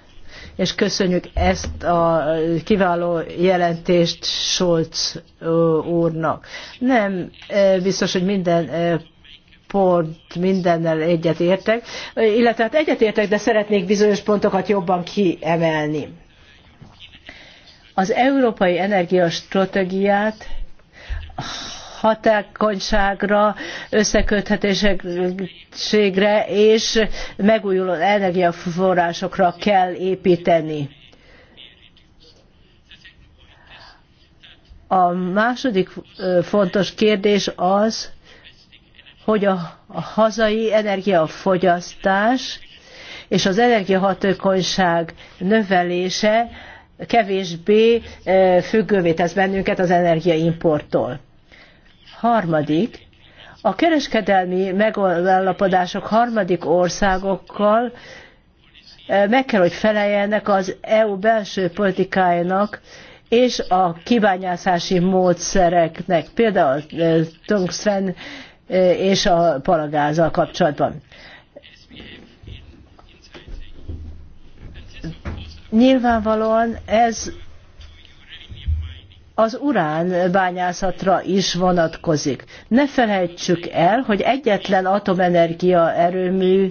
B: és köszönjük ezt a kiváló jelentést Scholz úrnak. Nem biztos, hogy minden pont mindennel egyetértek, illetve hát egyetértek, de szeretnék bizonyos pontokat jobban kiemelni. Az európai energiastratégiát hatékonyságra, összeköthetésségre és megújuló energiaforrásokra kell építeni. A második fontos kérdés az, hogy a, a hazai energiafogyasztás és az energiahatékonyság növelése kevésbé e, függővé tesz bennünket az energiaimporttól. Harmadik, a kereskedelmi megállapodások harmadik országokkal e, meg kell, hogy feleljenek az EU belső politikájának és a kibányászási módszereknek. Például e, Tungsven Eh, és a palagázzal kapcsolatban. Nyilvánvalóan ez az urán bányászatra is vonatkozik. Ne felejtsük el, hogy egyetlen atomenergia erőmű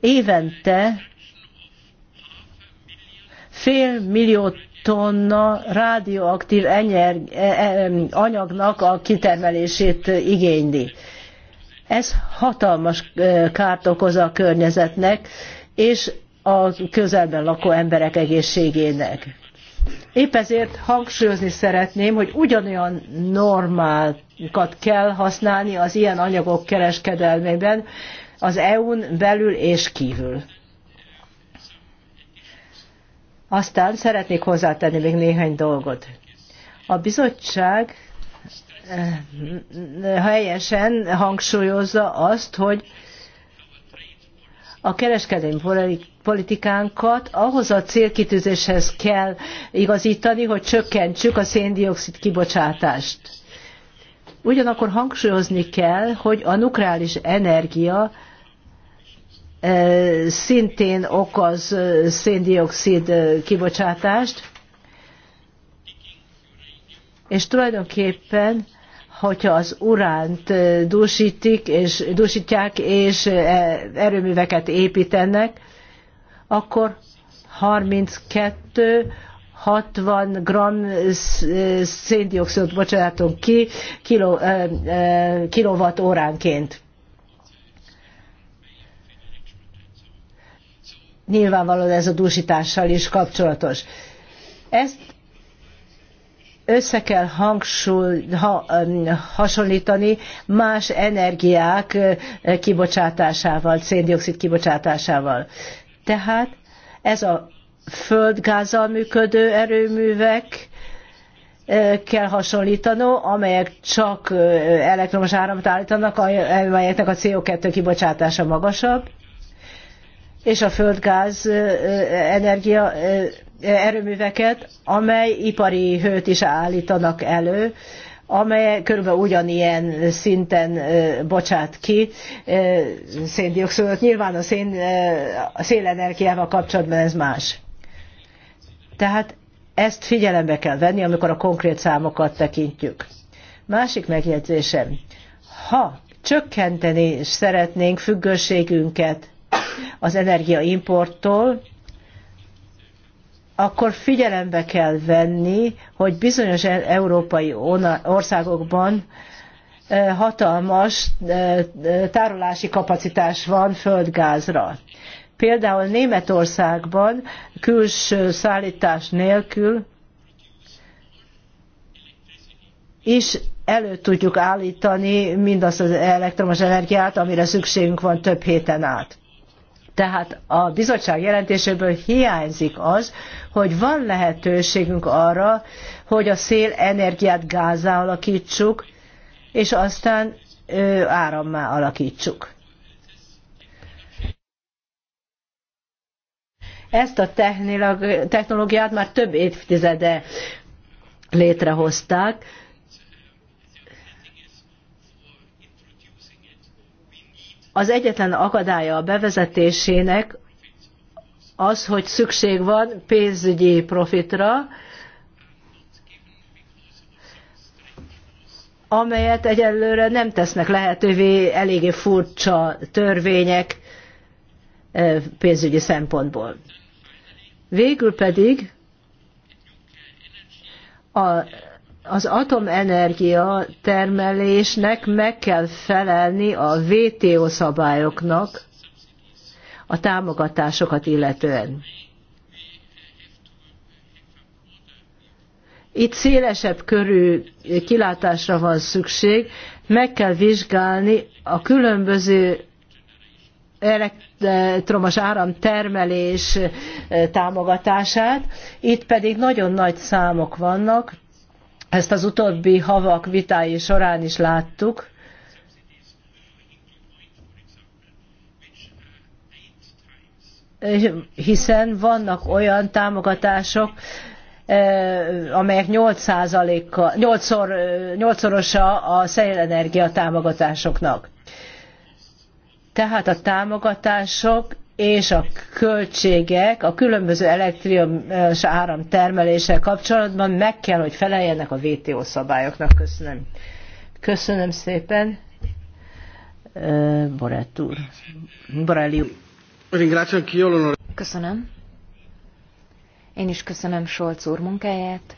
B: évente fél millió tonna rádióaktív e, e, anyagnak a kitermelését igényli. Ez hatalmas e, kárt okoz a környezetnek, és a közelben lakó emberek egészségének. Épp ezért hangsúlyozni szeretném, hogy ugyanolyan normákat kell használni az ilyen anyagok kereskedelmében az EU-n belül és kívül. Aztán szeretnék hozzátenni még néhány dolgot. A bizottság eh, eh, helyesen hangsúlyozza azt, hogy a kereskedelmi politikánkat ahhoz a célkitűzéshez kell igazítani, hogy csökkentsük a széndiokszid kibocsátást. Ugyanakkor hangsúlyozni kell, hogy a nukleáris energia szintén okoz széndiokszid kibocsátást, és tulajdonképpen hogyha az uránt dúsítik és dúsítják és e, erőműveket építenek, akkor 32 60 g széndiokszidot bocsátunk ki kiló, kilowatt óránként. nyilvánvalóan ez a dúsítással is kapcsolatos. Ezt össze kell hangsúly, ha, hasonlítani más energiák kibocsátásával, széndiokszid kibocsátásával. Tehát ez a földgázzal működő erőművek kell hasonlítanó, amelyek csak elektromos áramot állítanak, amelyeknek a CO2 kibocsátása magasabb, és a földgáz energia erőműveket, amely ipari hőt is állítanak elő, amely körülbelül ugyanilyen szinten bocsát ki széndiokszidot. Nyilván a, szén, a szélenergiával kapcsolatban ez más. Tehát ezt figyelembe kell venni, amikor a konkrét számokat tekintjük. Másik megjegyzésem, ha csökkenteni szeretnénk függőségünket az energiaimporttól, akkor figyelembe kell venni, hogy bizonyos e- európai országokban e, hatalmas e, tárolási kapacitás van földgázra. Például Németországban külső szállítás nélkül is elő tudjuk állítani mindazt az elektromos energiát, amire szükségünk van több héten át. Tehát a bizottság jelentéséből hiányzik az, hogy van lehetőségünk arra, hogy a szél energiát gázá alakítsuk, és aztán ő, árammá alakítsuk. Ezt a technológiát már több évtizede létrehozták, Az egyetlen akadálya a bevezetésének az, hogy szükség van pénzügyi profitra, amelyet egyelőre nem tesznek lehetővé eléggé furcsa törvények pénzügyi szempontból. Végül pedig a az atomenergia termelésnek meg kell felelni a WTO szabályoknak a támogatásokat illetően. Itt szélesebb körű kilátásra van szükség, meg kell vizsgálni a különböző elektromos áramtermelés támogatását. Itt pedig nagyon nagy számok vannak, ezt az utóbbi havak vitái során is láttuk. Hiszen vannak olyan támogatások, eh, amelyek 8%-kal, 8 szorosa a szélenergia támogatásoknak. Tehát a támogatások és a költségek a különböző elektromos eh, áram termeléssel kapcsolatban meg kell, hogy feleljenek a WTO szabályoknak. Köszönöm.
C: Köszönöm szépen.
B: Borett eh, Borelli
C: Köszönöm. Én is köszönöm Solc úr munkáját,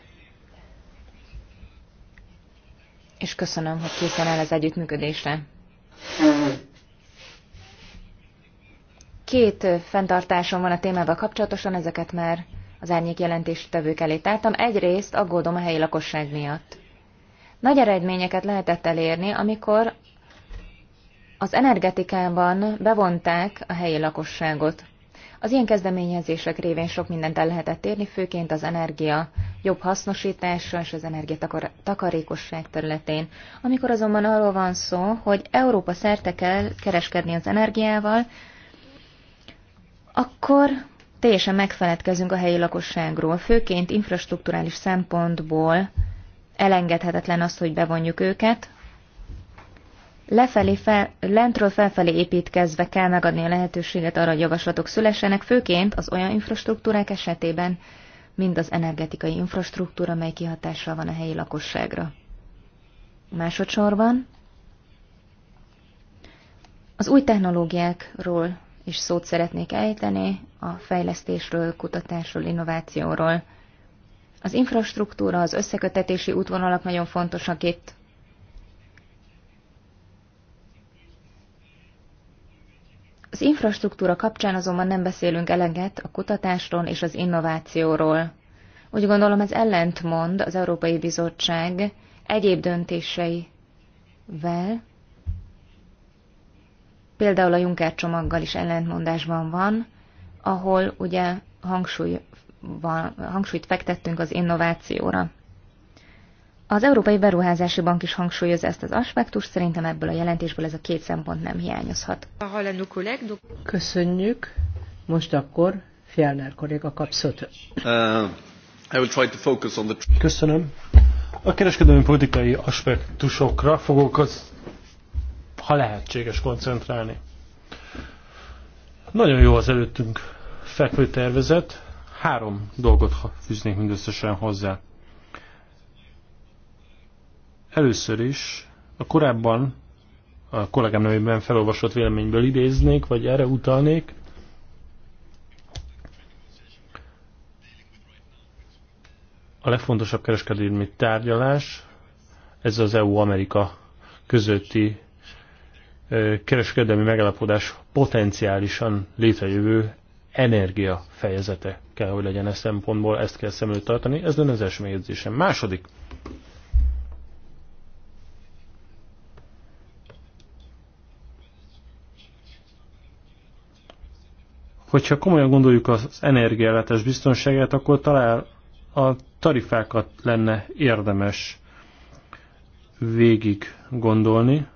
C: és köszönöm, hogy készen áll az együttműködésre. Két fenntartásom van a témával kapcsolatosan, ezeket már az árnyék jelentéstevők elé tártam. Egyrészt aggódom a helyi lakosság miatt. Nagy eredményeket lehetett elérni, amikor az energetikában bevonták a helyi lakosságot. Az ilyen kezdeményezések révén sok mindent el lehetett érni, főként az energia jobb hasznosítása és az takarékosság területén. Amikor azonban arról van szó, hogy Európa szerte kell kereskedni az energiával, akkor teljesen megfeledkezünk a helyi lakosságról. Főként infrastruktúrális szempontból elengedhetetlen az, hogy bevonjuk őket. Lefelé fel, lentről felfelé építkezve kell megadni a lehetőséget arra, hogy javaslatok szülessenek, főként az olyan infrastruktúrák esetében, mint az energetikai infrastruktúra, mely kihatással van a helyi lakosságra. Másodszorban az új technológiákról és szót szeretnék ejteni a fejlesztésről, kutatásról, innovációról. Az infrastruktúra, az összekötetési útvonalak nagyon fontosak itt. Az infrastruktúra kapcsán azonban nem beszélünk eleget a kutatásról és az innovációról. Úgy gondolom ez ellentmond az Európai Bizottság egyéb döntéseivel, például a Juncker csomaggal is ellentmondásban van, ahol ugye hangsúly van, hangsúlyt fektettünk az innovációra. Az Európai Beruházási Bank is hangsúlyozza ezt az aspektus, szerintem ebből a jelentésből ez a két szempont nem hiányozhat.
B: Köszönjük. Most akkor Fjellner kolléga kap szót.
A: Uh, Köszönöm. A kereskedelmi politikai aspektusokra fogok az ha lehetséges koncentrálni. Nagyon jó az előttünk fekvő tervezet. Három dolgot fűznék mindösszesen hozzá. Először is a korábban a kollégám nevében felolvasott véleményből idéznék, vagy erre utalnék. A legfontosabb kereskedelmi tárgyalás, ez az EU-Amerika közötti kereskedelmi megállapodás potenciálisan létrejövő energia fejezete kell, hogy legyen ezt szempontból, ezt kell szem előtt tartani. Ez lenne az első megjegyzésem. Második. Hogyha komolyan gondoljuk az energiállátás biztonságát, akkor talán a tarifákat lenne érdemes végig gondolni,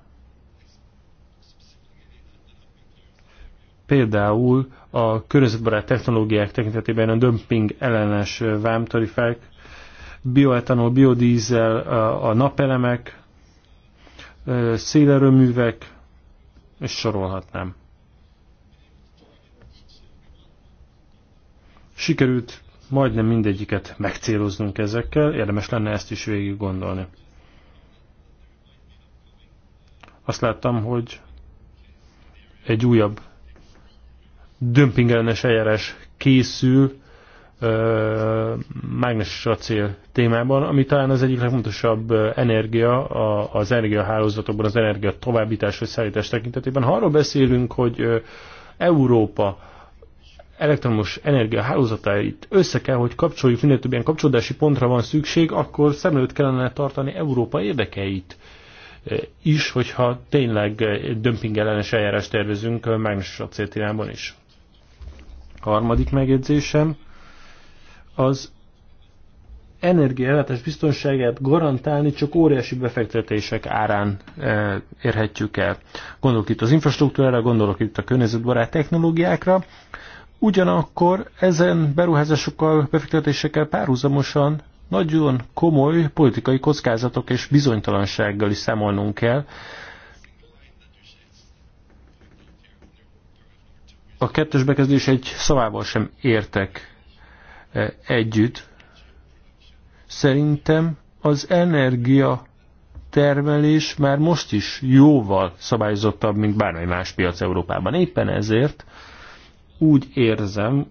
A: Például a környezetbarát technológiák tekintetében a dömping ellenes vámtarifák, bioetanol, biodízel, a napelemek, szélerőművek, és sorolhatnám. Sikerült majdnem mindegyiket megcéloznunk ezekkel, érdemes lenne ezt is végig gondolni. Azt láttam, hogy egy újabb dömpingellenes eljárás készül mágneses acél témában, ami talán az egyik legfontosabb energia a, az energiahálózatokban, az energia továbbítás vagy szállítás tekintetében. Ha arról beszélünk, hogy Európa elektromos energia hálózatait össze kell, hogy kapcsoljuk, minél több ilyen kapcsolódási pontra van szükség, akkor szem előtt kellene tartani Európa érdekeit is, hogyha tényleg dömpingellenes eljárást tervezünk mágneses acéltirában is. Harmadik megjegyzésem, az energiállátás biztonságát garantálni csak óriási befektetések árán e, érhetjük el. Gondolok itt az infrastruktúrára, gondolok itt a környezetbarát technológiákra. Ugyanakkor ezen beruházásokkal, befektetésekkel párhuzamosan nagyon komoly politikai kockázatok és bizonytalansággal is számolnunk kell, a kettős bekezdés egy szavával sem értek eh, együtt. Szerintem az energia termelés már most is jóval szabályozottabb, mint bármely más piac Európában. Éppen ezért úgy érzem,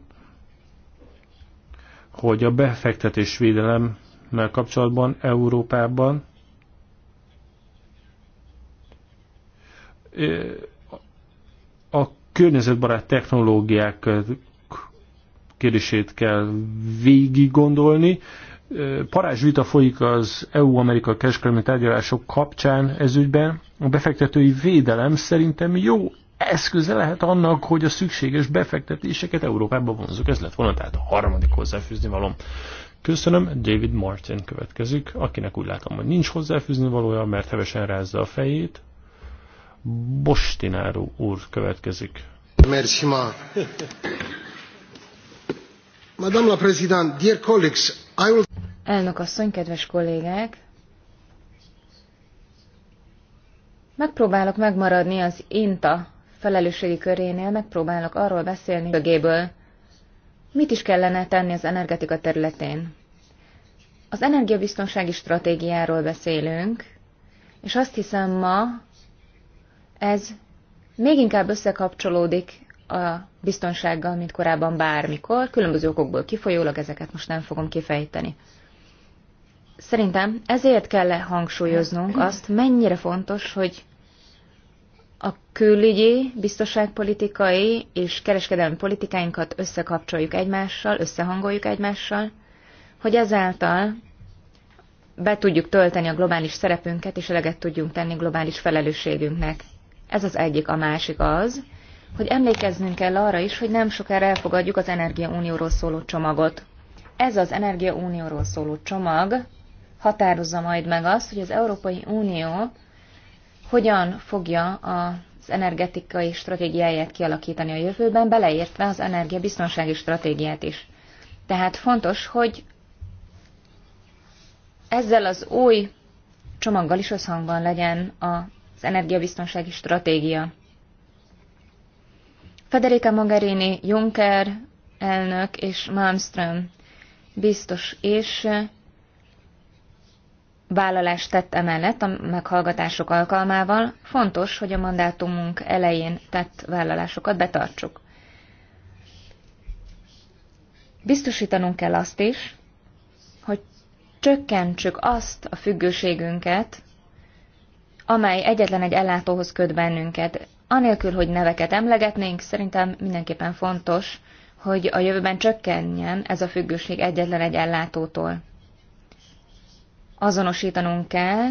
A: hogy a befektetésvédelemmel kapcsolatban Európában eh, környezetbarát technológiák eh, kérdését kell végig gondolni. Eh, Parázsvita folyik az EU-Amerika kereskedelmi tárgyalások kapcsán ezügyben. A befektetői védelem szerintem jó eszköze lehet annak, hogy a szükséges befektetéseket Európába vonzuk. Ez lett volna tehát a harmadik hozzáfűzni valom. Köszönöm, David Martin következik, akinek úgy látom, hogy nincs hozzáfűzni valója, mert hevesen rázza a fejét. Bostináró úr következik. Merci ma. Madame la Présidente, dear colleagues,
C: I will... Elnök asszony, kedves kollégák! Megpróbálok megmaradni az INTA felelősségi körénél, megpróbálok arról beszélni bögéből, mit is kellene tenni az energetika területén. Az energiabiztonsági stratégiáról beszélünk, és azt hiszem ma ez még inkább összekapcsolódik a biztonsággal, mint korábban bármikor. Különböző okokból kifolyólag ezeket most nem fogom kifejteni. Szerintem ezért kell -e hangsúlyoznunk azt, mennyire fontos, hogy a külügyi, biztonságpolitikai és kereskedelmi politikáinkat összekapcsoljuk egymással, összehangoljuk egymással, hogy ezáltal be tudjuk tölteni a globális szerepünket, és eleget tudjunk tenni globális felelősségünknek. Ez az egyik. A másik az, hogy emlékeznünk kell arra is, hogy nem sokára elfogadjuk az Energiaunióról szóló csomagot. Ez az Energiaunióról szóló csomag határozza majd meg azt, hogy az Európai Unió hogyan fogja az energetikai stratégiáját kialakítani a jövőben, beleértve az energiabiztonsági stratégiát is. Tehát fontos, hogy ezzel az új csomaggal is összhangban legyen a az energiabiztonsági stratégia. Federica Mogherini, Juncker elnök és Malmström biztos és vállalást tett emellett a meghallgatások alkalmával, fontos, hogy a mandátumunk elején tett vállalásokat betartsuk. Biztosítanunk kell azt is, hogy csökkentsük azt a függőségünket, amely egyetlen egy ellátóhoz köt bennünket. Anélkül, hogy neveket emlegetnénk, szerintem mindenképpen fontos, hogy a jövőben csökkenjen ez a függőség egyetlen egy ellátótól. Azonosítanunk kell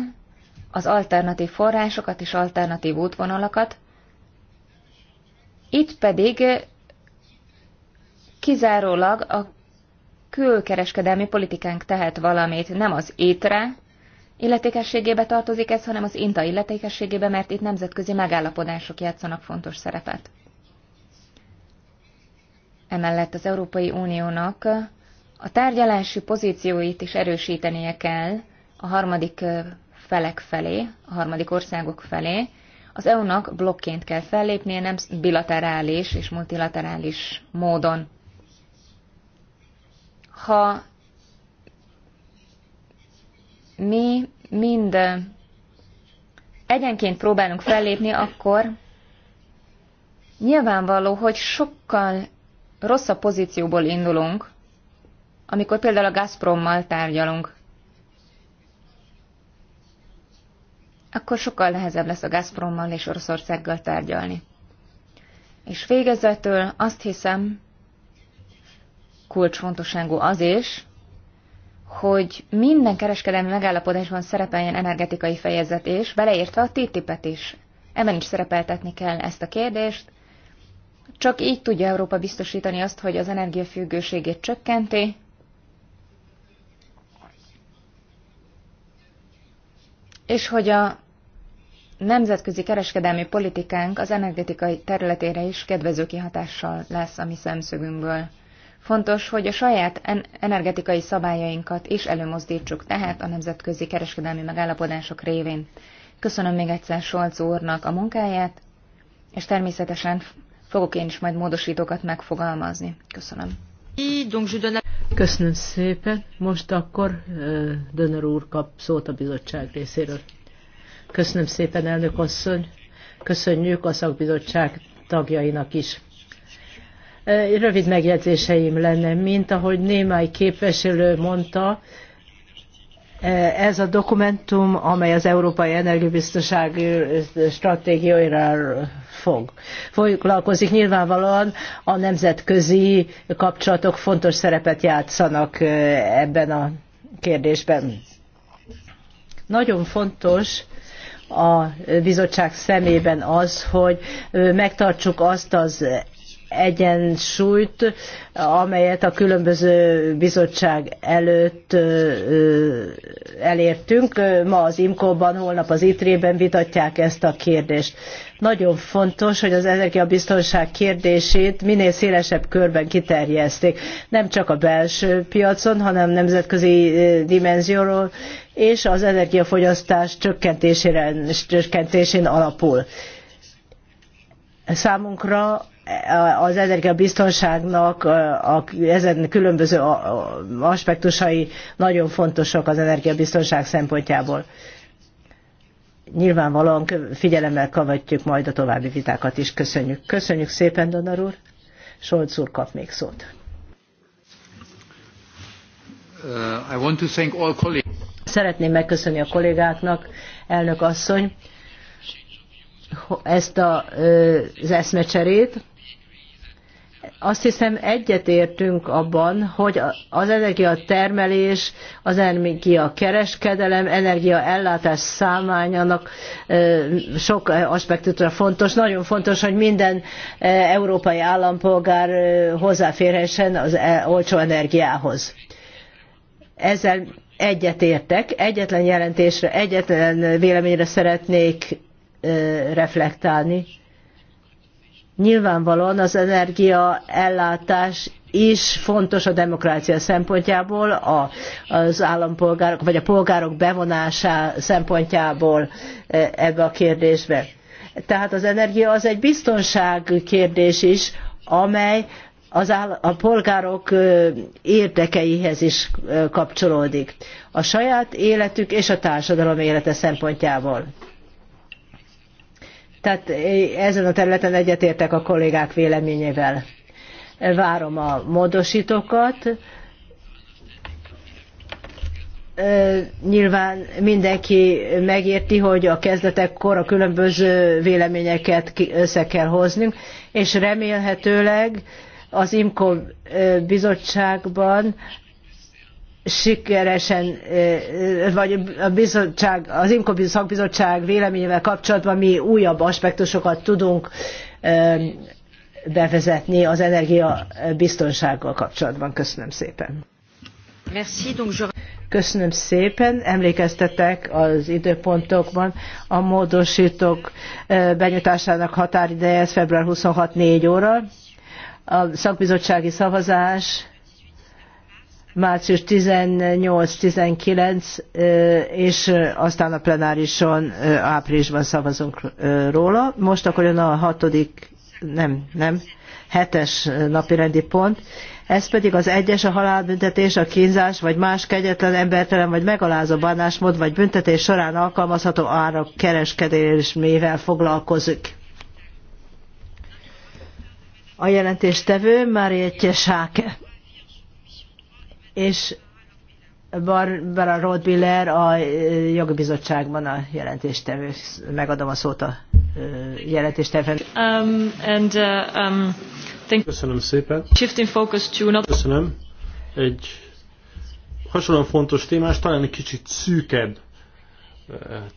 C: az alternatív forrásokat és alternatív útvonalakat, itt pedig kizárólag a külkereskedelmi politikánk tehet valamit, nem az étre, illetékességébe tartozik ez, hanem az INTA illetékességébe, mert itt nemzetközi megállapodások játszanak fontos szerepet. Emellett az Európai Uniónak a tárgyalási pozícióit is erősítenie kell a harmadik felek felé, a harmadik országok felé. Az EU-nak blokként kell fellépnie, nem bilaterális és multilaterális módon. Ha mi mind egyenként próbálunk fellépni, akkor nyilvánvaló, hogy sokkal rosszabb pozícióból indulunk, amikor például a Gazprommal tárgyalunk. Akkor sokkal nehezebb lesz a Gazprommal és Oroszországgal tárgyalni. És végezetül azt hiszem, kulcsfontosságú az is, hogy minden kereskedelmi megállapodásban szerepeljen energetikai fejezet és beleértve a TTIP-et is. Ebben is szerepeltetni kell ezt a kérdést. Csak így tudja Európa biztosítani azt, hogy az energiafüggőségét csökkenti, és hogy a nemzetközi kereskedelmi politikánk az energetikai területére is kedvező kihatással lesz a mi szemszögünkből. Fontos, hogy a saját energetikai szabályainkat is előmozdítsuk, tehát a nemzetközi kereskedelmi megállapodások révén. Köszönöm még egyszer Solc úrnak a munkáját, és természetesen fogok én is majd módosítókat megfogalmazni. Köszönöm.
B: Köszönöm szépen. Most akkor Döner úr kap szót a bizottság részéről. Köszönöm szépen, elnök asszony. Köszönjük a szakbizottság tagjainak is Rövid megjegyzéseim lenne, mint ahogy némely képviselő mondta, ez a dokumentum, amely az Európai Energiabiztonsági stratégiaira fog. Foglalkozik nyilvánvalóan a nemzetközi kapcsolatok fontos szerepet játszanak ebben a kérdésben. Nagyon fontos, a bizottság szemében az, hogy megtartsuk azt az egyensúlyt, amelyet a különböző bizottság előtt elértünk. Ma az imco ban holnap az ITRE-ben vitatják ezt a kérdést. Nagyon fontos, hogy az energiabiztonság kérdését minél szélesebb körben kiterjeszték. Nem csak a belső piacon, hanem nemzetközi dimenzióról és az energiafogyasztás csökkentésére, csökkentésén alapul. Számunkra az energiabiztonságnak a, ezen különböző aspektusai nagyon fontosak az energiabiztonság szempontjából. Nyilvánvalóan figyelemmel kavatjuk majd a további vitákat is. Köszönjük. Köszönjük szépen, Donar úr. Solc úr kap még szót.
A: Uh, I want to thank all colleagues.
B: Szeretném megköszönni a kollégáknak, elnök asszony, ezt a, az eszmecserét. Azt hiszem egyetértünk abban, hogy az energiatermelés, az energiakereskedelem, energiaellátás számányának sok aspektusra fontos. Nagyon fontos, hogy minden európai állampolgár hozzáférhessen az e- olcsó energiához. Ezzel egyetértek, egyetlen jelentésre, egyetlen véleményre szeretnék reflektálni Nyilvánvalóan az energiaellátás is fontos a demokrácia szempontjából, a, az állampolgárok vagy a polgárok bevonása szempontjából e, ebbe a kérdésbe. Tehát az energia az egy biztonság kérdés is, amely az áll, a polgárok e, érdekeihez is e, kapcsolódik. A saját életük és a társadalom élete szempontjából. Tehát eh, ezen a területen egyetértek a kollégák véleményével. Várom a módosítókat. Eh, nyilván mindenki megérti, hogy a kezdetekkor a különböző véleményeket össze kell hoznunk, és remélhetőleg az IMCO eh, bizottságban sikeresen, vagy a bizottság, az IMCO szakbizottság véleményével kapcsolatban mi újabb aspektusokat tudunk bevezetni az energiabiztonsággal kapcsolatban. Köszönöm szépen. Köszönöm szépen, emlékeztetek az időpontokban. A módosítók benyújtásának határideje ez február 26 4 óra. A szakbizottsági szavazás március 18-19, és aztán a plenárison áprilisban szavazunk róla. Most akkor jön a hatodik, nem, nem, hetes napi rendi pont. Ez pedig az egyes a halálbüntetés, a kínzás, vagy más kegyetlen, embertelen, vagy megalázó bánásmód, vagy büntetés során alkalmazható árak kereskedésmével foglalkozik. A jelentéstevő Marietje Sáke és Barbara Rothbiller a jogi bizottságban a jelentéstevő. Megadom a szót a jelentéstevő.
A: Um, and, uh, um, Köszönöm szépen. Shifting focus to another... Köszönöm. Egy hasonlóan fontos témás, talán egy kicsit szűkebb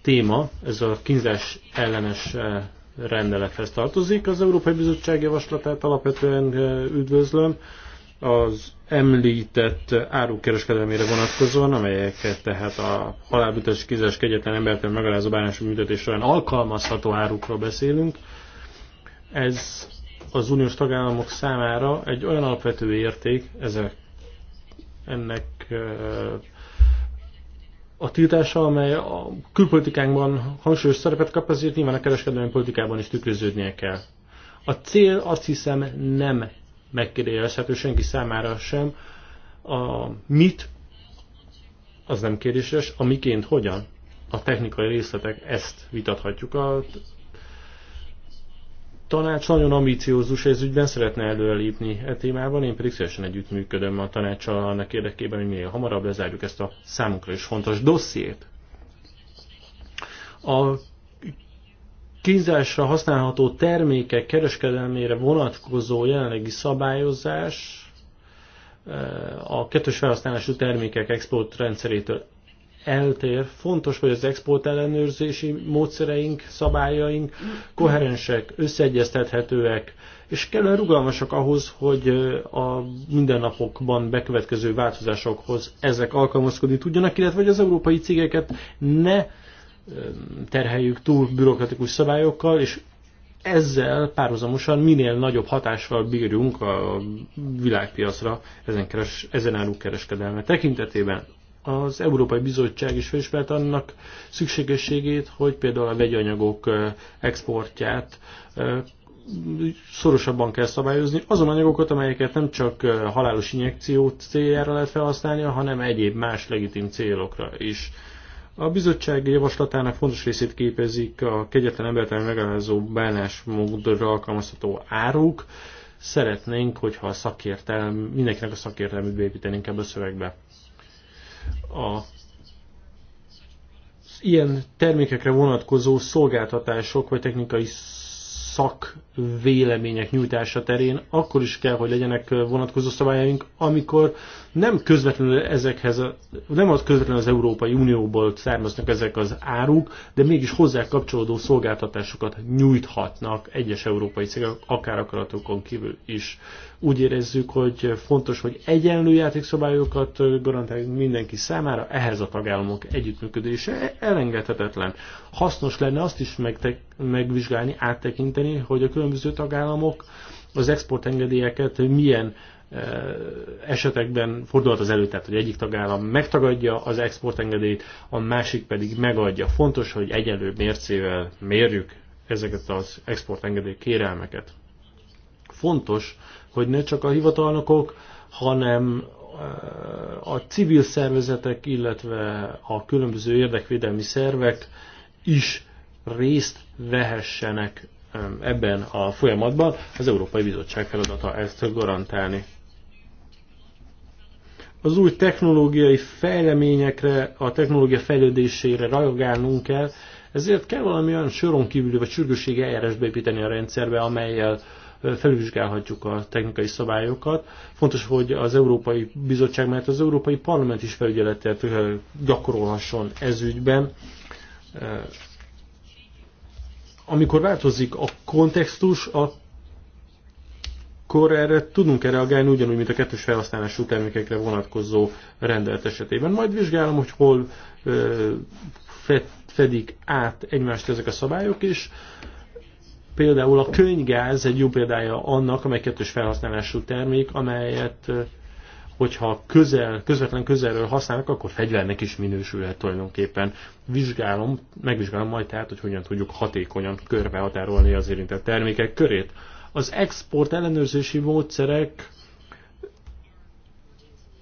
A: téma, ez a kínzás ellenes rendelethez tartozik. Az Európai Bizottság javaslatát alapvetően üdvözlöm az említett árukereskedelmére vonatkozóan, amelyeket tehát a halálbüntetés kizárás kegyetlen embertől megalázó bánású büntetés során alkalmazható árukról beszélünk, ez az uniós tagállamok számára egy olyan alapvető érték, ezek, ennek a tiltása, amely a külpolitikánkban hangsúlyos szerepet kap, ezért nyilván a kereskedelmi politikában is tükröződnie kell. A cél azt hiszem nem megkérdőjelezhető senki számára sem. A mit, az nem kérdéses, a miként hogyan, a technikai részletek, ezt vitathatjuk. A tanács nagyon ambiciózus ez ügyben, szeretne előrelépni e témában, én pedig szívesen együttműködöm a tanácssal annak érdekében, hogy minél hamarabb lezárjuk ezt a számunkra is fontos dossziét. A kínzásra használható termékek kereskedelmére vonatkozó jelenlegi szabályozás eh, a kettős felhasználású termékek export rendszerétől eltér. Fontos, hogy az export ellenőrzési módszereink, szabályaink koherensek, összeegyeztethetőek, és kellően rugalmasak ahhoz, hogy eh, a mindennapokban bekövetkező változásokhoz ezek alkalmazkodni tudjanak, illetve hogy az európai cégeket ne terheljük túl bürokratikus szabályokkal, és ezzel párhuzamosan minél nagyobb hatással bírjunk a világpiacra ezen, keres, ezen áruk kereskedelme tekintetében. Az Európai Bizottság is felismerte annak szükségességét, hogy például a vegyanyagok exportját szorosabban kell szabályozni azon anyagokat, amelyeket nem csak halálos injekció céljára lehet felhasználni, hanem egyéb más legitim célokra is. A bizottság javaslatának fontos részét képezik a kegyetlen embertelen megalázó bánásmódra alkalmazható áruk. Szeretnénk, hogyha a szakértelm, mindenkinek a szakértelmét beépítenénk ebbe a szövegbe. A ilyen termékekre vonatkozó szolgáltatások vagy technikai szakvélemények nyújtása terén, akkor is kell, hogy legyenek vonatkozó szabályaink, amikor nem közvetlenül ezekhez, a, nem az közvetlenül az Európai Unióból származnak ezek az áruk, de mégis hozzá kapcsolódó szolgáltatásokat nyújthatnak egyes európai cégek, akár akaratokon kívül is. Úgy érezzük, hogy fontos, hogy egyenlő játékszabályokat garantáljunk mindenki számára, ehhez a tagállamok együttműködése elengedhetetlen. Hasznos lenne azt is megvizsgálni, áttekinteni, hogy a különböző tagállamok az exportengedélyeket milyen eh, esetekben fordulhat az elő, tehát hogy egyik tagállam megtagadja az exportengedélyt, a másik pedig megadja. Fontos, hogy egyenlő mércével mérjük ezeket az exportengedély kérelmeket. Fontos hogy ne csak a hivatalnokok, hanem eh, a civil szervezetek, illetve a különböző érdekvédelmi szervek is részt vehessenek eh, ebben a folyamatban. Az Európai Bizottság feladata ezt garantálni. Az új technológiai fejleményekre, a technológia fejlődésére reagálnunk kell, ezért kell valami olyan soron kívüli vagy sürgősségi eljárás beépíteni a rendszerbe, amelyel Felülvizsgálhatjuk a technikai szabályokat. Fontos, hogy az Európai Bizottság, mert az Európai Parlament is felügyeletet gyakorolhasson ez ügyben. Eh, amikor változik a kontextus, akkor erre tudunk -e reagálni, ugyanúgy, mint a kettős felhasználású termékekre vonatkozó rendelet esetében. Majd vizsgálom, hogy hol eh, fedik át egymást ezek a szabályok, és Például a könygáz egy jó példája annak, amely kettős felhasználású termék, amelyet hogyha közel, közvetlen közelről használnak, akkor fegyvernek is minősülhet tulajdonképpen. Vizsgálom, megvizsgálom majd tehát, hogy hogyan tudjuk hatékonyan körbehatárolni az érintett termékek körét. Az export ellenőrzési módszerek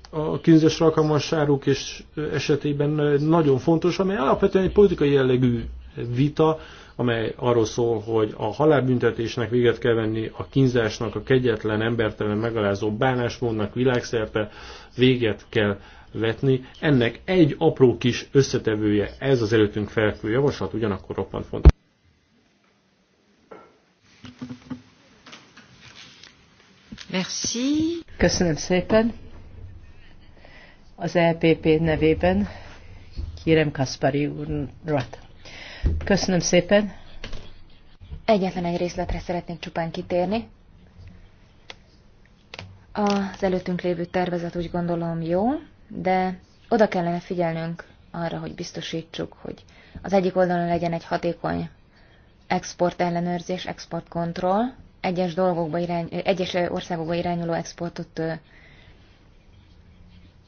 A: a kínzésre alkalmasáruk és esetében nagyon fontos, amely alapvetően egy politikai jellegű vita, amely arról szól, hogy a halálbüntetésnek véget kell venni, a kínzásnak, a kegyetlen, embertelen, megalázó bánásmódnak világszerte véget kell vetni. Ennek egy apró kis összetevője, ez az előttünk felkő javaslat, ugyanakkor roppant fontos.
B: Merci. Köszönöm szépen. Az EPP nevében kérem Kaspari úrat. Köszönöm szépen.
C: Egyetlen egy részletre szeretnék csupán kitérni. Az előttünk lévő tervezet úgy gondolom jó, de oda kellene figyelnünk arra, hogy biztosítsuk, hogy az egyik oldalon legyen egy hatékony export ellenőrzés, export kontroll, egyes, dolgokba irány, egyes országokba irányuló exportot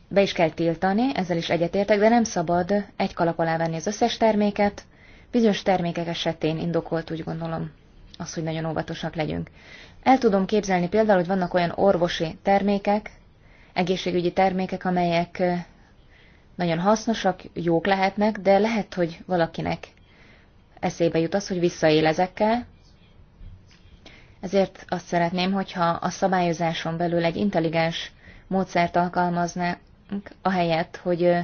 C: be is kell tiltani, ezzel is egyetértek, de nem szabad egy kalap alá venni az összes terméket, Bizonyos termékek esetén indokolt, úgy gondolom, az, hogy nagyon óvatosak legyünk. El tudom képzelni például, hogy vannak olyan orvosi termékek, egészségügyi termékek, amelyek nagyon hasznosak, jók lehetnek, de lehet, hogy valakinek eszébe jut az, hogy visszaél ezekkel. Ezért azt szeretném, hogyha a szabályozáson belül egy intelligens módszert alkalmaznánk, ahelyett, hogy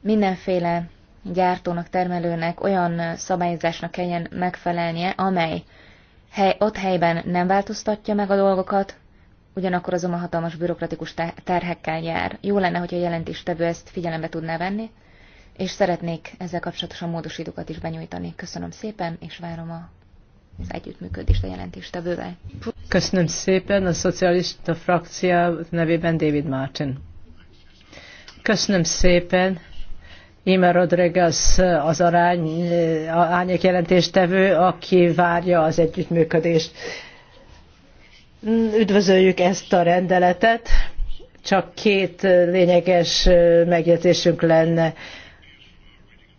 C: mindenféle gyártónak, termelőnek olyan szabályozásnak kelljen megfelelnie, amely hely, ott helyben nem változtatja meg a dolgokat, ugyanakkor azonban hatalmas bürokratikus terhekkel jár. Jó lenne, hogyha a jelentéstevő ezt figyelembe tudná venni, és szeretnék ezzel kapcsolatosan módosítókat is benyújtani. Köszönöm szépen, és várom a az együttműködést a jelentéstevővel.
B: Köszönöm szépen a szocialista frakció nevében David Martin. Köszönöm szépen. Ima Rodriguez az arány, árnyék jelentéstevő, aki várja az együttműködést. Üdvözöljük ezt a rendeletet, csak két lényeges megjegyzésünk lenne.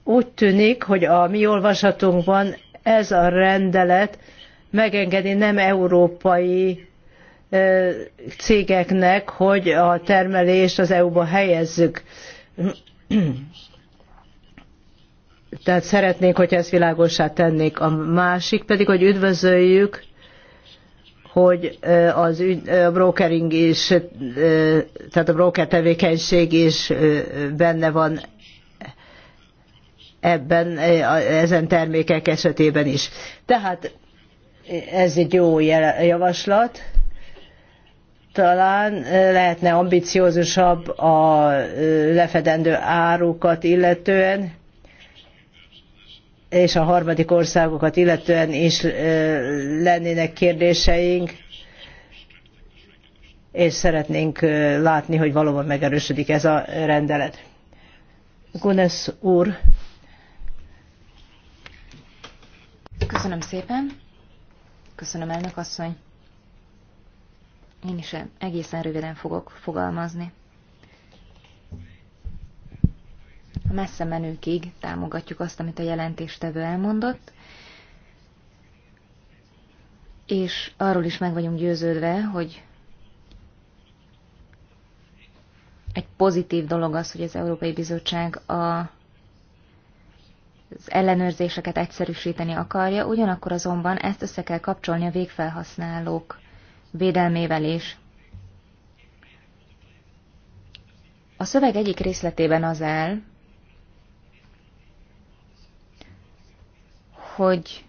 B: Úgy tűnik, hogy a mi olvasatunkban ez a rendelet megengedi nem európai cégeknek, hogy a termelést az EU-ba helyezzük. Tehát szeretnénk, hogy ezt világosá tennék. A másik pedig, hogy üdvözöljük, hogy az ügy, a brokering is, tehát a broker tevékenység is benne van ebben, ezen termékek esetében is. Tehát ez egy jó javaslat. Talán lehetne ambiciózusabb a lefedendő árukat illetően, és a harmadik országokat illetően is lennének kérdéseink, és szeretnénk látni, hogy valóban megerősödik ez a rendelet. Gunes úr.
C: Köszönöm szépen. Köszönöm, elnök asszony. Én is egészen röviden fogok fogalmazni. a messze menőkig támogatjuk azt, amit a jelentéstevő elmondott, és arról is meg vagyunk győződve, hogy egy pozitív dolog az, hogy az Európai Bizottság a az ellenőrzéseket egyszerűsíteni akarja, ugyanakkor azonban ezt össze kell kapcsolni a végfelhasználók védelmével is. A szöveg egyik részletében az áll, hogy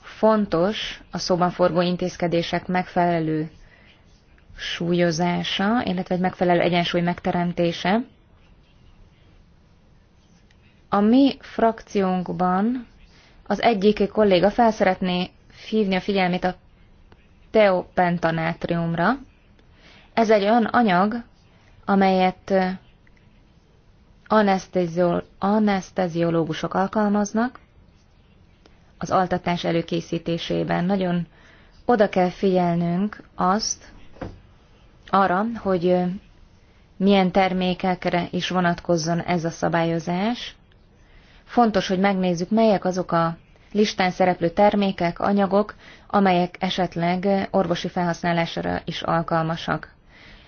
C: fontos a szóban forgó intézkedések megfelelő súlyozása, illetve egy megfelelő egyensúly megteremtése. A mi frakciónkban az egyik kolléga felszeretné hívni a figyelmét a teopentanátriumra. Ez egy olyan anyag, amelyet anesteziológusok alkalmaznak, az altatás előkészítésében. Nagyon oda kell figyelnünk azt, arra, hogy milyen termékekre is vonatkozzon ez a szabályozás. Fontos, hogy megnézzük, melyek azok a listán szereplő termékek, anyagok, amelyek esetleg orvosi felhasználásra is alkalmasak.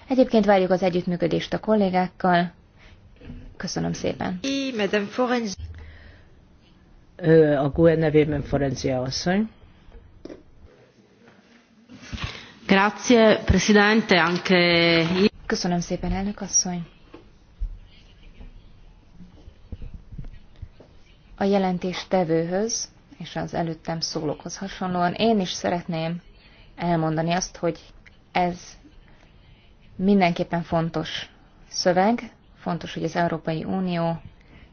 C: Egyébként várjuk az együttműködést a kollégákkal. Köszönöm szépen
B: a GUE nevében Forencia asszony.
C: Grazie, Presidente, anche... Köszönöm szépen, elnök asszony. A jelentés tevőhöz és az előttem szólókhoz hasonlóan én is szeretném elmondani azt, hogy ez mindenképpen fontos szöveg, fontos, hogy az Európai Unió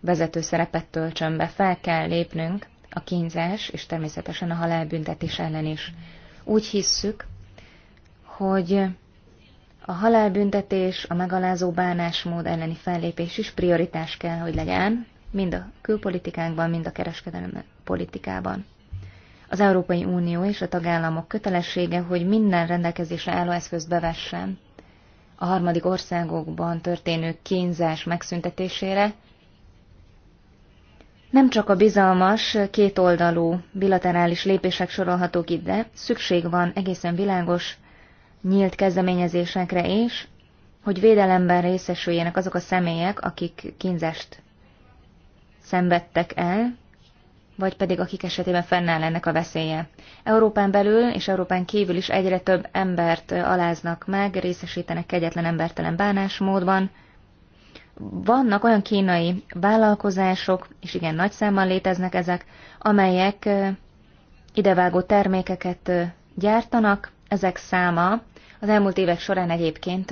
C: vezető szerepet töltsön be. Fel kell lépnünk a kínzás és természetesen a halálbüntetés ellen is. Úgy hisszük, hogy a halálbüntetés, a megalázó bánásmód elleni fellépés is prioritás kell, hogy legyen, mind a külpolitikánkban, mind a kereskedelmi politikában. Az Európai Unió és a tagállamok kötelessége, hogy minden rendelkezésre álló eszközt bevessen a harmadik országokban történő kínzás megszüntetésére, nem csak a bizalmas, kétoldalú, bilaterális lépések sorolhatók ide, szükség van egészen világos, nyílt kezdeményezésekre is, hogy védelemben részesüljenek azok a személyek, akik kínzást szenvedtek el, vagy pedig akik esetében fennáll ennek a veszélye. Európán belül és Európán kívül is egyre több embert aláznak meg, részesítenek kegyetlen embertelen bánásmódban, vannak olyan kínai vállalkozások, és igen, nagy számmal léteznek ezek, amelyek idevágó termékeket gyártanak, ezek száma az elmúlt évek során egyébként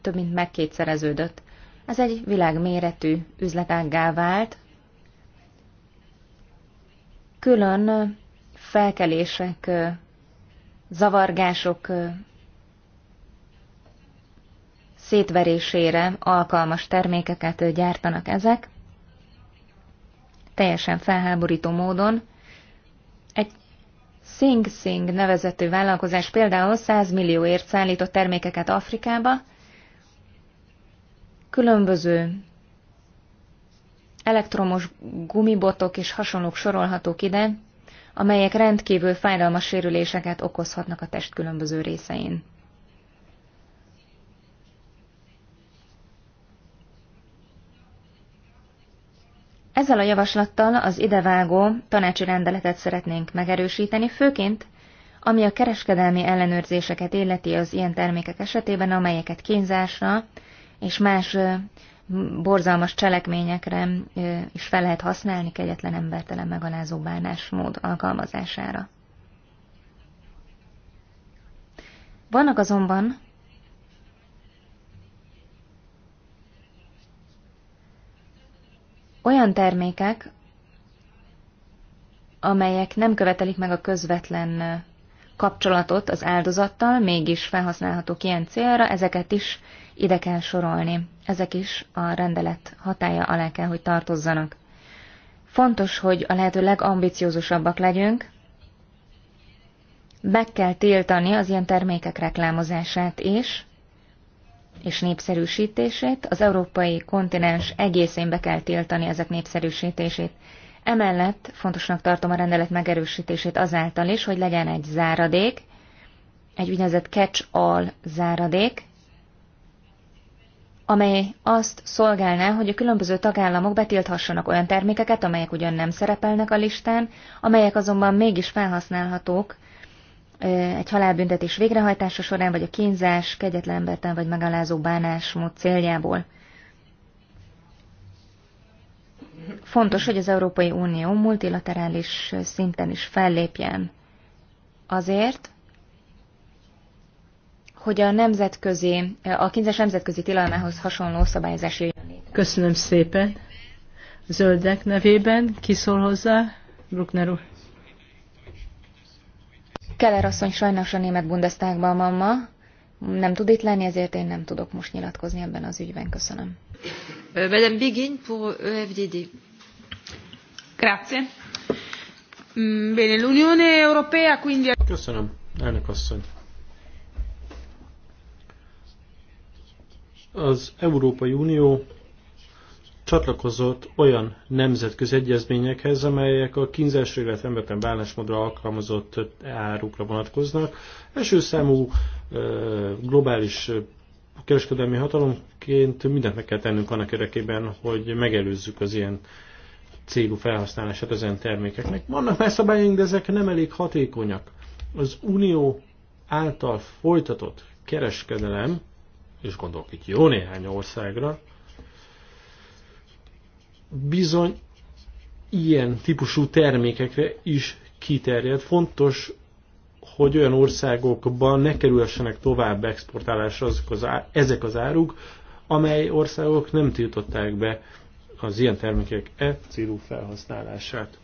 C: több mint megkétszereződött. Ez egy világméretű üzletággá vált, külön felkelések, zavargások szétverésére alkalmas termékeket gyártanak ezek, teljesen felháborító módon. Egy Sing Sing nevezető vállalkozás például 100 millióért szállított termékeket Afrikába, különböző elektromos gumibotok és hasonlók sorolhatók ide, amelyek rendkívül fájdalmas sérüléseket okozhatnak a test különböző részein. Ezzel a javaslattal az idevágó tanácsi rendeletet szeretnénk megerősíteni, főként ami a kereskedelmi ellenőrzéseket illeti az ilyen termékek esetében, amelyeket kínzásra és más borzalmas cselekményekre is fel lehet használni kegyetlen embertelen megalázó bánásmód alkalmazására. Vannak azonban olyan termékek, amelyek nem követelik meg a közvetlen kapcsolatot az áldozattal, mégis felhasználhatók ilyen célra, ezeket is ide kell sorolni. Ezek is a rendelet hatája alá kell, hogy tartozzanak. Fontos, hogy a lehető legambiciózusabbak legyünk. Be kell tiltani az ilyen termékek reklámozását is, és népszerűsítését, az európai kontinens egészén be kell tiltani ezek népszerűsítését. Emellett fontosnak tartom a rendelet megerősítését azáltal is, hogy legyen egy záradék, egy úgynevezett catch-all záradék, amely azt szolgálná, hogy a különböző tagállamok betilthassanak olyan termékeket, amelyek ugyan nem szerepelnek a listán, amelyek azonban mégis felhasználhatók egy halálbüntetés végrehajtása során, vagy a kínzás, kegyetlen embertelen vagy megalázó bánásmód céljából. Fontos, hogy az Európai Unió multilaterális szinten is fellépjen azért, hogy a nemzetközi, a kínzás nemzetközi tilalmához hasonló szabályozás jöjjön létre. Köszönöm szépen. Zöldek nevében kiszól hozzá, Bruckner úr. Keller asszony sajnos a német Bundestagban van ma, nem tud itt lenni, ezért én nem tudok most nyilatkozni ebben az ügyben. Köszönöm.
B: Euh, Madame Begin pour EFDD. Grazie. Mm, bene, l'Unione Europea quindi...
A: Köszönöm, elnök asszony. Az Európai Unió csatlakozott olyan nemzetközi egyezményekhez, amelyek a kínzásra, illetve embertelen bánásmódra alkalmazott árukra vonatkoznak. Első számú globális kereskedelmi hatalomként mindent meg kell tennünk annak érdekében, hogy megelőzzük az ilyen célú felhasználását ezen termékeknek. Vannak már szabályaink, de ezek nem elég hatékonyak. Az Unió által folytatott kereskedelem, és gondolok itt jó néhány országra, bizony ilyen típusú termékekre is kiterjed. Fontos, hogy olyan országokban ne kerülhessenek tovább exportálásra azok az á, ezek az áruk, amely országok nem tiltották be az ilyen termékek e célú felhasználását.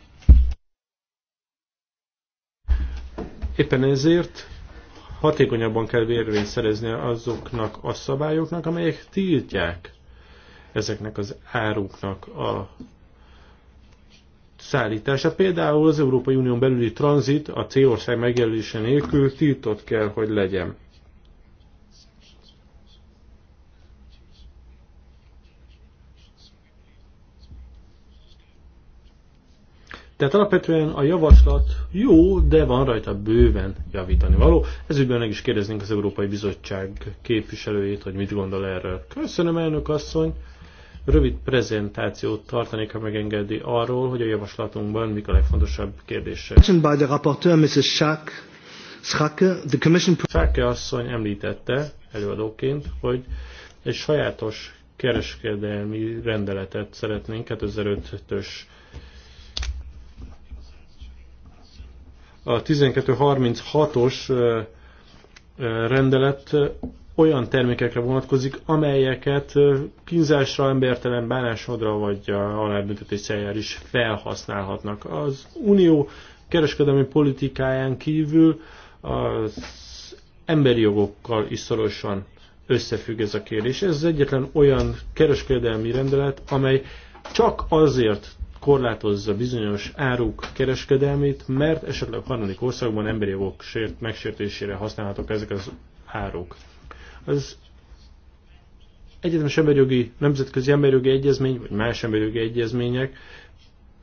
A: Éppen ezért hatékonyabban kell vérvényt szerezni azoknak a szabályoknak, amelyek tiltják ezeknek az áruknak a szállítása. Például az Európai Unión belüli tranzit a célország megjelölése nélkül tiltott kell, hogy legyen. Tehát alapvetően a javaslat jó, de van rajta bőven javítani való. Ezügyben meg is kérdeznénk az Európai Bizottság képviselőjét, hogy mit gondol erről. Köszönöm, elnök asszony! Rövid prezentációt tartanék, ha megengedi arról, hogy a javaslatunkban mik a legfontosabb kérdések. Schacke asszony említette előadóként, hogy egy sajátos kereskedelmi rendeletet szeretnénk 2005-ös a 1236-os rendelet olyan termékekre vonatkozik, amelyeket kínzásra, embertelen bánásodra vagy halálbüntetés eljár is felhasználhatnak. Az unió kereskedelmi politikáján kívül az emberi jogokkal is szorosan összefügg ez a kérdés. Ez az egyetlen olyan kereskedelmi rendelet, amely csak azért korlátozza bizonyos áruk kereskedelmét, mert esetleg a harmadik országban emberi jogok megsértésére használhatók ezek az áruk az egyetemes emberjogi, nemzetközi emberjogi egyezmény, vagy más emberjogi egyezmények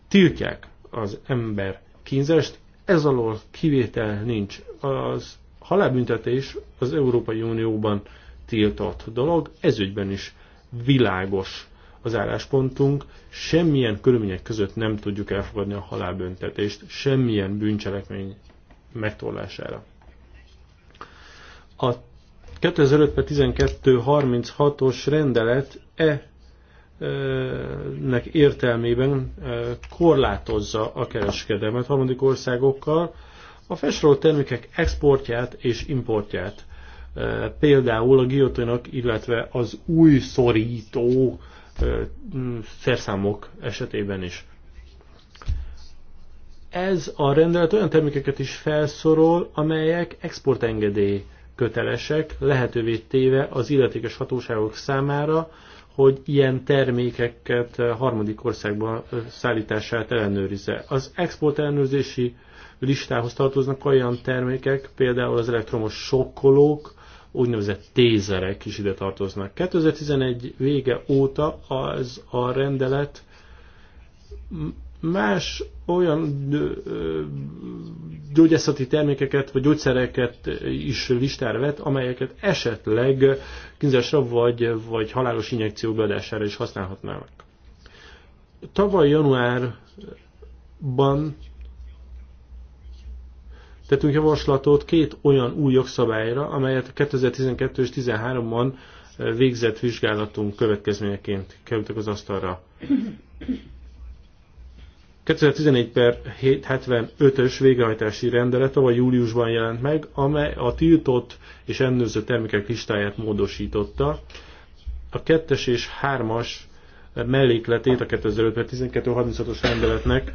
A: tiltják az ember kínzást, ez alól kivétel nincs. Az halálbüntetés az Európai Unióban tiltott dolog, ezügyben is világos az álláspontunk, semmilyen körülmények között nem tudjuk elfogadni a halálbüntetést, semmilyen bűncselekmény megtorlására. A 2005-1236-os rendelet e, e nek értelmében e, korlátozza a kereskedelmet harmadik országokkal, a felsorolt termékek exportját és importját. E, például a giotinak, illetve az új szorító szerszámok esetében is. Ez a rendelet olyan termékeket is felszorol, amelyek exportengedély kötelesek, lehetővé téve az illetékes hatóságok számára, hogy ilyen termékeket harmadik országban szállítását ellenőrizze. Az export ellenőrzési listához tartoznak olyan termékek, például az elektromos sokkolók, úgynevezett tézerek is ide tartoznak. 2011 vége óta az a rendelet Más olyan gyógyászati termékeket vagy gyógyszereket is listára vett, amelyeket esetleg kínzásra vagy, vagy halálos injekció beadására is használhatnának. Tavaly januárban tettünk javaslatot két olyan új jogszabályra, amelyet 2012 és 2013 ban végzett vizsgálatunk következményeként kerültek az asztalra. 2011 per 75 ös végrehajtási rendelet tavaly júliusban jelent meg, amely a tiltott és ennőző termékek listáját módosította. A 2-es és 3-as mellékletét a 2005 36 os rendeletnek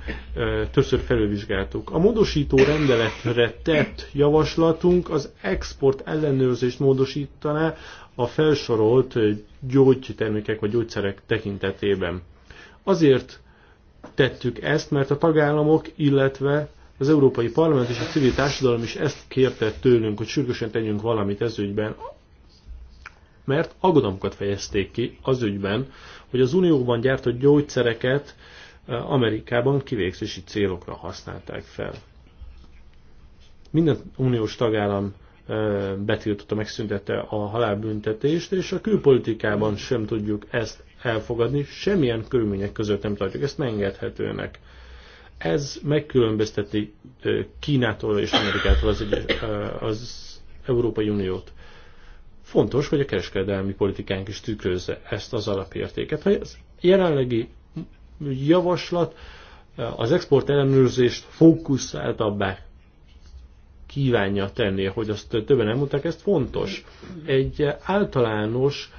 A: többször felülvizsgáltuk. A módosító rendeletre tett javaslatunk az export ellenőrzést módosítaná a felsorolt gyógytermékek vagy gyógyszerek tekintetében. Azért tettük ezt, mert a tagállamok, illetve az Európai Parlament és a civil társadalom is ezt kérte tőlünk, hogy sürgősen tegyünk valamit ez ügyben, mert aggodalmukat fejezték ki az ügyben, hogy az unióban gyártott gyógyszereket eh, Amerikában kivégzési célokra használták fel. Minden uniós tagállam eh, betiltotta, megszüntette a halálbüntetést, és a külpolitikában sem tudjuk ezt elfogadni, semmilyen körülmények között nem tartjuk ezt megengedhetőnek. Ez megkülönbözteti Kínától és Amerikától az, egy, az Európai Uniót. Fontos, hogy a kereskedelmi politikánk is tükrözze ezt az alapértéket. Ha az jelenlegi javaslat az export ellenőrzést fókuszáltabbá kívánja tenni, hogy azt többen elmondták, ezt fontos. Egy általános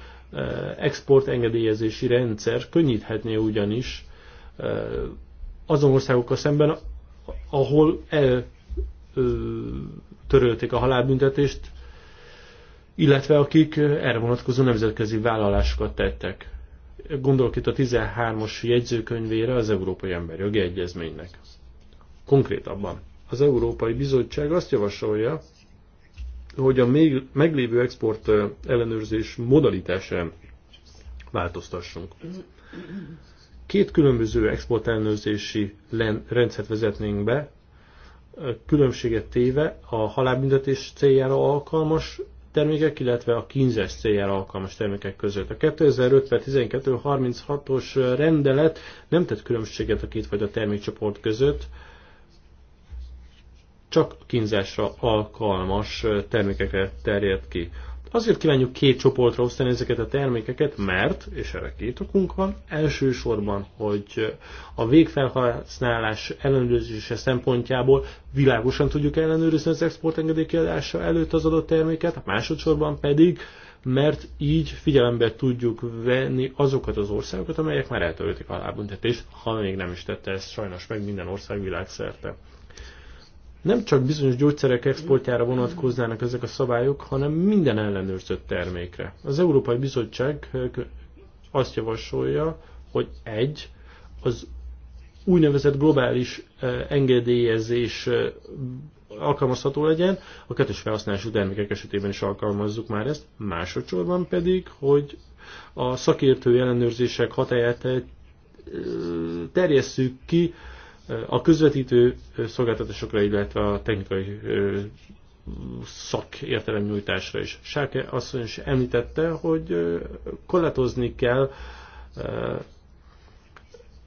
A: export engedélyezési rendszer könnyíthetné ugyanis azon országokkal szemben, ahol eltörölték a halálbüntetést, illetve akik erre vonatkozó nemzetközi vállalásokat tettek. Gondolok itt a 13-as jegyzőkönyvére az Európai emberi Jogi Egyezménynek. Konkrétabban az Európai Bizottság azt javasolja, hogy a még meglévő export ellenőrzés modalitásán változtassunk. Két különböző export ellenőrzési rendszert vezetnénk be, különbséget téve a halálbüntetés céljára alkalmas termékek, illetve a kínzás céljára alkalmas termékek között. A 2005-1236-os rendelet nem tett különbséget a kétfajta termékcsoport között, csak kínzásra alkalmas termékekre terjed ki. Azért kívánjuk két csoportra osztani ezeket a termékeket, mert, és erre két okunk van, elsősorban, hogy a végfelhasználás ellenőrzése szempontjából világosan tudjuk ellenőrizni az exportengedély kiadása előtt az adott terméket, másodszorban pedig, mert így figyelembe tudjuk venni azokat az országokat, amelyek már eltörölték a lábüntetést, ha még nem is tette ezt sajnos meg minden ország világszerte nem csak bizonyos gyógyszerek exportjára vonatkoznának ezek a szabályok, hanem minden ellenőrzött termékre. Az Európai Bizottság eh, azt javasolja, hogy egy, az úgynevezett globális eh, engedélyezés eh, alkalmazható legyen, a kettős felhasználású termékek esetében is alkalmazzuk már ezt, másodszorban pedig, hogy a szakértői ellenőrzések hatáját terjesszük ki a közvetítő szolgáltatásokra, illetve a technikai szakértelemnyújtásra is. Sáke asszony is említette, hogy korlátozni kell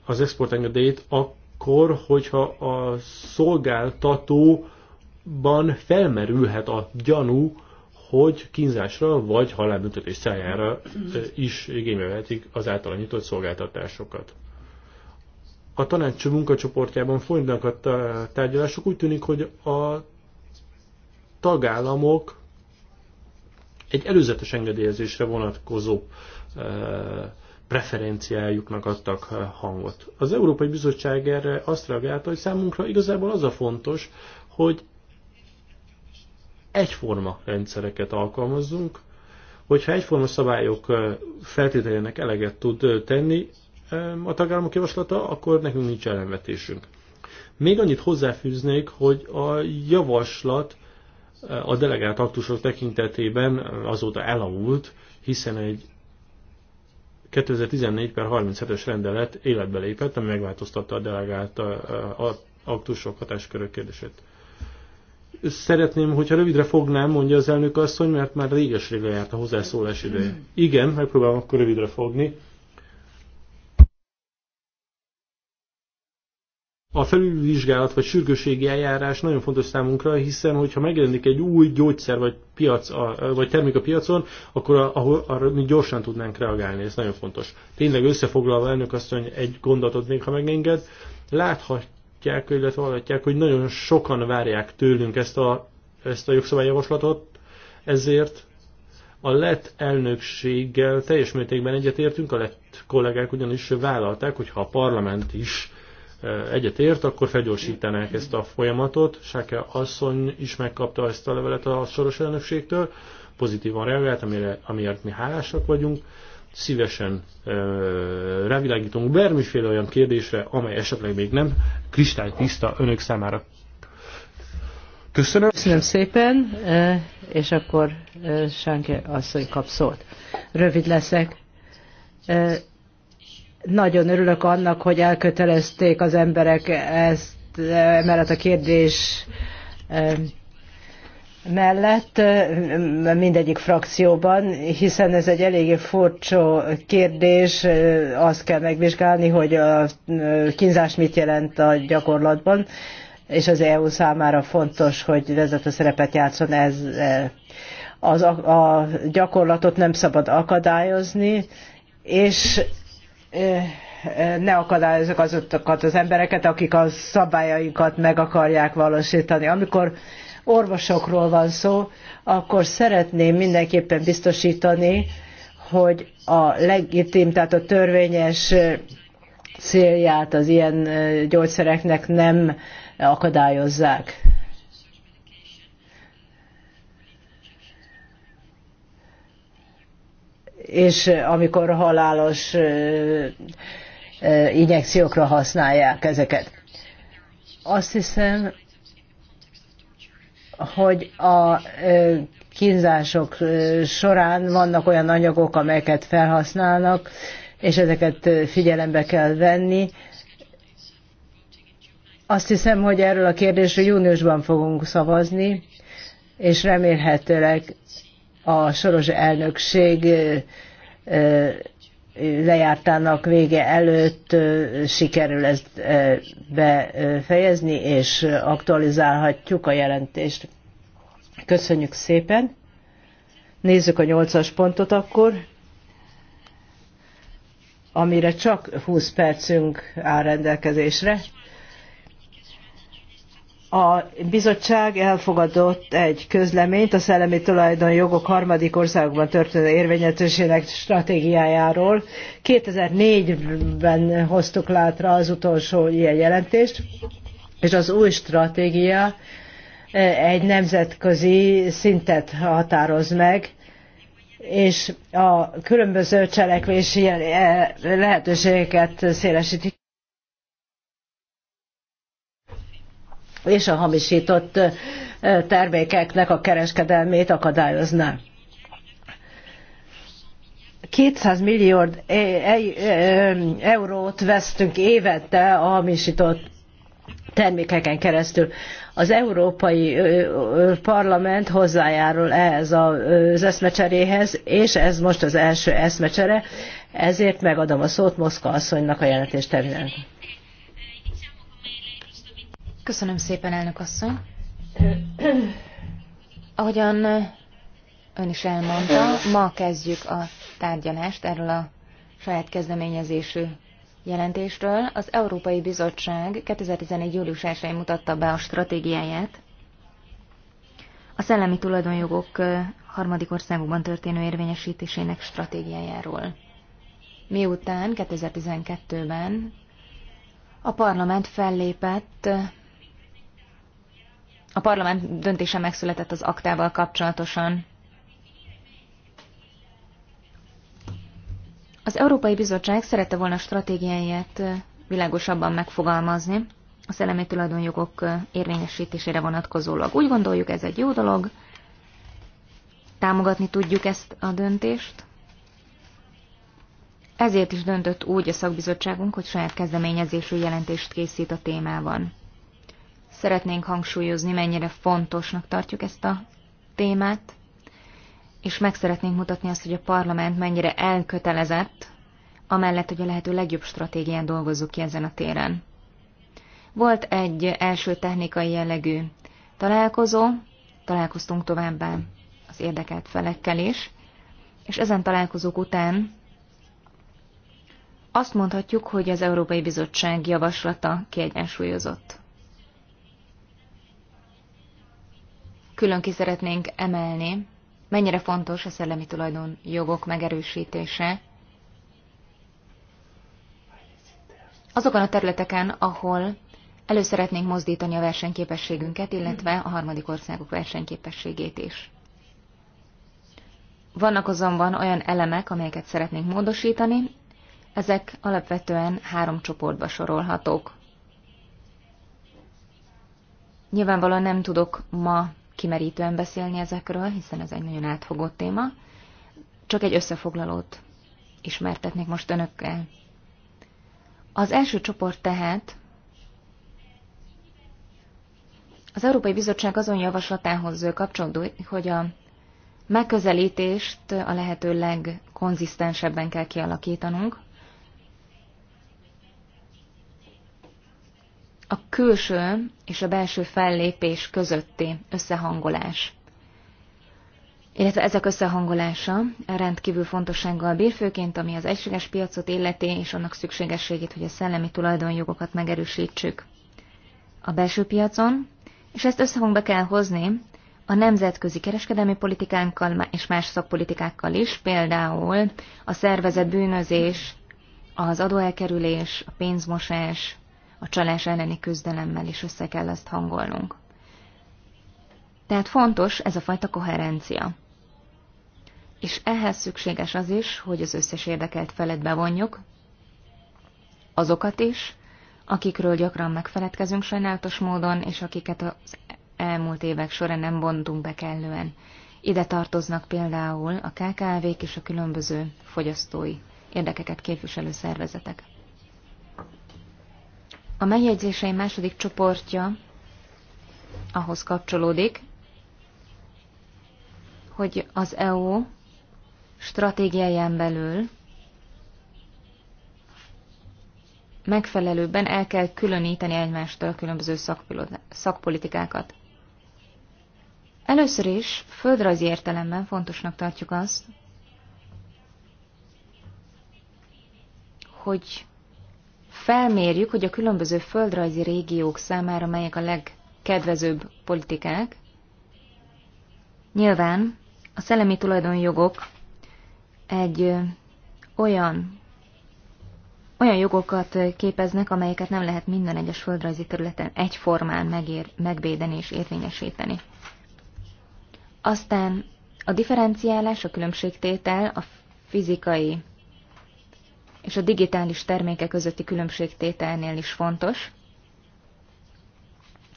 A: az exportengedélyt akkor, hogyha a szolgáltatóban felmerülhet a gyanú, hogy kínzásra vagy halálbüntetés szájára is igénybe vehetik az általa nyitott szolgáltatásokat a tanács munkacsoportjában folynak a tárgyalások. Úgy tűnik, hogy a tagállamok egy előzetes engedélyezésre vonatkozó e, preferenciájuknak adtak e, hangot. Az Európai Bizottság erre azt reagálta, hogy számunkra igazából az a fontos, hogy egyforma rendszereket alkalmazzunk, hogyha egyforma szabályok e, feltételének eleget tud tenni, a tagállamok javaslata, akkor nekünk nincs ellenvetésünk. Még annyit hozzáfűznék, hogy a javaslat e, a delegált aktusok tekintetében azóta elavult, hiszen egy 2014 per 37-es rendelet életbe lépett, ami megváltoztatta a delegált e, aktusok hatáskörök kérdését. Szeretném, hogyha rövidre fognám, mondja az elnök asszony, mert már réges-régen járt a hozzászólás ideje. Igen, megpróbálom akkor rövidre fogni. A felülvizsgálat vagy sürgőségi eljárás nagyon fontos számunkra, hiszen hogyha megjelenik egy új gyógyszer vagy, piac, vagy termék a piacon, akkor ahol, arra mi gyorsan tudnánk reagálni, ez nagyon fontos. Tényleg összefoglalva elnök azt mondja, egy gondot még, ha megenged, láthatják, illetve hallhatják, hogy nagyon sokan várják tőlünk ezt a, ezt a jogszabályjavaslatot, ezért a lett elnökséggel teljes mértékben egyetértünk, a lett kollégák ugyanis vállalták, hogy ha a parlament is Eh, egyetért, akkor felgyorsítanák ezt a folyamatot. Sáke asszony is megkapta ezt a levelet a soros elnökségtől, pozitívan reagált, amire, amiért mi hálásak vagyunk. Szívesen ö, eh, rávilágítunk bármiféle olyan kérdésre, amely esetleg még nem kristálytiszta önök számára.
B: Köszönöm. Köszönöm szépen, eh, és akkor Sánke asszony kap szót. Rövid leszek nagyon örülök annak, hogy elkötelezték az emberek ezt mellett a kérdés mellett mindegyik frakcióban, hiszen ez egy eléggé furcsa kérdés, azt kell megvizsgálni, hogy a kínzás mit jelent a gyakorlatban, és az EU számára fontos, hogy vezető szerepet játszon ez. Az, a, a gyakorlatot nem szabad akadályozni, és Eh, eh, ne akadályozok azokat az embereket, akik a szabályainkat meg akarják valósítani. Amikor orvosokról van szó, akkor szeretném mindenképpen biztosítani, hogy a legitim, tehát a törvényes eh, célját az ilyen gyógyszereknek nem akadályozzák. és amikor halálos injekciókra használják ezeket. Azt hiszem, hogy a kínzások során vannak olyan anyagok, amelyeket felhasználnak, és ezeket figyelembe kell venni. Azt hiszem, hogy erről a kérdésről júniusban fogunk szavazni, és remélhetőleg a soros elnökség lejártának vége előtt sikerül ezt befejezni, és aktualizálhatjuk a jelentést. Köszönjük szépen! Nézzük a nyolcas pontot akkor, amire csak 20 percünk áll rendelkezésre a bizottság elfogadott egy közleményt a szellemi tulajdonjogok harmadik országokban történő érvényesülésének stratégiájáról. 2004-ben hoztuk látra az utolsó ilyen jelentést, és az új stratégia e, egy nemzetközi szintet határoz meg, és a különböző cselekvési e, lehetőségeket szélesíti. és a hamisított termékeknek a kereskedelmét akadályozná. 200 millió eurót vesztünk évente a hamisított termékeken keresztül. Az Európai Parlament hozzájárul ehhez az eszmecseréhez, és ez most az első eszmecsere, ezért megadom a szót Moszka asszonynak a jelentéstevőnek.
C: Köszönöm szépen, elnök asszony. Ahogyan ön is elmondta, ma kezdjük a tárgyalást erről a saját kezdeményezésű jelentésről. Az Európai Bizottság 2011. július 1 mutatta be a stratégiáját a szellemi tulajdonjogok harmadik országokban történő érvényesítésének stratégiájáról. Miután 2012-ben a parlament fellépett a parlament döntése megszületett az aktával kapcsolatosan. Az Európai Bizottság szerette volna stratégiáját világosabban megfogalmazni a szellemi tulajdonjogok érvényesítésére vonatkozólag. Úgy gondoljuk, ez egy jó dolog, támogatni tudjuk ezt a döntést. Ezért is döntött úgy a szakbizottságunk, hogy saját kezdeményezésű jelentést készít a témában. Szeretnénk hangsúlyozni, mennyire fontosnak tartjuk ezt a témát, és meg szeretnénk mutatni azt, hogy a parlament mennyire elkötelezett, amellett, hogy a lehető legjobb stratégián dolgozzuk ki ezen a téren. Volt egy első technikai jellegű találkozó, találkoztunk továbbá az érdekelt felekkel is, és ezen találkozók után azt mondhatjuk, hogy az Európai Bizottság javaslata kiegyensúlyozott. külön ki szeretnénk emelni, mennyire fontos a szellemi tulajdon jogok megerősítése azokon a területeken, ahol elő szeretnénk mozdítani a versenyképességünket, illetve a harmadik országok versenyképességét is. Vannak azonban olyan elemek, amelyeket szeretnénk módosítani, ezek alapvetően három csoportba sorolhatók. Nyilvánvalóan nem tudok ma kimerítően beszélni ezekről, hiszen ez egy nagyon átfogó téma. Csak egy összefoglalót ismertetnék most önökkel. Az első csoport tehát az Európai Bizottság azon javaslatához kapcsolódik, hogy a megközelítést a lehető legkonzisztensebben kell kialakítanunk. a külső és a belső fellépés közötti összehangolás. Illetve ezek összehangolása rendkívül fontossággal bír, főként ami az egységes piacot illeti, és annak szükségességét, hogy a szellemi tulajdonjogokat megerősítsük a belső piacon, és ezt összehangba kell hozni a nemzetközi kereskedelmi politikánkkal és más szakpolitikákkal is, például a szervezett bűnözés, az adóelkerülés, a pénzmosás, a csalás elleni küzdelemmel is össze kell ezt hangolnunk. Tehát fontos ez a fajta koherencia. És ehhez szükséges az is, hogy az összes érdekelt felet bevonjuk, azokat is, akikről gyakran megfeledkezünk sajnálatos módon, és akiket az elmúlt évek során nem bontunk be kellően. Ide tartoznak például a KKV-k és a különböző fogyasztói érdekeket képviselő szervezetek. A megjegyzéseim második csoportja ahhoz kapcsolódik, hogy az EU stratégiáján belül megfelelőbben el kell különíteni egymástól a különböző szakpolitikákat. Először is földrajzi értelemben fontosnak tartjuk azt, hogy felmérjük, hogy a különböző földrajzi régiók számára melyek a legkedvezőbb politikák, nyilván a szellemi tulajdonjogok egy olyan olyan jogokat képeznek, amelyeket nem lehet minden egyes földrajzi területen egyformán megér, megvédeni és érvényesíteni. Aztán a differenciálás, a különbségtétel a fizikai és a digitális termékek közötti különbségtételnél is fontos.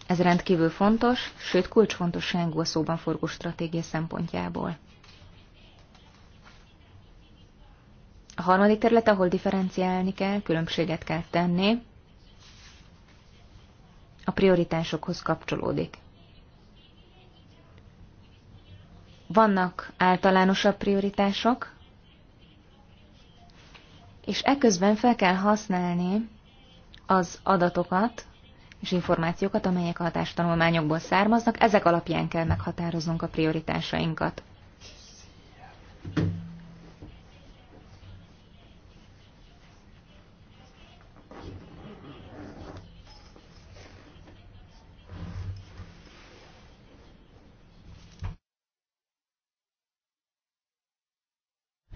C: Ez rendkívül fontos, sőt kulcsfontosságú a szóban forgó stratégia szempontjából. A harmadik terület, ahol differenciálni kell, különbséget kell tenni, a prioritásokhoz kapcsolódik. Vannak általánosabb prioritások, és eközben fel kell használni az adatokat és információkat, amelyek a hatástanulmányokból származnak, ezek alapján kell meghatároznunk a prioritásainkat.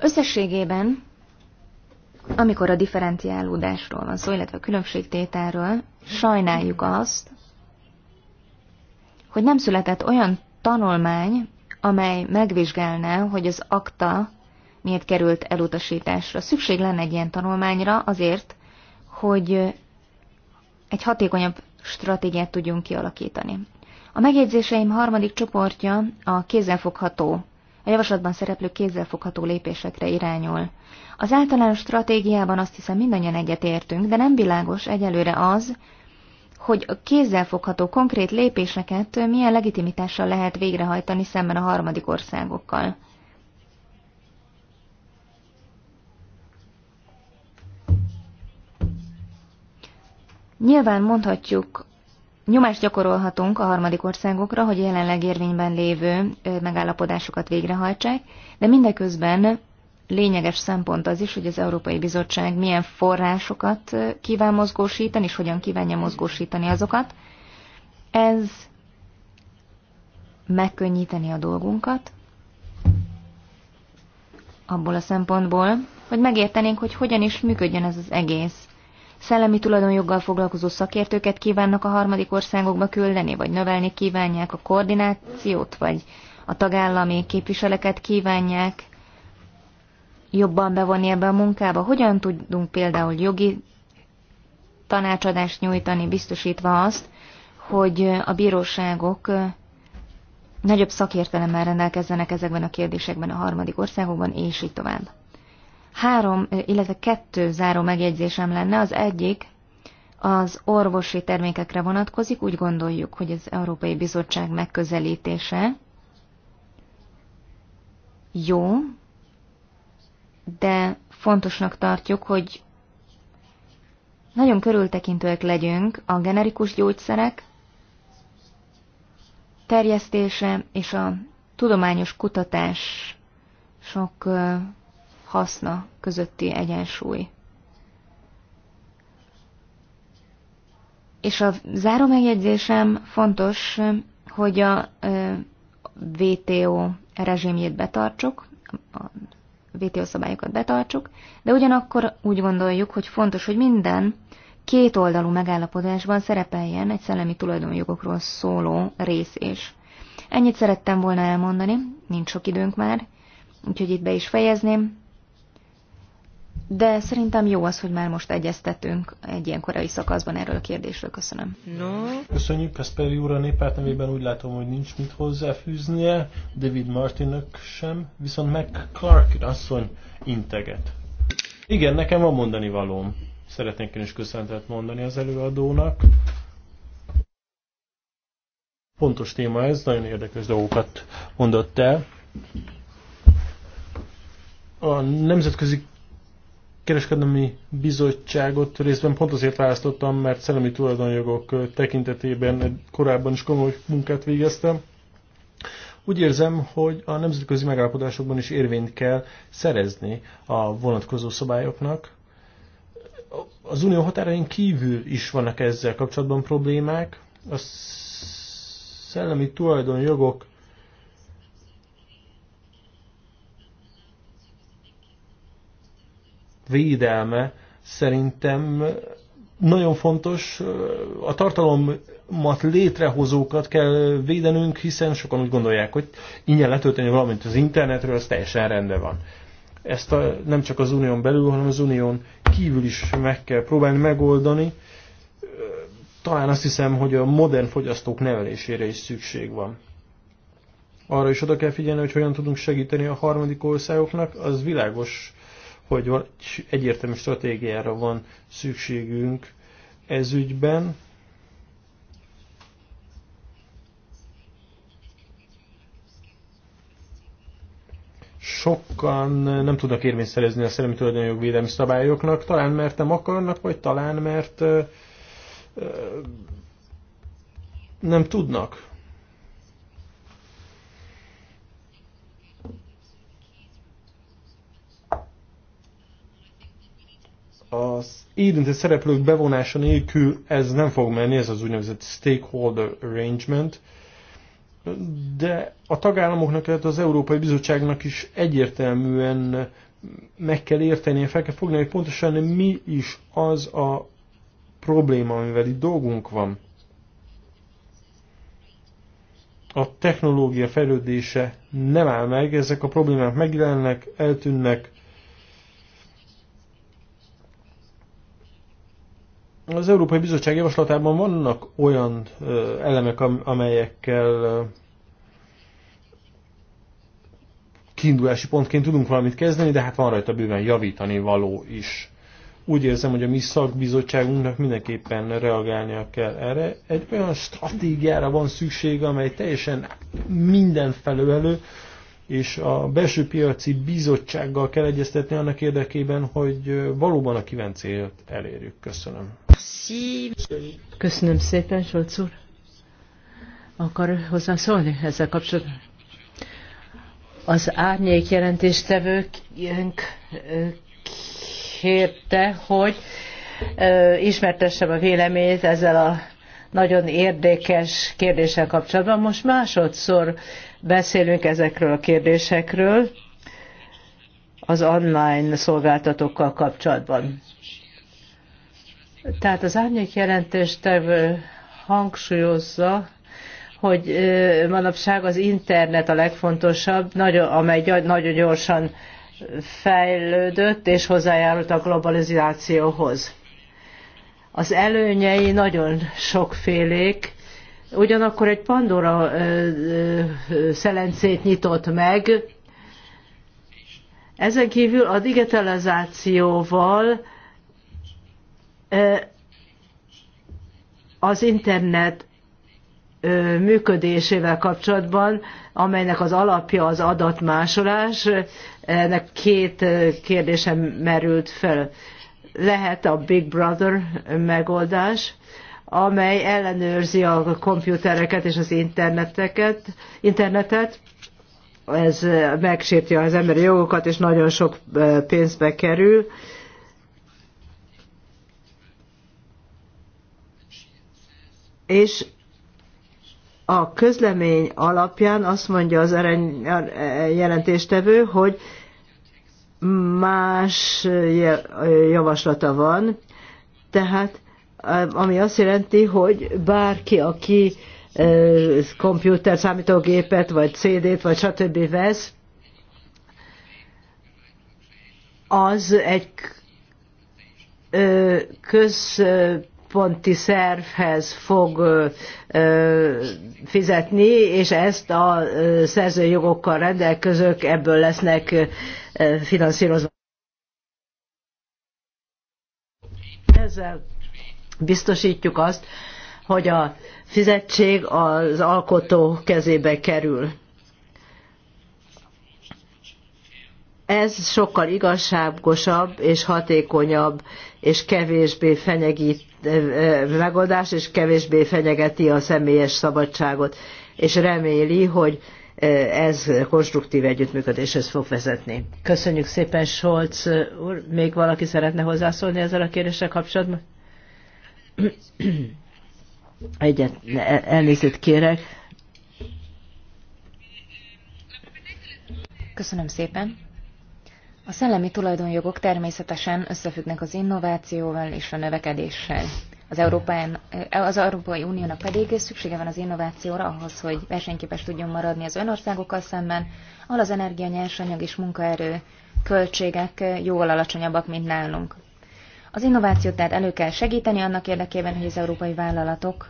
C: Összességében amikor a differenciálódásról van szó, illetve a különbségtételről, sajnáljuk azt, hogy nem született olyan tanulmány, amely megvizsgálná, hogy az akta miért került elutasításra. Szükség lenne egy ilyen tanulmányra azért, hogy egy hatékonyabb stratégiát tudjunk kialakítani. A megjegyzéseim harmadik csoportja a kézzelfogható a javaslatban szereplő kézzelfogható lépésekre irányul. Az általános stratégiában azt hiszem mindannyian egyetértünk, de nem világos egyelőre az, hogy a kézzelfogható konkrét lépéseket milyen legitimitással lehet végrehajtani szemben a harmadik országokkal. Nyilván mondhatjuk Nyomást gyakorolhatunk a harmadik országokra, hogy jelenleg érvényben lévő megállapodásokat végrehajtsák, de mindeközben lényeges szempont az is, hogy az Európai Bizottság milyen forrásokat kíván mozgósítani, és hogyan kívánja mozgósítani azokat. Ez megkönnyíteni a dolgunkat, abból a szempontból, hogy megértenénk, hogy hogyan is működjön ez az egész szellemi tulajdonjoggal foglalkozó szakértőket kívánnak a harmadik országokba küldeni, vagy növelni kívánják a koordinációt, vagy a tagállami képviseleket kívánják jobban bevonni ebbe a munkába? Hogyan tudunk például jogi tanácsadást nyújtani, biztosítva azt, hogy a bíróságok nagyobb szakértelemmel rendelkezzenek ezekben a kérdésekben a harmadik országokban, és így tovább. Három, illetve kettő záró megjegyzésem lenne. Az egyik az orvosi termékekre vonatkozik. Úgy gondoljuk, hogy az Európai Bizottság megközelítése jó, de fontosnak tartjuk, hogy nagyon körültekintőek legyünk a generikus gyógyszerek terjesztése és a tudományos kutatás sok haszna közötti egyensúly. És a záró megjegyzésem fontos, hogy a VTO rezsimjét betartsuk, a VTO szabályokat betartsuk, de ugyanakkor úgy gondoljuk, hogy fontos, hogy minden kétoldalú megállapodásban szerepeljen egy szellemi tulajdonjogokról szóló rész is. Ennyit szerettem volna elmondani, nincs sok időnk már, úgyhogy itt be is fejezném de szerintem jó az, hogy már most egyeztetünk egy ilyen korai szakaszban erről a kérdésről. Köszönöm. No.
A: Köszönjük Kasperi úr a néppárt nevében, úgy látom, hogy nincs mit hozzáfűznie, David Martinök sem, viszont meg Clark asszony integet. Igen, nekem van mondani valóm. Szeretnék én is köszöntet mondani az előadónak. Pontos téma ez, nagyon érdekes dolgokat mondott el. A nemzetközi kereskedelmi bizottságot részben pont azért választottam, mert szellemi tulajdonjogok tekintetében korábban is komoly munkát végeztem. Úgy érzem, hogy a nemzetközi megállapodásokban is érvényt kell szerezni a vonatkozó szabályoknak. Az unió határain kívül is vannak ezzel kapcsolatban problémák. A szellemi tulajdonjogok védelme szerintem nagyon fontos. A tartalommat létrehozókat kell védenünk, hiszen sokan úgy gondolják, hogy ingyen letölteni valamint az internetről, az teljesen rendben van. Ezt a, nem csak az unión belül, hanem az unión kívül is meg kell próbálni megoldani. Talán azt hiszem, hogy a modern fogyasztók nevelésére is szükség van arra is oda kell figyelni, hogy hogyan tudunk segíteni a harmadik országoknak, az világos hogy van, egyértelmű stratégiára van szükségünk ez ügyben. Sokan nem tudnak érvényt szerezni a szellemi tulajdonjogvédelmi szabályoknak, talán mert nem akarnak, vagy talán mert nem tudnak. az érintett szereplők bevonása nélkül ez nem fog menni, ez az úgynevezett stakeholder arrangement, de a tagállamoknak, illetve az Európai Bizottságnak is egyértelműen meg kell érteni, fel kell fogni, hogy pontosan mi is az a probléma, amivel itt dolgunk van. A technológia fejlődése nem áll meg, ezek a problémák megjelennek, eltűnnek, Az Európai Bizottság javaslatában vannak olyan elemek, amelyekkel kiindulási pontként tudunk valamit kezdeni, de hát van rajta bőven javítani való is. Úgy érzem, hogy a mi szakbizottságunknak mindenképpen reagálnia kell erre. Egy olyan stratégiára van szükség, amely teljesen minden elő, és a belső piaci bizottsággal kell egyeztetni annak érdekében, hogy valóban a kíván célt elérjük. Köszönöm. Merci.
B: Köszönöm szépen, Solc úr. Akar hozzászólni ezzel kapcsolatban? Az árnyék jelentéstevők kérte, hogy ismertessem a véleményét ezzel a nagyon érdekes kérdéssel kapcsolatban. Most másodszor beszélünk ezekről a kérdésekről az online szolgáltatókkal kapcsolatban. Tehát az árnyék jelentéstevő hangsúlyozza, hogy manapság az internet a legfontosabb, nagyon, amely nagyon gyorsan fejlődött és hozzájárult a globalizációhoz. Az előnyei nagyon sokfélék, ugyanakkor egy Pandora szelencét nyitott meg. Ezen kívül a digitalizációval az internet működésével kapcsolatban, amelynek az alapja az adatmásolás, ennek két kérdésem merült fel. Lehet a Big Brother megoldás, amely ellenőrzi a kompjútereket és az interneteket, internetet, ez megsérti az emberi jogokat, és nagyon sok pénzbe kerül és a közlemény alapján azt mondja az e, jelentéstevő, hogy más javaslata van, tehát e, ami azt jelenti, hogy bárki, aki e, komputer, számítógépet, vagy CD-t, vagy stb. vesz, az egy köz központi szervhez fog fizetni, és ezt a szerzőjogokkal rendelkezők ebből lesznek finanszírozva. Ezzel biztosítjuk azt, hogy a fizetség az alkotó kezébe kerül. Ez sokkal igazságosabb és hatékonyabb, és kevésbé fenyegít, megoldás, és kevésbé fenyegeti a személyes szabadságot, és reméli, hogy ez konstruktív együttműködéshez fog vezetni. Köszönjük szépen, Scholz úr. Még valaki szeretne hozzászólni ezzel a kérdéssel kapcsolatban? Egyet, elnézést kérek.
C: Köszönöm szépen. A szellemi tulajdonjogok természetesen összefüggnek az innovációval és a növekedéssel. Az, Európán, az Európai Uniónak pedig szüksége van az innovációra ahhoz, hogy versenyképes tudjon maradni az önországokkal szemben, ahol az energia, nyersanyag és munkaerő költségek jóval alacsonyabbak, mint nálunk. Az innovációt tehát elő kell segíteni annak érdekében, hogy az európai vállalatok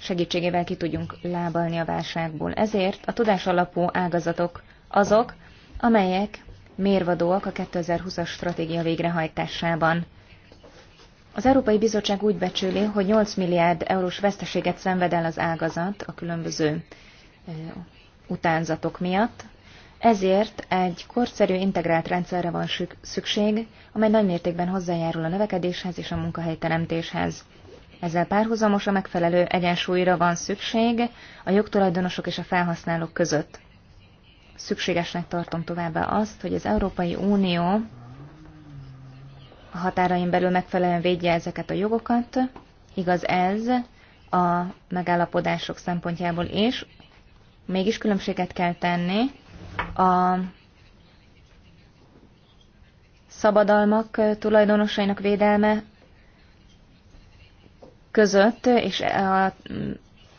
C: segítségével ki tudjunk lábalni a válságból. Ezért a tudás alapú ágazatok azok, amelyek mérvadóak a 2020-as stratégia végrehajtásában. Az Európai Bizottság úgy becsüli, hogy 8 milliárd eurós veszteséget szenved el az ágazat a különböző utánzatok miatt, ezért egy korszerű integrált rendszerre van szükség, amely nagymértékben hozzájárul a növekedéshez és a munkahelyteremtéshez. Ezzel párhuzamos a megfelelő egyensúlyra van szükség a jogtulajdonosok és a felhasználók között. Szükségesnek tartom továbbá azt, hogy az Európai Unió a határain belül megfelelően védje ezeket a jogokat. Igaz ez a megállapodások szempontjából is. Mégis különbséget kell tenni a szabadalmak tulajdonosainak védelme között, és a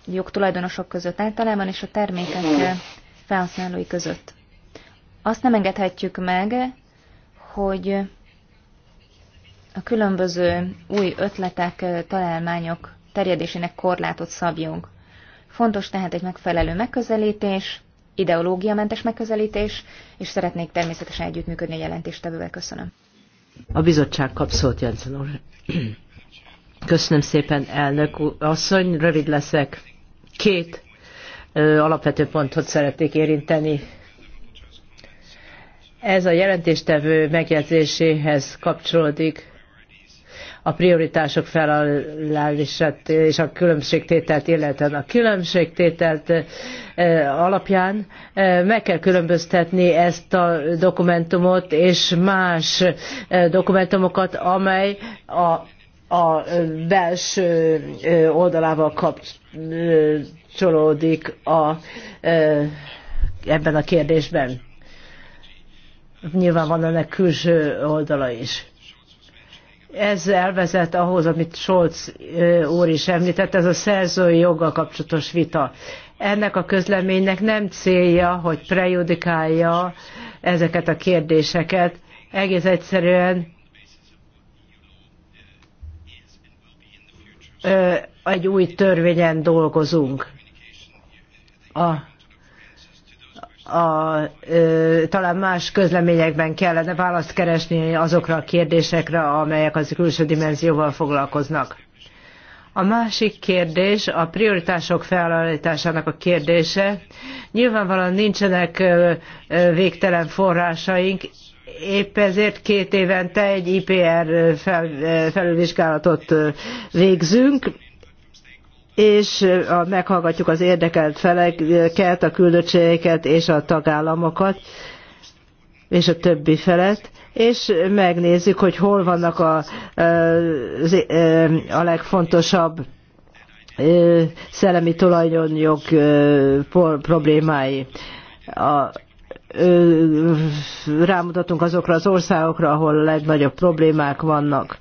C: jogtulajdonosok között általában, és a termékek felhasználói között. Azt nem engedhetjük meg, hogy a különböző új ötletek, találmányok terjedésének korlátot szabjunk. Fontos tehát egy megfelelő megközelítés, ideológiamentes megközelítés, és szeretnék természetesen együttműködni a jelentéstevővel. Köszönöm.
B: A bizottság kap szót, Jensen úr. Köszönöm szépen, elnök asszony, rövid leszek. Két alapvető pontot szeretnék érinteni. Ez a jelentéstevő megjegyzéséhez kapcsolódik a prioritások felállását és a különbségtételt illetve A különbségtételt alapján meg kell különböztetni ezt a dokumentumot és más dokumentumokat, amely a a belső oldalával kapcsolódik kapcsolódik a, ebben a kérdésben. Nyilván van ennek külső oldala is. Ez elvezet ahhoz, amit Scholz úr is említett, ez a szerzői joggal kapcsolatos vita. Ennek a közleménynek nem célja, hogy prejudikálja ezeket a kérdéseket, egész egyszerűen egy új törvényen dolgozunk a a, ö, talán más közleményekben kellene választ keresni azokra a kérdésekre, amelyek az külső dimenzióval foglalkoznak. A másik kérdés a prioritások felállításának a kérdése. Nyilvánvalóan nincsenek végtelen forrásaink, épp ezért két évente egy IPR fel, felülvizsgálatot végzünk, és meghallgatjuk az érdekelt feleket, a küldöttségeket és a tagállamokat, és a többi felet, és megnézzük, hogy hol vannak a, a legfontosabb szellemi tulajdonjog problémái. A, rámutatunk azokra az országokra, ahol a legnagyobb problémák vannak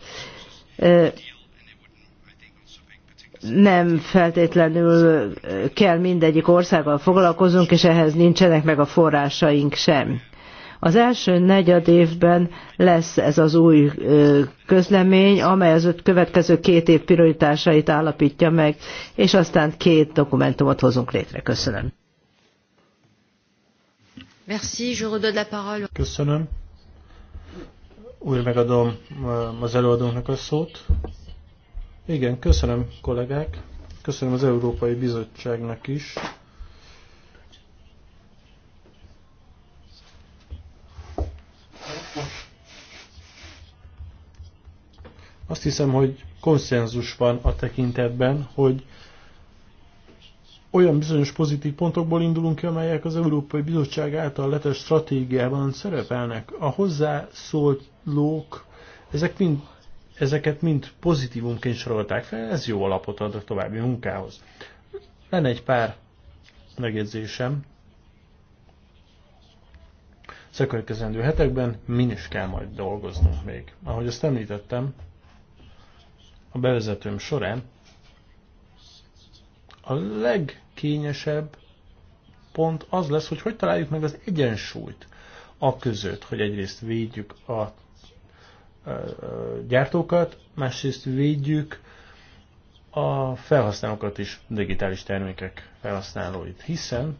B: nem feltétlenül kell mindegyik országgal foglalkozunk, és ehhez nincsenek meg a forrásaink sem. Az első negyed évben lesz ez az új közlemény, amely az öt következő két év prioritásait állapítja meg, és aztán két dokumentumot hozunk
A: létre. Köszönöm.
C: Merci, je redonne la parole.
A: Köszönöm. Újra megadom az előadónak a szót. Igen, köszönöm kollégák, köszönöm az Európai Bizottságnak is. Azt hiszem, hogy konszenzus van a tekintetben, hogy olyan bizonyos pozitív pontokból indulunk ki, amelyek az Európai Bizottság által letes stratégiában szerepelnek. A hozzászólók, ezek mind ezeket mind pozitívumként sorolták fel, ez jó alapot ad a további munkához. Lenne egy pár megjegyzésem. Az hetekben min is kell majd dolgoznunk még. Ahogy azt említettem, a bevezetőm során a legkényesebb pont az lesz, hogy hogy találjuk meg az egyensúlyt a között, hogy egyrészt védjük a gyártókat, másrészt védjük a felhasználókat is, digitális termékek felhasználóit, hiszen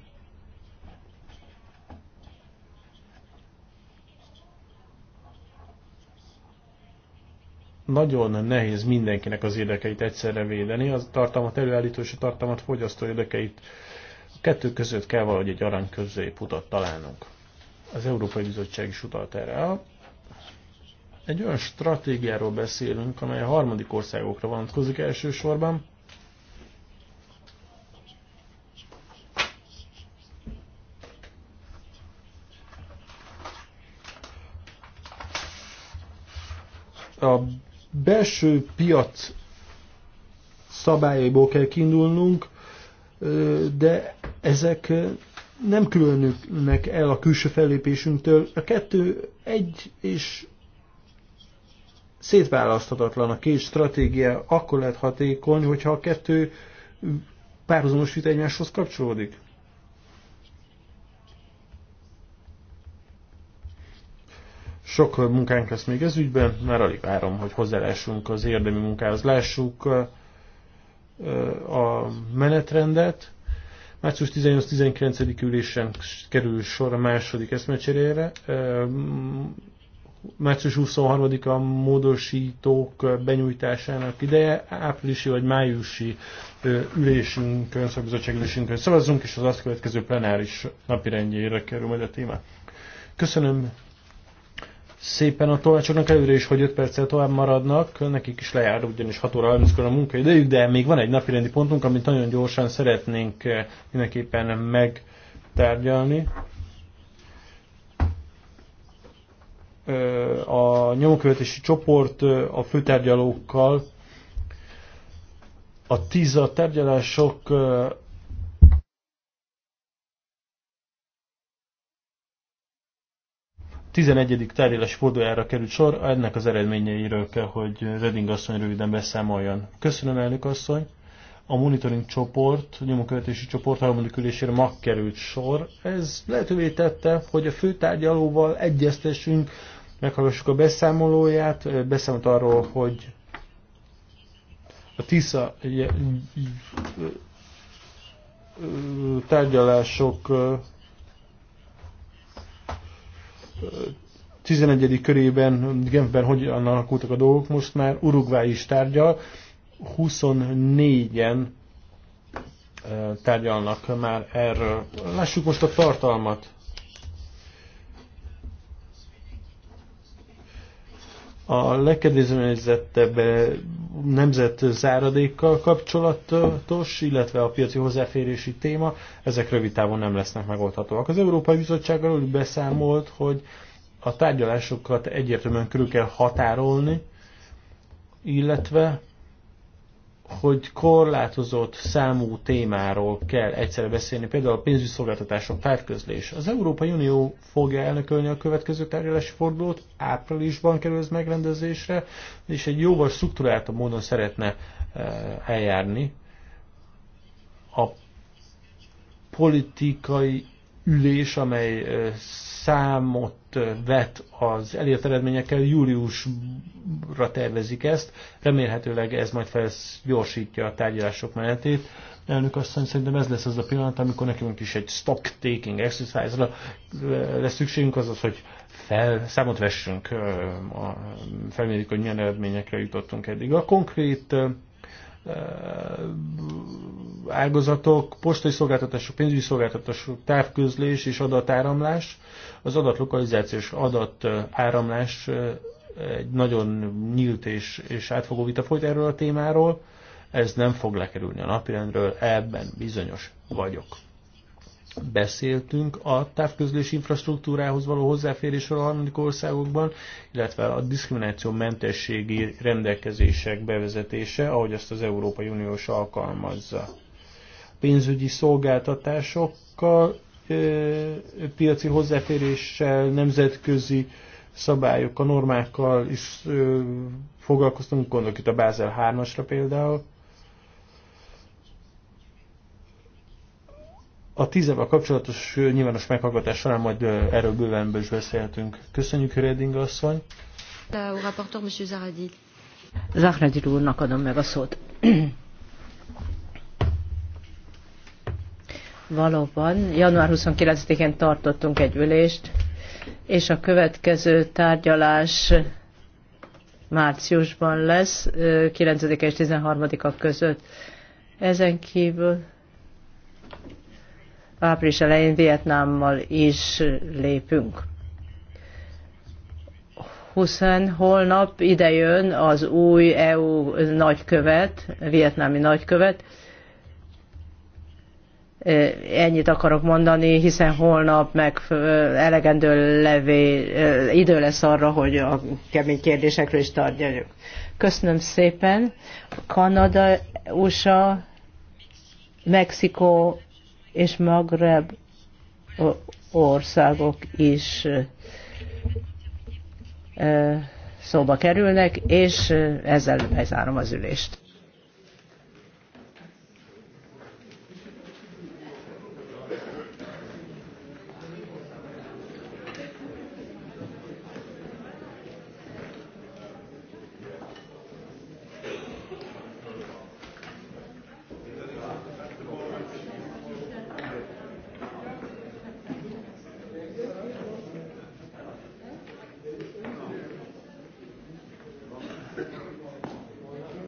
A: nagyon nehéz mindenkinek az érdekeit egyszerre védeni, a tartalmat előállító és a tartalmat fogyasztó érdekeit. A kettő között kell valahogy egy arany középutat találnunk. Az Európai Bizottság is utalt erre. A egy olyan stratégiáról beszélünk, amely a harmadik országokra vonatkozik elsősorban, a belső piac szabályaiból kell kiindulnunk, de ezek nem különülnek el a külső fellépésünktől. A kettő egy és szétválaszthatatlan a két stratégia, akkor lehet hatékony, hogyha a kettő párhuzamos vita egymáshoz kapcsolódik. Sok munkánk lesz még ez ügyben, már alig várom, hogy hozzálássunk az érdemi munkához. Lássuk a menetrendet. Március 18-19. ülésen kerül sor a második eszmecserére március 23-a módosítók benyújtásának ideje, áprilisi vagy májusi ülésünkön, szakbizottság ülésünkön szavazzunk, és az azt következő plenáris napirendjére kerül majd a téma. Köszönöm szépen a tolmácsoknak előre is, hogy 5 perccel tovább maradnak, nekik is lejár ugyanis 6 óra 30 a munkaidejük, de még van egy napirendi pontunk, amit nagyon gyorsan szeretnénk mindenképpen megtárgyalni. a nyomkövetési csoport a főtergyalókkal a a tergyalások tizenegyedik tárgyalás fordulójára került sor, ennek az eredményeiről kell, hogy Reding asszony röviden beszámoljon. Köszönöm, elnök asszony! a monitoring csoport, a nyomokövetési csoport harmadik ülésére ma került sor. Ez lehetővé tette, hogy a főtárgyalóval egyeztessünk meghallgassuk a beszámolóját, beszámolt arról, hogy a TISZA tárgyalások 11. körében Genfben hogyan alakultak a dolgok, most már Uruguay is tárgyal, 24-en tárgyalnak már erről. Lássuk most a tartalmat. a legkedvezményezettebb eh, nemzet záradékkal kapcsolatos, illetve a piaci hozzáférési téma, ezek rövid távon nem lesznek megoldhatóak. Az Európai Bizottság úgy beszámolt, hogy a tárgyalásokat egyértelműen körül kell határolni, illetve hogy korlátozott számú témáról kell egyszerre beszélni, például a pénzügyi szolgáltatások tárközlés. Az Európai Unió fogja elnökölni a következő tárgyalási fordulót, áprilisban kerül ez megrendezésre, és egy jóval struktúráltabb módon szeretne eh, eljárni. A politikai ülés, amely eh, számot vet az elért eredményekkel, júliusra tervezik ezt, remélhetőleg ez majd felgyorsítja a tárgyalások menetét. Elnök asszony, szerintem ez lesz az a pillanat, amikor nekünk is egy stock taking exercise-ra lesz szükségünk, azaz, hogy fel, számot vessünk, felmérjük, hogy milyen eredményekre jutottunk eddig. A konkrét ágazatok, postai szolgáltatások, pénzügyi szolgáltatások, távközlés és adatáramlás, az adatlokalizációs adatáramlás egy nagyon nyílt és, és átfogó vita folyt erről a témáról, ez nem fog lekerülni a napirendről, ebben bizonyos vagyok beszéltünk a távközlés infrastruktúrához való hozzáférésről a harmadik országokban, illetve a diszkrimináció mentességi rendelkezések bevezetése, ahogy azt az Európai Uniós alkalmazza. Pénzügyi szolgáltatásokkal, piaci hozzáféréssel, nemzetközi szabályokkal, normákkal is foglalkoztunk, gondolok itt a Bázel 3-asra például, A tízzel kapcsolatos nyilvános meghallgatás során majd erről bőven is beszélhetünk. Köszönjük, Reding asszony.
B: A raportor, Monsieur úrnak adom meg a szót. Valóban, január 29-én tartottunk egy ülést, és a következő tárgyalás márciusban lesz, 9 -e és 13-a között. Ezen kívül április elején Vietnámmal is lépünk. 20 holnap idejön az új EU nagykövet, vietnámi nagykövet. Ennyit akarok mondani, hiszen holnap meg elegendő levé, idő lesz arra, hogy a kemény kérdésekről is tárgyaljuk. Köszönöm szépen. Kanada, USA, Mexikó és Magreb országok is szóba kerülnek, és ezzel bezárom az ülést.